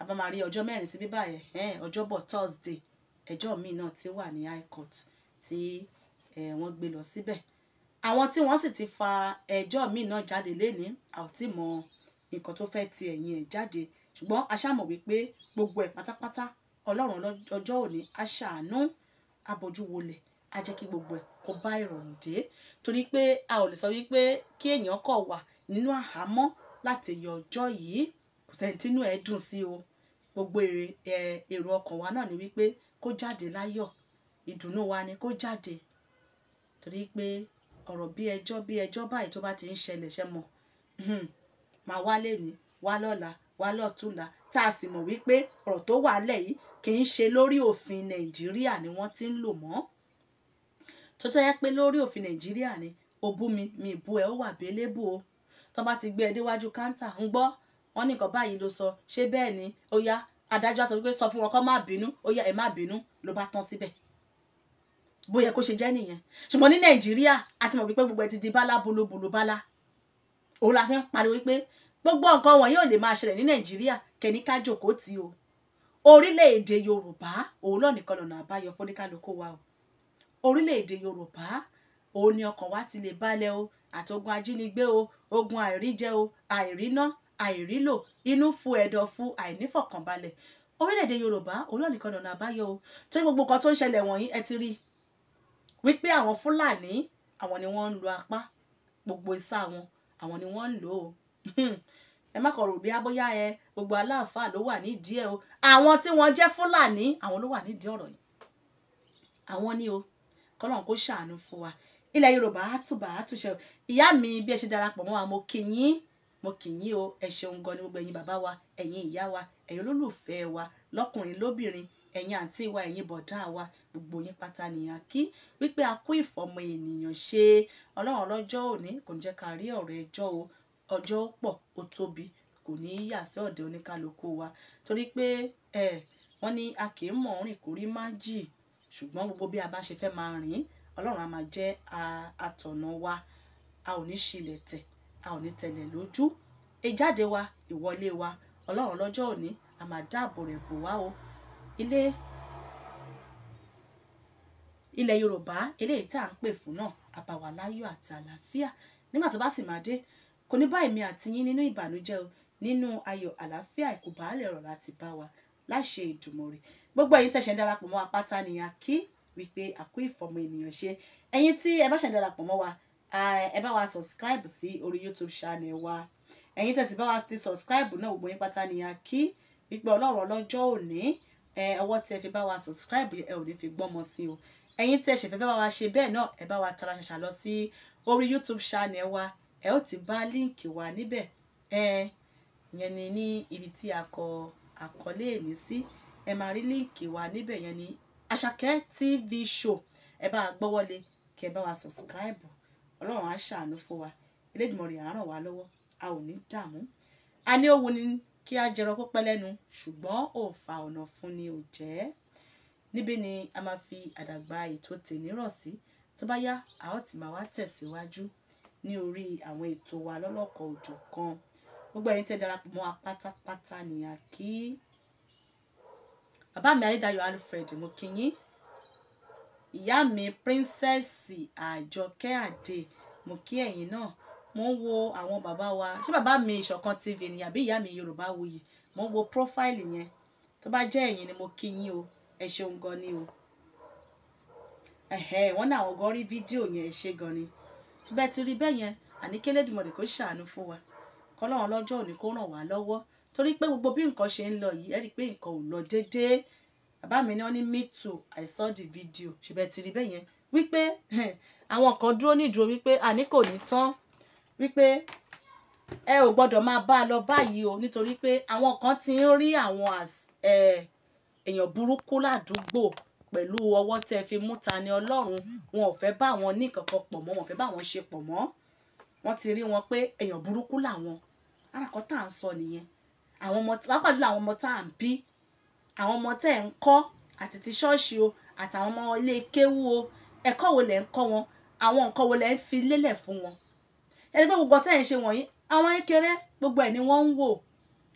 a bá máa rí ọjọ́ mẹ́rin sí bíbá yẹn ọjọ́bọ̀ thursday ẹjọ́ míì náà ti wà ní high court tí wọ́n gbé lọ síbẹ̀ àwọn tí wọ́n sì ti fa ẹjọ́ míì náà jáde lénìí àti mọ nǹkan tó fẹ́ ti ẹ̀yìn ẹ̀ jáde ṣùgbọ́n a ṣàmọ̀ wípé gbogbo ẹ̀ pátápátá ọlọ́run ọjọ́ òní a abojú wolẹ̀ a kí gbogbo ẹ̀ kó bá ìrọ̀rùn dé torí pé a ò lè sọ wípé kí èèyàn kọ̀ wà nínú àhámọ́ láti yọ ọjọ́ yìí kò sẹ́ńtínú ẹ̀ dùn sí o gbogbo èrò ọkàn wa náà ni wípé kó jáde láyọ̀ ìdùnnú wa ni kó jáde torí pé ọ̀rọ̀ bí ẹjọ́ bí ẹjọ́ báyìí tó bá ti ń ṣẹlẹ̀ ṣe mọ̀ máa wá lẹ́ni wá lọ́la wá lọ́túnla tá a sì mọ̀ wípé ọ̀rọ̀ tó wà lẹ̀ yìí kì í ṣe lórí òfin nàìjíríà ni wọ́n ti ń lò mọ́ tó tọ́ yẹ pé lórí òfin nàìjíríà ni o bú mi mi bú ẹ ó wà bélébù o tó bá ti gbé ẹ e déwájú káńtà ń gbọ́ wọ́n ní nǹkan báyìí ló sọ ṣé bẹ́ẹ̀ ni ó yá adájọ́ sọ pé sọ fún wọn kó má bínú ó yá ẹ má bínú ló bá tán síbẹ̀ bó yẹ kó ṣe jẹ́ nìyẹn ṣùgbọ́n ní nàìjíríà a ti mọ̀ pé gbogbo ẹ ti di bálá bolobolo bálá òun la fi ń pariwo wípé gbogbo nǹkan wọn yóò lè máa ṣẹlẹ̀ ní nàìjíríà kẹ́ni ká jòkó tì o orílẹ̀-èdè yorùbá òun náà nìkan lọ́nà àbáyọ fóníkálukú wa o orílẹ̀-èdè yorùbá òun ni ọkàn wa ti lè balẹ̀ o àtogun ajínigbé o ogun àìríjẹ o àìríná àìrílò inú fu ẹ̀dọ̀ fu àìnífọ̀kànbalẹ̀ orílẹ̀-èdè yorùbá olóòníkan ọ̀nà àbáyọ o tó ní gbogbo nǹkan tó ń ṣẹlẹ̀ wọ̀nyí ẹ ti rí wípé àwọn fúlàní àwọn ni wọ́n ń lo apá gbogbo isá wọn àwọn ni wọ́n ń lò ó hmm. ẹ má kọ̀rọ̀ bí abóyá ẹ gbogbo aláàfáà ló wà nídìí ẹ o àwọn tí wọ́n jẹ́ fúlàní àwọn ló wà nídìí ọ̀rọ̀ yìí àwọn ni o kọ́lọ́n kó ṣàánú fún wa ilẹ̀ yorùbá á túbà á ìyá mi bí ẹ ṣe darapọ̀ mọ́ wa mo kí yín mo kí yín o ẹ ṣeun gan ni gbogbo ẹ̀yin bàbá wa ẹ̀yin ìyá wa ẹ̀yin olólùfẹ́ wa lọ́kùnrin lóbìnrin ẹ̀yin àǹtí wa ẹ̀yin bọ̀dá wa gbogbo yín pátá nìyàn kí wípé a kú ìfọmọ ènìyàn ṣe ọlọ́run ọlọ́jọ́ òní kò ní jẹ́ ká rí ọ̀rọ̀ ẹjọ́ o ọjọ́ pọ̀ ó tóbi kò ní í yà sí ọ̀dẹ̀ oníkálukú wa torí pé wọ́n ní a kì í mọ̀ ọ́n rìn kórí má jì ṣùgbọ́n gbogbo bí a bá ṣe fẹ́ máa rìn ọlọ́run á máa jẹ́ atọ̀nà wa a ò ní ṣílẹ̀ tẹ̀ a ò ní tẹ̀lẹ̀ lójú ìjáde wa ìwọlé wa ọlọ́run lọ́jọ́ òní a máa dáàbò rẹ̀ bò wá o ilé ilẹ̀ yorùbá eléyìí tá à ń pè fún náà á bá wa láyọ̀ àti àlàáfíà nígbà tó bá sì máa dé kò ní bá èmi àti yín nínú ìbànújẹ́ o nínú ayọ̀ àlàáfíà ìkùbàálẹ̀ ọ̀rọ̀ láti bá wa láṣẹ ìdùnmọ̀ rẹ̀ gbogbo ẹ̀yin tẹ̀sẹ̀ ń darapọ̀ mọ́ apáta nìyà kí wípé àkó ìfọmọ ènìyàn ṣe ẹ̀yin tí ẹ bá ṣe darapọ̀ mọ́ wa ẹ bá wa subscribe sí orí youtube channel wa ẹ̀yin tẹ̀sí bá wa ti subscribe náà gbogbo yín pátá nìyà kí wípé ọlọ́run ọlọ́jọ́ òní ọwọ́ tí ẹ fi bá wa subscribe ẹ ò ní fi gbọ́mọ sí o ẹ̀yin tí ẹ ṣẹ̀fẹ̀ bá wa ṣe bẹ́ẹ̀ náà ẹ bá wa tara ṣàṣà lọ sí orí youtube channel wa ẹ ó ti bá líǹkì wa níbẹ̀ ẹ yẹn ni ní ibi tí a kọ àkọlé èmi sí ẹ máa rí líǹkì wa níbẹ̀ yẹn ni àṣàkẹ́ tv show ẹ bá a gbọ́ wọlé kí ẹ bá wa subscribe ọlọ́run á ṣàánú fún wa elédìmọ̀rì á ràn wá lọ́wọ́ a ò ní dààmú a ní òun ni kí a jẹrọ pípẹ́ lẹ́nu ṣùgbọ́n òòfà ọ̀nà fún ni ò jẹ́ níbí ni a máa fi àdàgbà ètò tèmi rọ̀ sí tó bá yá a ó ti máa wá tẹ̀síwájú ní orí àwọn ètò wa lọ́lọ́kọ̀ òjọ̀kan gbogbo ẹ̀yin tẹ́ darapọ̀ mọ́ wa pátápátá kí bàbá mi Adédayọ̀ Alfred mo kí yín ìyá mi prínsẹ́sì Àjọkẹ́ Adé mo kí ẹ̀yin náà mo ń wo àwọn bàbá wa ṣé bàbá mi Ìṣọ̀kan TV ni àbí ìyá mi Yorùbá Wuyì mo ń wo prófáìlì yẹn tó bá jẹ́ ẹ̀yin ni mo kí yín o ẹ ṣeun gan ni o ẹ̀hẹ́ wọ́n ní àwọn gan rí fídíò yẹn ẹ ṣe gan ni bẹ́ẹ̀ ti rí bẹ́ẹ̀ yẹn àní kélédìmọ̀lẹ̀ kó ṣàánú fún wa kọ́lọ́run lọ́jọ́ òní kó ràn wá lọ́wọ́ torí pé gbogbo bí nǹkan ṣe ń lọ yìí ẹ rí i pé nǹkan ò lọ déédéé bàbá mi ní wọ́n ní me too i saw the video ṣùgbọ́n ẹ ti rí bẹ́ẹ̀ yẹn wípé <laughs> àwọn kan dúró nídúró wípé àní kò ní tán wípé ẹ ò gbọ́dọ̀ máa bá a lọ báyìí o nítorí pé àwọn kan ti ń rí àwọn èèyàn burúkú ládùúgbò pẹ̀lú ọwọ́ tẹ́ fi mú ta ni ọlọ́run wọn ò fẹ́ bá wọn ní kankan pọ̀ mọ́ wọn ò fẹ́ bá wọn ṣe pọ̀ mọ́ wọ́n ti rí wọn pé èèyàn burúkú làwọn arákọ́tà ń sọ nìyẹn àwọn ọmọ pàápàá jùlọ àwọn ọmọ tá à ń bí àwọn ọmọ tẹ́ ẹ̀ ń kọ́ àti ti ṣọ́ọ̀ṣì o àtàwọn ọmọ ilé kéwú o ẹ̀kọ́ wo lẹ̀ ń kọ́ wọn àwọn nǹkan wo lẹ̀ ń fi lélẹ̀ fún wọn ẹni pé gbogbo tẹ́ ẹ̀ ń ṣe wọ̀nyí àwọn kékeré gbogbo ẹ̀ ni wọ́n ń wò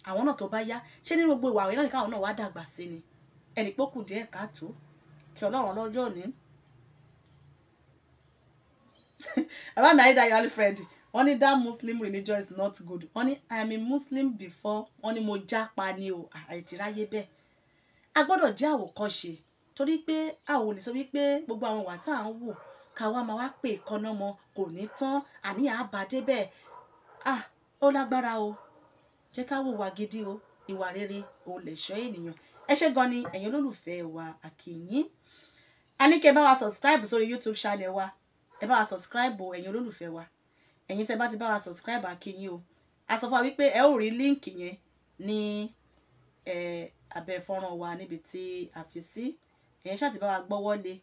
àwọn náà tó bá yá ṣé ní gbogbo ìwà àwọn náà ní káwọn náà wá dàgbà sí ni ẹnì pé ó kù díẹ̀ káàtó kí ọlọ́run lọ́jọ́ òní <laughs> bàbá mi ayédáyọ̀ alfred wọ́n that muslim religion is not good wọ́n i am a muslim before wọ́n mo jápa ni o àìtíráyé bẹ́ẹ̀ a gbọ́dọ̀ jẹ́ àwòkọ́ṣe torí pé a ò lè sọ wípé gbogbo àwọn wà tá à ń wò ká wá máa wá pè kaná mọ kò ní tán àní àbàdé bẹ́ẹ̀ ah ó lágbára o jẹ́ ká wùwà gidi o ìwà rere ò lè ṣọ́ ènìyàn ẹ ṣé gan ni ẹ̀yin olólùfẹ́ wa àkìyìn a ní kẹ́ bá wa subscribe sórí youtube channel wa ẹ bá wa subscribe o ẹ̀yin olólùfẹ́ wa ẹ̀yin tẹ́ bá ti bá wa subscribe akínyìn o a sọ fún wa wípé ẹ ó rí líǹkì yẹn ní abẹ́ fọ́nrán wa níbi tí a fi sí ẹ̀yin ṣáà ti bá wa gbọ́wọ́ lé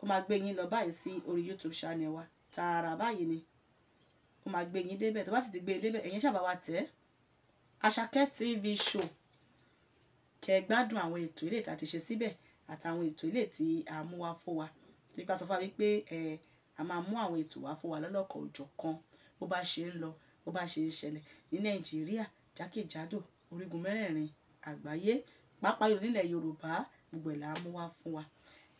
ó máa gbé yín lọ báyìí sí orí YouTube channel wa tààrà báyìí ni ó máa gbé yín débẹ̀ tó bá sì ti gbé yín e débẹ̀ ẹ̀yin ṣáà bá wa tẹ̀ Àṣàkẹ́ TV show kẹ́ gbádùn àwọn ètò ilé ìta ti ṣe síbẹ̀ àtàwọn ètò ilé tí a mú wá fún wa nípa sọ wípé ẹ a máa mú àwọn ètò wá fún wa lọ́lọ́kọ̀ òjọ̀ kan bó bá ṣe ń lọ bó bá ṣe ń ṣẹlẹ̀ ní nàìjíríà jákèjádò orígun mẹ́rẹ̀ẹ̀rin àgbáyé pàápàá yòó nílẹ̀ yorùbá gbogbo ẹ̀ là á mú wá fún wa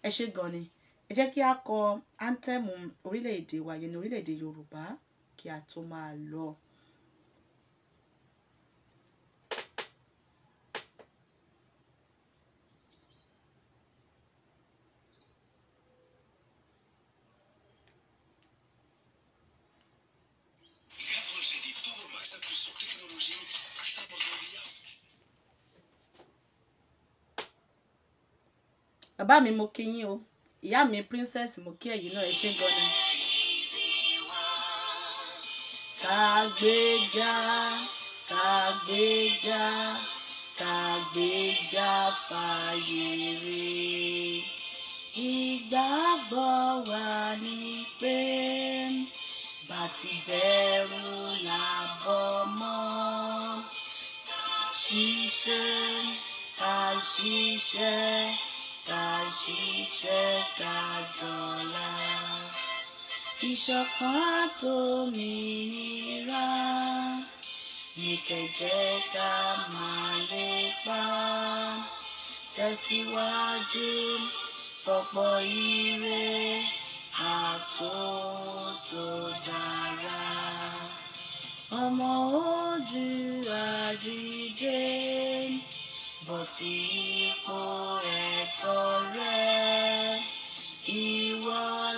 ẹ ṣe gan ni ẹ jẹ́ kí a kọ áńtẹ́mù orílẹ̀-èdè wa yẹn ní orílẹ̀-èdè yorùbá kí a tó máa lọ. bàbá mi mo kí yín o ìyá mi princess mo kí ẹ̀yin náà ẹ ṣé gan-an. kàgbéga kàgbéga kàgbéga fàyèrè ìgbàgbọ́ wa ni pé bàtì bẹ̀rù làbọ̀ mọ́ ṣiṣẹ́ ká ṣiṣẹ́ ká ṣiṣẹ́ ká jọlá. Ìṣọ̀kan àtòmìnira ní kẹ̀jẹ́ ká máa lépa. Tẹ̀síwájú fọ̀pọ̀ ire àtúntò dára. Bossi poet or Iwa